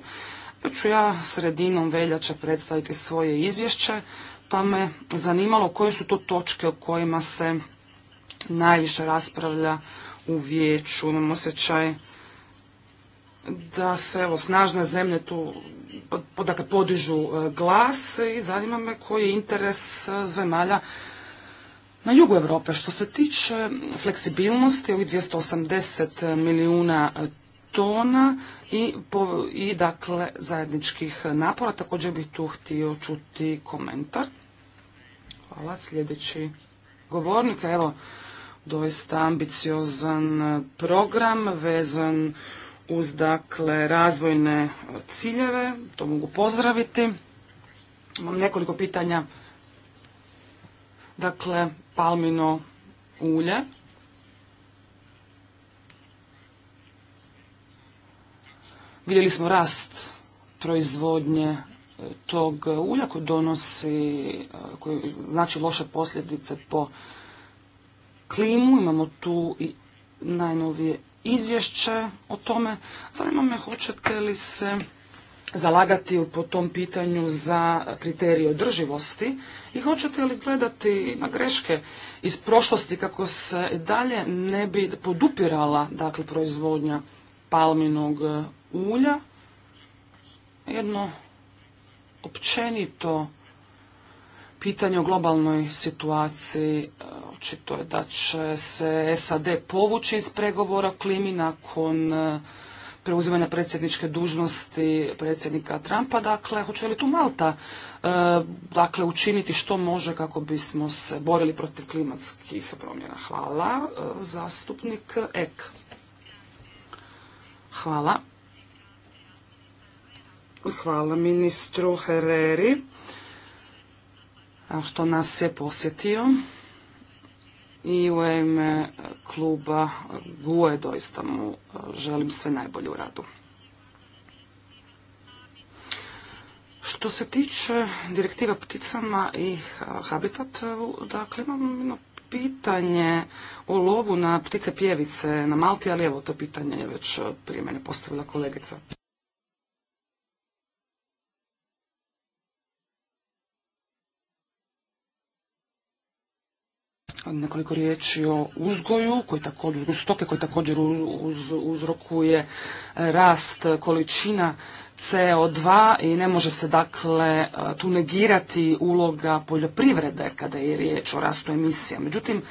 Pa ću ja sredinom veljače predstaviti svoje izvješće, pa me zanimalo koje su to točke o kojima se najviše raspravlja u vijeću. Imam osjećaj da se evo, snažne zemlje tu dakle, podižu e, glas i zanima me koji je interes e, zemalja na jugu Europe. Što se tiče fleksibilnosti, ovih 280 milijuna e, tona i, i dakle zajedničkih napora. Također bih tu htio čuti komentar. Hvala. Sljedeći govornik. Evo, doista ambiciozan program vezan uz dakle razvojne ciljeve, to mogu pozdraviti. Imam nekoliko pitanja. Dakle, palmino ulje. Vidjeli smo rast proizvodnje e, tog ulja koji donosi, e, koji znači loše posljedice po klimu. Imamo tu i najnovije izvješće o tome. Zanima me hoćete li se zalagati po tom pitanju za kriterije održivosti i hoćete li gledati na greške iz prošlosti kako se dalje ne bi podupirala dakle, proizvodnja palminog eh, ulja. Jedno općenito pitanje o globalnoj situaciji eh, Očito znači, je da će se SAD povući iz pregovora klimi nakon e, preuzimanja predsjedničke dužnosti predsjednika Trumpa. Dakle, hoće li tu Malta e, dakle, učiniti što može kako bismo se borili protiv klimatskih promjena? Hvala. E, zastupnik Ek. Hvala. Hvala ministru Hereri što nas je posjetio i u ime e, kluba e, GUE doista mu e, želim sve najbolje u radu. Što se tiče direktiva pticama i habitat, dakle imam jedno pitanje o lovu na ptice pjevice na Malti, ali evo to pitanje je već prije mene postavila kolegica. nekoliko riječi o uzgoju, koji također, uz stoke koji također uz, uzrokuje e, rast količina CO2 i ne može se dakle e, tu negirati uloga poljoprivrede kada je riječ o rastu emisija. Međutim,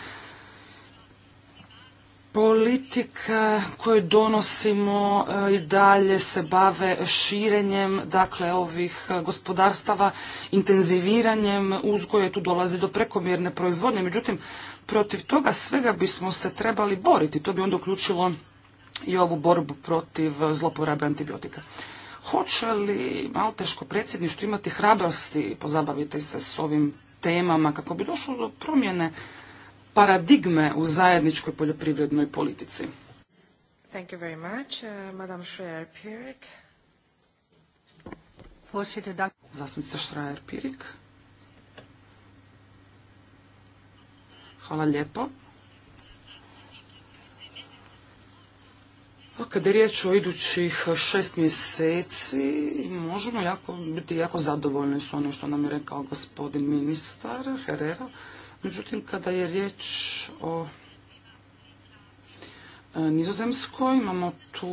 politika koje donosimo e, i dalje se bave širenjem dakle ovih e, gospodarstava, intenziviranjem uzgoje, tu dolazi do prekomjerne proizvodnje. Međutim, protiv toga svega bismo se trebali boriti. To bi onda uključilo i ovu borbu protiv zloporabe antibiotika. Hoće li teško predsjedništvo imati hrabrosti pozabaviti se s ovim temama kako bi došlo do promjene paradigme u zajedničkoj poljoprivrednoj politici. Thank you very much. Uh, Madam Schreier-Pirik. Zastupnica Schreier-Pirik. Hvala lijepo. Pa, Kada je riječ o idućih šest mjeseci, možemo jako, biti jako zadovoljni s onim što nam je rekao gospodin ministar Herrera. Međutim, kada je riječ o e, Nizozemskoj imamo tu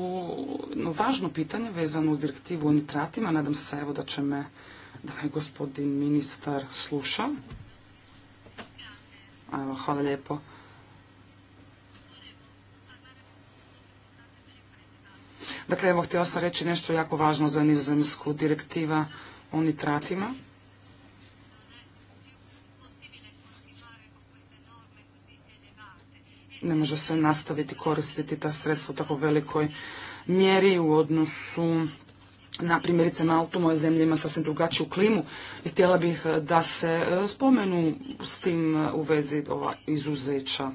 važno pitanje vezano uz direktivu o nitratima. Nadam se evo da će me da gospodin ministar sluša. Evo, hvala lijepo. Dakle, evo, htjela sam reći nešto jako važno za nizozemsku direktiva o nitratima. ne može se nastaviti koristiti ta sredstva u tako velikoj mjeri u odnosu na primjerice Maltu, moje zemlje ima sasvim drugačiju klimu i htjela bih eh, da se eh, spomenu s tim eh, u vezi ova izuzeća.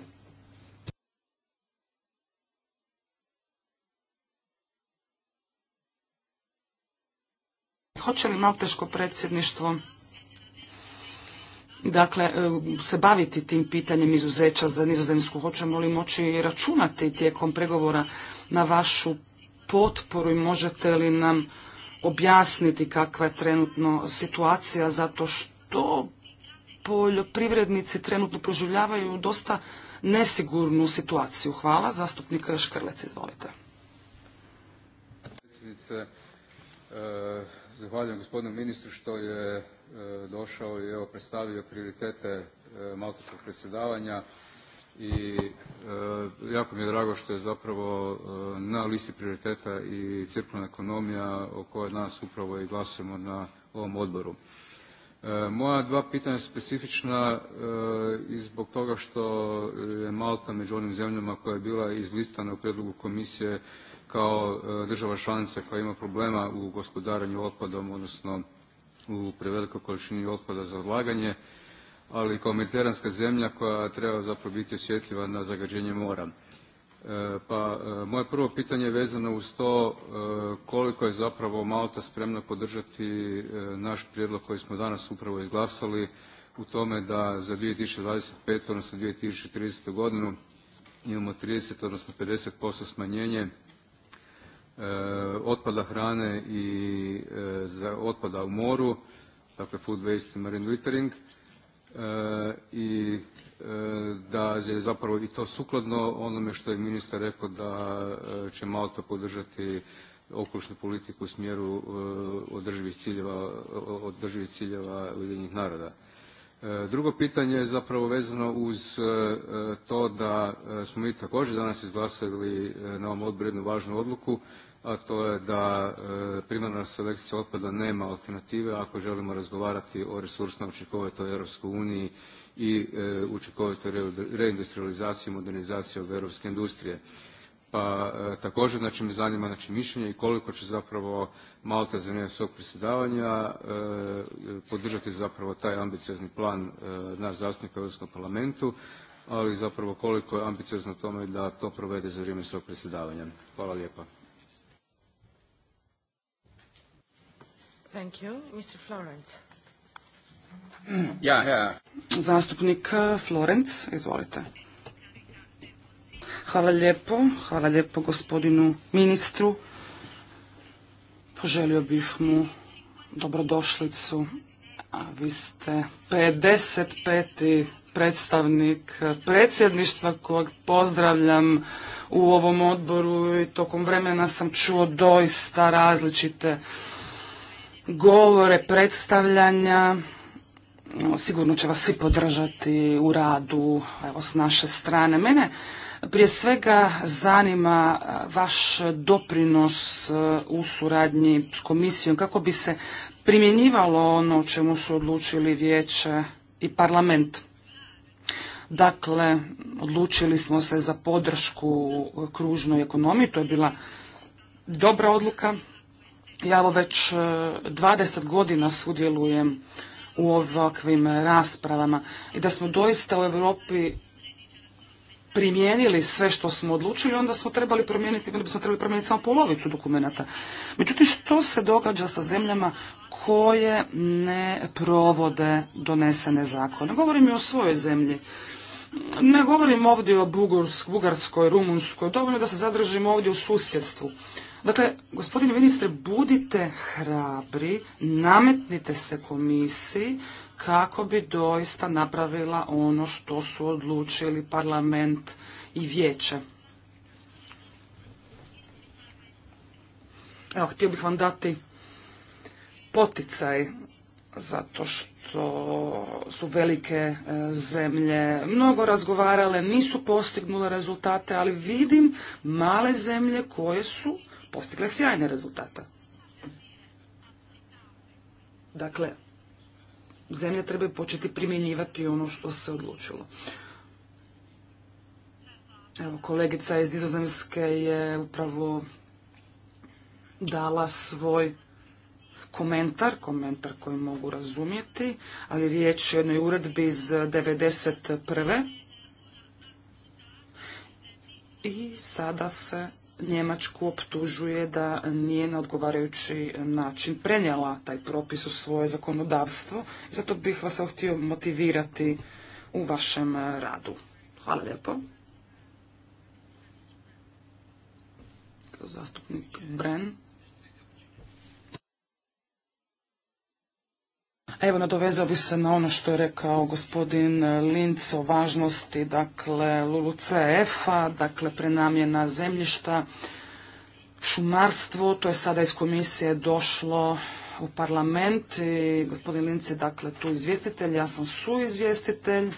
Hoće li malteško predsjedništvo dakle, e, se baviti tim pitanjem izuzeća za nizozemsku? Hoćemo li moći računati tijekom pregovora na vašu potporu i možete li nam objasniti kakva je trenutno situacija zato što poljoprivrednici trenutno proživljavaju dosta nesigurnu situaciju. Hvala. Zastupnik Škrlec, izvolite. E, zahvaljujem gospodinu ministru što je E, došao i evo predstavio prioritete e, Maltačkog predsjedavanja i e, jako mi je drago što je zapravo na listi prioriteta i cirkularna ekonomija o kojoj danas upravo i glasujemo na ovom odboru. Moja dva pitanja specifična i zbog toga što je Malta među onim zemljama koja je bila izlistana u prijedlogu komisije kao država članica koja ima problema u gospodarenju otpadom, odnosno u prevelikoj količini otpada za odlaganje, ali kao mediteranska zemlja koja treba zapravo biti osjetljiva na zagađenje mora. E, pa e, moje prvo pitanje je vezano uz to e, koliko je zapravo Malta spremna podržati naš prijedlog koji smo danas upravo izglasali u tome da za 2025. odnosno 2030. godinu imamo 30 odnosno 50% smanjenje E, otpada hrane i e, za otpada u moru, dakle food waste and marine littering, e, i da je zapravo i to sukladno onome što je ministar rekao da će Malta podržati okolišnu politiku u smjeru održivih ciljeva, održivih ciljeva Ujedinjenih naroda. Drugo pitanje je zapravo vezano uz to da smo mi također danas izglasali na ovom odboru jednu važnu odluku a to je da e, primarna selekcija otpada nema alternative ako želimo razgovarati o resursno učinkovitoj Europskoj uniji i e, učinkovitoj reindustrializaciji i modernizaciji ove europske industrije. Pa e, također znači me zanima znači, mišljenje i koliko će zapravo Malta za vrijeme svog predsjedavanja podržati zapravo taj ambiciozni plan naš nas zastupnika u Europskom parlamentu, ali zapravo koliko je ambiciozno tome da to provede za vrijeme svog predsjedavanja. Hvala lijepa. Thank Florence. Ja, ja. Zastupnik eh, Florenc, izvolite. Hvala lijepo, hvala lijepo gospodinu ministru. Poželio bih mu dobrodošlicu. A vi ste 55. predstavnik eh, predsjedništva kojeg pozdravljam u ovom odboru i tokom vremena sam čuo doista različite govore, predstavljanja. Sigurno će vas svi podržati u radu evo, s naše strane. Mene prije svega zanima e, vaš doprinos e, u suradnji s komisijom kako bi se primjenjivalo ono o čemu su odlučili vijeće i parlament. Dakle, odlučili smo se za podršku kružnoj ekonomiji, to je bila dobra odluka. Ja ovo već 20 e, godina sudjelujem u ovakvim raspravama i da smo doista u Europi primijenili sve što smo odlučili, onda smo trebali promijeniti, onda bismo trebali promijeniti samo polovicu dokumenata. Međutim, što se događa sa zemljama koje ne provode donesene zakone? Govorim i o svojoj zemlji. Ne govorim ovdje o Bugarskoj, Rumunskoj, dovoljno da se zadržimo ovdje u susjedstvu. Dakle, gospodine ministre, budite hrabri, nametnite se komisiji kako bi doista napravila ono što su odlučili parlament i vijeće. Evo, htio bih vam dati poticaj zato što su velike e, zemlje mnogo razgovarale, nisu postignule rezultate, ali vidim male zemlje koje su postigle sjajne rezultate. Dakle, zemlje trebaju početi primjenjivati ono što se odlučilo. Evo, kolegica iz Nizozemske je upravo dala svoj komentar, komentar koji mogu razumjeti, ali riječ je o jednoj uredbi iz 1991. I sada se Njemačku optužuje da nije na odgovarajući način prenijela taj propis u svoje zakonodavstvo. Zato bih vas htio motivirati u vašem radu. Hvala lijepo. Zastupnik Bren. Evo, nadovezao bi se na ono što je rekao gospodin Linc o važnosti, dakle, cf a dakle, prenamjena zemljišta, šumarstvo, to je sada iz komisije došlo u parlament i gospodin Linc je, dakle, tu izvjestitelj, ja sam suizvjestitelj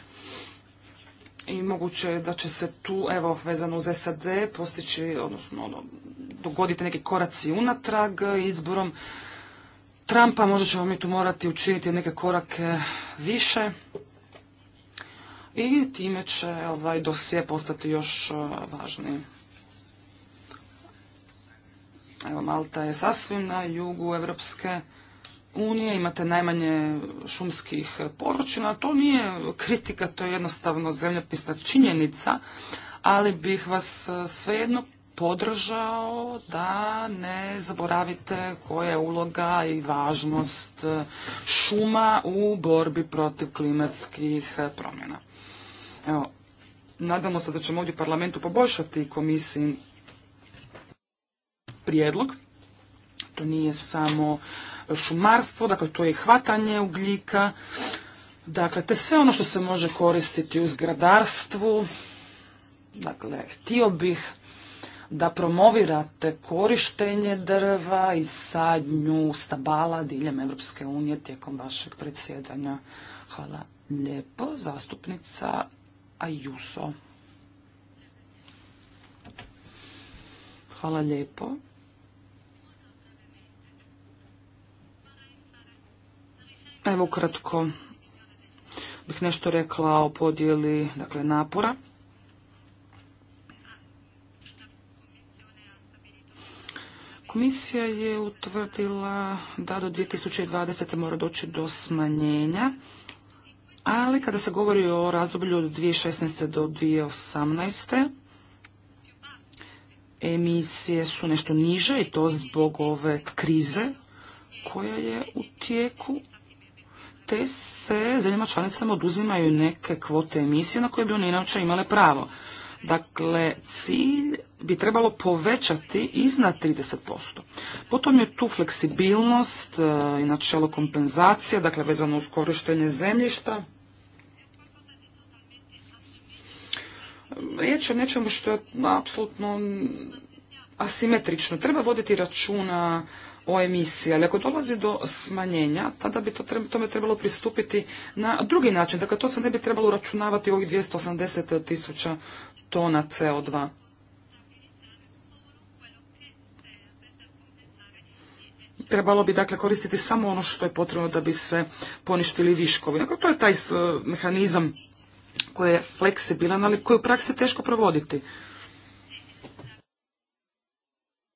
i moguće je da će se tu, evo, vezano uz SAD postići, odnosno, ono, dogoditi neki koraci unatrag izborom Trumpa, možda ćemo mi tu morati učiniti neke korake više i time će ovaj dosje postati još e, važniji. Evo, Malta je sasvim na jugu Evropske unije, imate najmanje šumskih površina. To nije kritika, to je jednostavno zemljopisna činjenica, ali bih vas e, svejedno podržao da ne zaboravite koja je uloga i važnost šuma u borbi protiv klimatskih promjena. Evo, nadamo se da ćemo ovdje parlamentu poboljšati komisiji prijedlog. To nije samo šumarstvo, dakle to je i hvatanje ugljika, dakle te sve ono što se može koristiti u zgradarstvu. Dakle, htio bih da promovirate korištenje drva i sadnju stabala diljem Europske unije tijekom vašeg predsjedanja. Hvala lijepo. Zastupnica Ajuso. Hvala lijepo. Evo kratko bih nešto rekla o podjeli dakle, napora. Komisija je utvrdila da do 2020. mora doći do smanjenja, ali kada se govori o razdoblju od 2016. do 2018. emisije su nešto niže i to zbog ove krize koja je u tijeku te se zemljama članicama oduzimaju neke kvote emisije na koje bi one inače imale pravo. Dakle, cilj bi trebalo povećati iznad 30%. Potom je tu fleksibilnost e, i načelo kompenzacije, dakle vezano uz korištenje zemljišta. Riječ je o nečemu što je apsolutno asimetrično. Treba voditi računa o emisiji, ali ako dolazi do smanjenja, tada bi tome trebalo pristupiti na drugi način. Dakle, to se ne bi trebalo uračunavati ovih 280 tisuća tona CO2. trebalo bi dakle koristiti samo ono što je potrebno da bi se poništili viškovi. Dakle, to je taj mehanizam koji je fleksibilan, ali koji u praksi teško provoditi.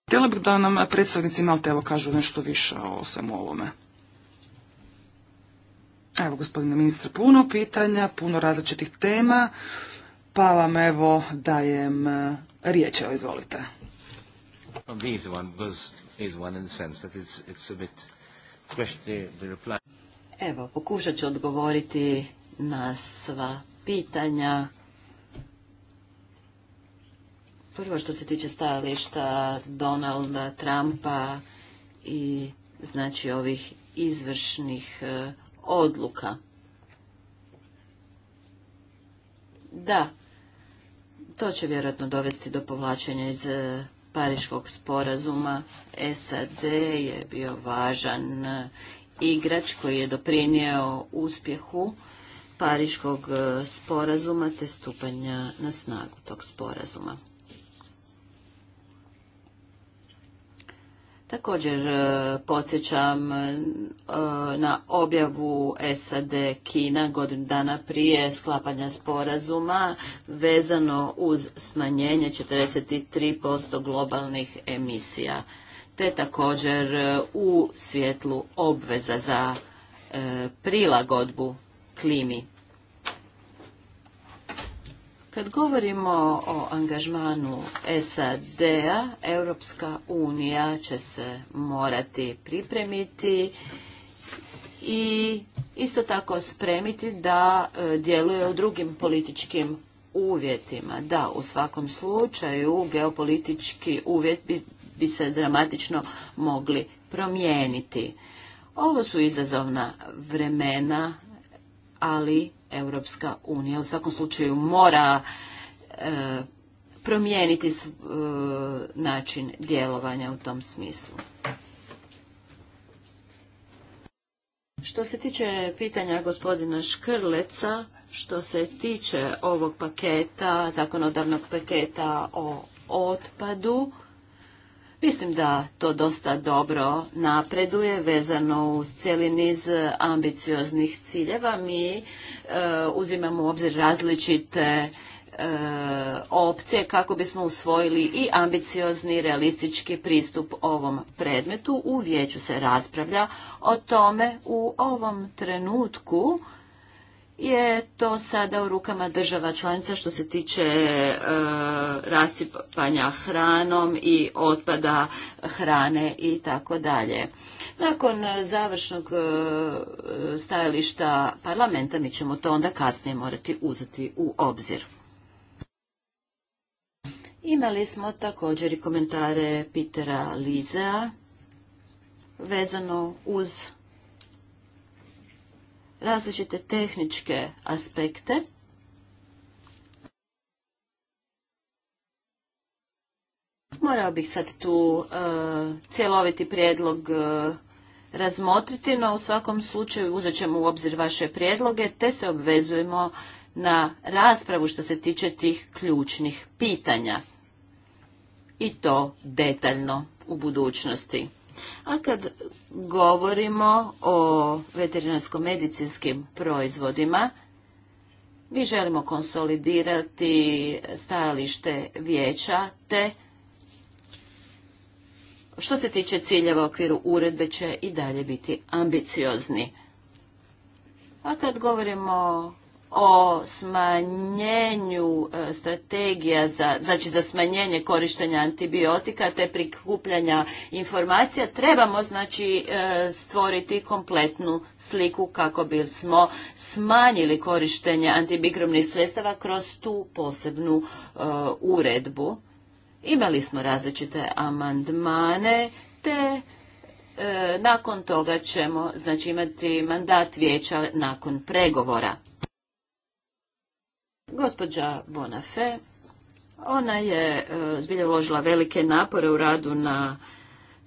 Htjela bih da nam predstavnici Malte evo kažu nešto više o svemu ovome. Evo, gospodine ministre, puno pitanja, puno različitih tema, pa vam evo dajem eh, riječ, evo izvolite is one in the sense that it's, it's a bit the reply. Evo, pokušat ću odgovoriti na sva pitanja. Prvo što se tiče stajališta Donalda Trumpa i znači ovih izvršnih e, odluka. Da, to će vjerojatno dovesti do povlačenja iz e, Pariškog sporazuma SAD je bio važan eh, igrač koji je doprinio uspjehu Pariškog eh, sporazuma te stupanja na snagu tog sporazuma. Također e, podsjećam e, na objavu SAD Kina godinu dana prije sklapanja sporazuma vezano uz smanjenje 43% globalnih emisija, te također e, u svjetlu obveza za prilagodbu klimi. Kad govorimo o angažmanu SAD-a, Europska unija će se morati pripremiti i isto tako spremiti da e, djeluje u drugim političkim uvjetima. Da, u svakom slučaju geopolitički uvjet bi, bi se dramatično mogli promijeniti. Ovo su izazovna vremena, ali Europska unija u svakom slučaju mora e, promijeniti e, način djelovanja u tom smislu. Što se tiče pitanja gospodina Škrleca, što se tiče ovog paketa, zakonodavnog paketa o otpadu, Mislim da to dosta dobro napreduje vezano uz cijeli niz ambicioznih ciljeva. Mi e, uzimamo u obzir različite e, opcije kako bismo usvojili i ambiciozni realistički pristup ovom predmetu. U vijeću se raspravlja o tome u ovom trenutku je to sada u rukama država članica što se tiče e, rasipanja hranom i otpada hrane i tako dalje. Nakon završnog e, stajališta parlamenta mi ćemo to onda kasnije morati uzeti u obzir. Imali smo također i komentare Pitera Lizea vezano uz različite tehničke aspekte. Morao bih sad tu e, cjeloviti prijedlog e, razmotriti, no u svakom slučaju uzet ćemo u obzir vaše prijedloge te se obvezujemo na raspravu što se tiče tih ključnih pitanja i to detaljno u budućnosti. A kad govorimo o veterinarsko-medicinskim proizvodima, mi želimo konsolidirati stajalište vijeća te što se tiče ciljeva u okviru uredbe će i dalje biti ambiciozni. A kad govorimo o smanjenju e, strategija za, znači za smanjenje korištenja antibiotika te prikupljanja informacija trebamo znači e, stvoriti kompletnu sliku kako bismo smanjili korištenje antibikrobnih sredstava kroz tu posebnu e, uredbu. Imali smo različite amandmane te nakon toga ćemo znači imati mandat vijeća nakon pregovora. Gospođa Bonafé, ona je e, zbilje uložila velike napore u radu na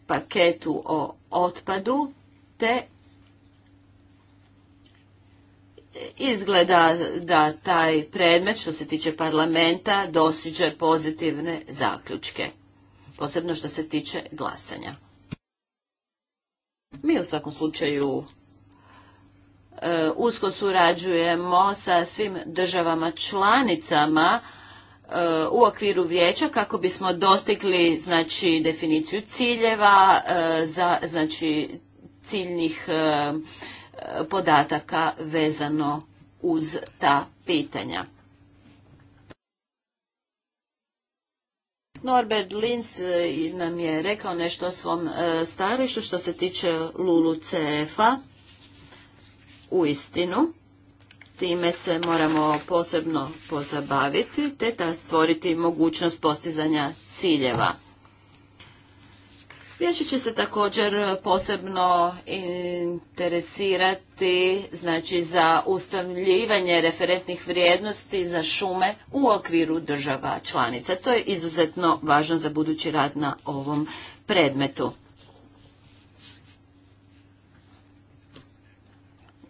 paketu o otpadu, te izgleda da taj predmet što se tiče parlamenta dosiđe pozitivne zaključke, posebno što se tiče glasanja. Mi u svakom slučaju E, usko surađujemo sa svim državama članicama e, u okviru vijeća kako bismo dostigli znači definiciju ciljeva e, za znači ciljnih podataka vezano uz ta pitanja. Norbert Lins nam je rekao nešto o svom starištu što se tiče Lulu CF-a u istinu. Time se moramo posebno pozabaviti te da stvoriti mogućnost postizanja ciljeva. Vijeće će se također posebno interesirati znači, za ustavljivanje referentnih vrijednosti za šume u okviru država članica. To je izuzetno važno za budući rad na ovom predmetu.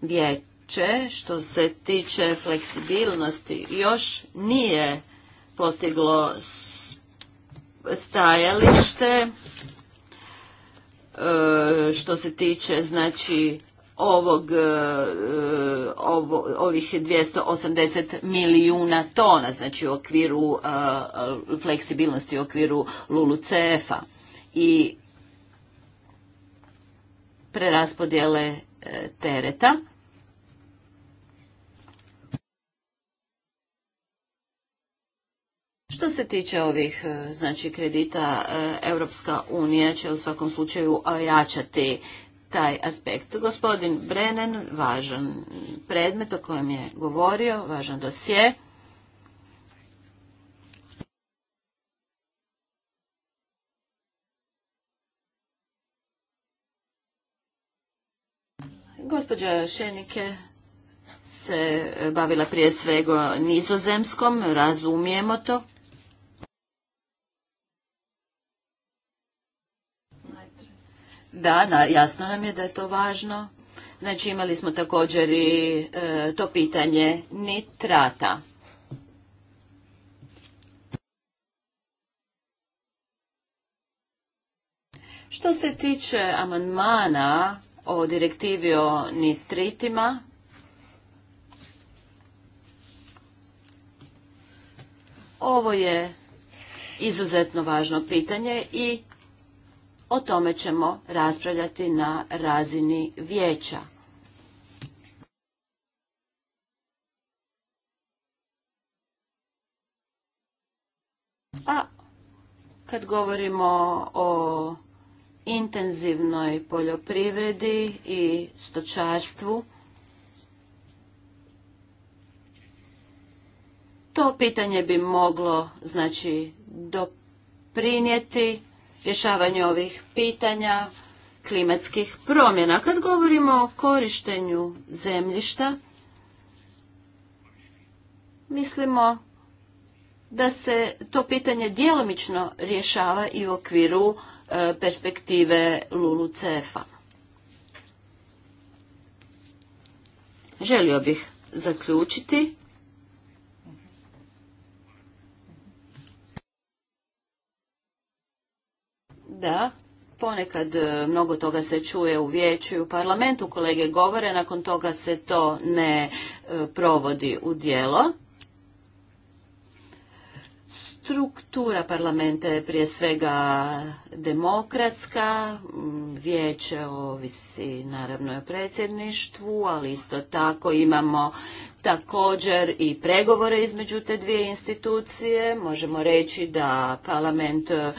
vijeće što se tiče fleksibilnosti još nije postiglo stajalište e, što se tiče znači ovog e, ovo, ovih 280 milijuna tona znači u okviru e, fleksibilnosti u okviru LULUCF-a i preraspodjele tereta Što se tiče ovih e, znači, kredita, Europska unija će u svakom slučaju ojačati taj aspekt. Gospodin Brennan, važan predmet o kojem je govorio, važan dosje. Gospođa Šenike se bavila prije svega nizozemskom, razumijemo to. Da, jasno nam je da je to važno. Znači imali smo također i e, to pitanje nitrata. Što se tiče amandmana o direktivi o nitritima, ovo je izuzetno važno pitanje i o tome ćemo raspravljati na razini vijeća. A kad govorimo o intenzivnoj poljoprivredi i stočarstvu, to pitanje bi moglo znači doprinijeti rješavanju ovih pitanja klimatskih promjena. Kad govorimo o korištenju zemljišta, mislimo da se to pitanje djelomično rješava i u okviru e, perspektive LULUCF-a. Želio bih zaključiti Da, ponekad e, mnogo toga se čuje u vijeću i u parlamentu, kolege govore, nakon toga se to ne e, provodi u dijelo. Struktura parlamenta je prije svega demokratska, vijeće ovisi naravno o predsjedništvu, ali isto tako imamo također i pregovore između te dvije institucije. Možemo reći da parlament e,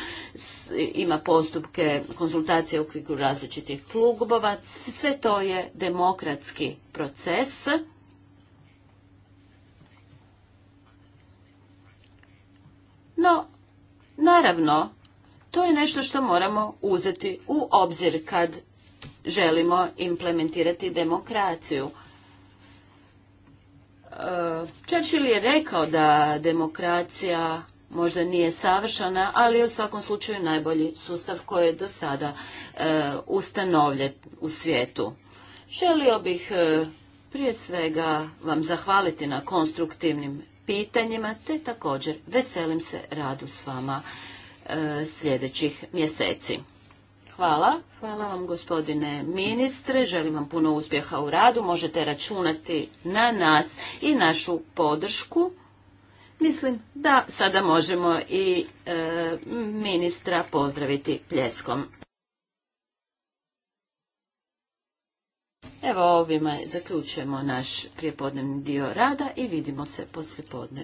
ima postupke konsultacije u okviru različitih klubova. Sve to je demokratski proces No, naravno, to je nešto što moramo uzeti u obzir kad želimo implementirati demokraciju. E, Churchill je rekao da demokracija možda nije savršena, ali je u svakom slučaju najbolji sustav koji je do sada e, ustanovljen u svijetu. Želio bih e, prije svega vam zahvaliti na konstruktivnim pitanjima, te također veselim se radu s vama e, sljedećih mjeseci. Hvala. Hvala vam gospodine ministre. Želim vam puno uspjeha u radu. Možete računati na nas i našu podršku. Mislim da sada možemo i e, ministra pozdraviti pljeskom. Evo ovime zaključujemo naš prijepodnevni dio rada i vidimo se podne.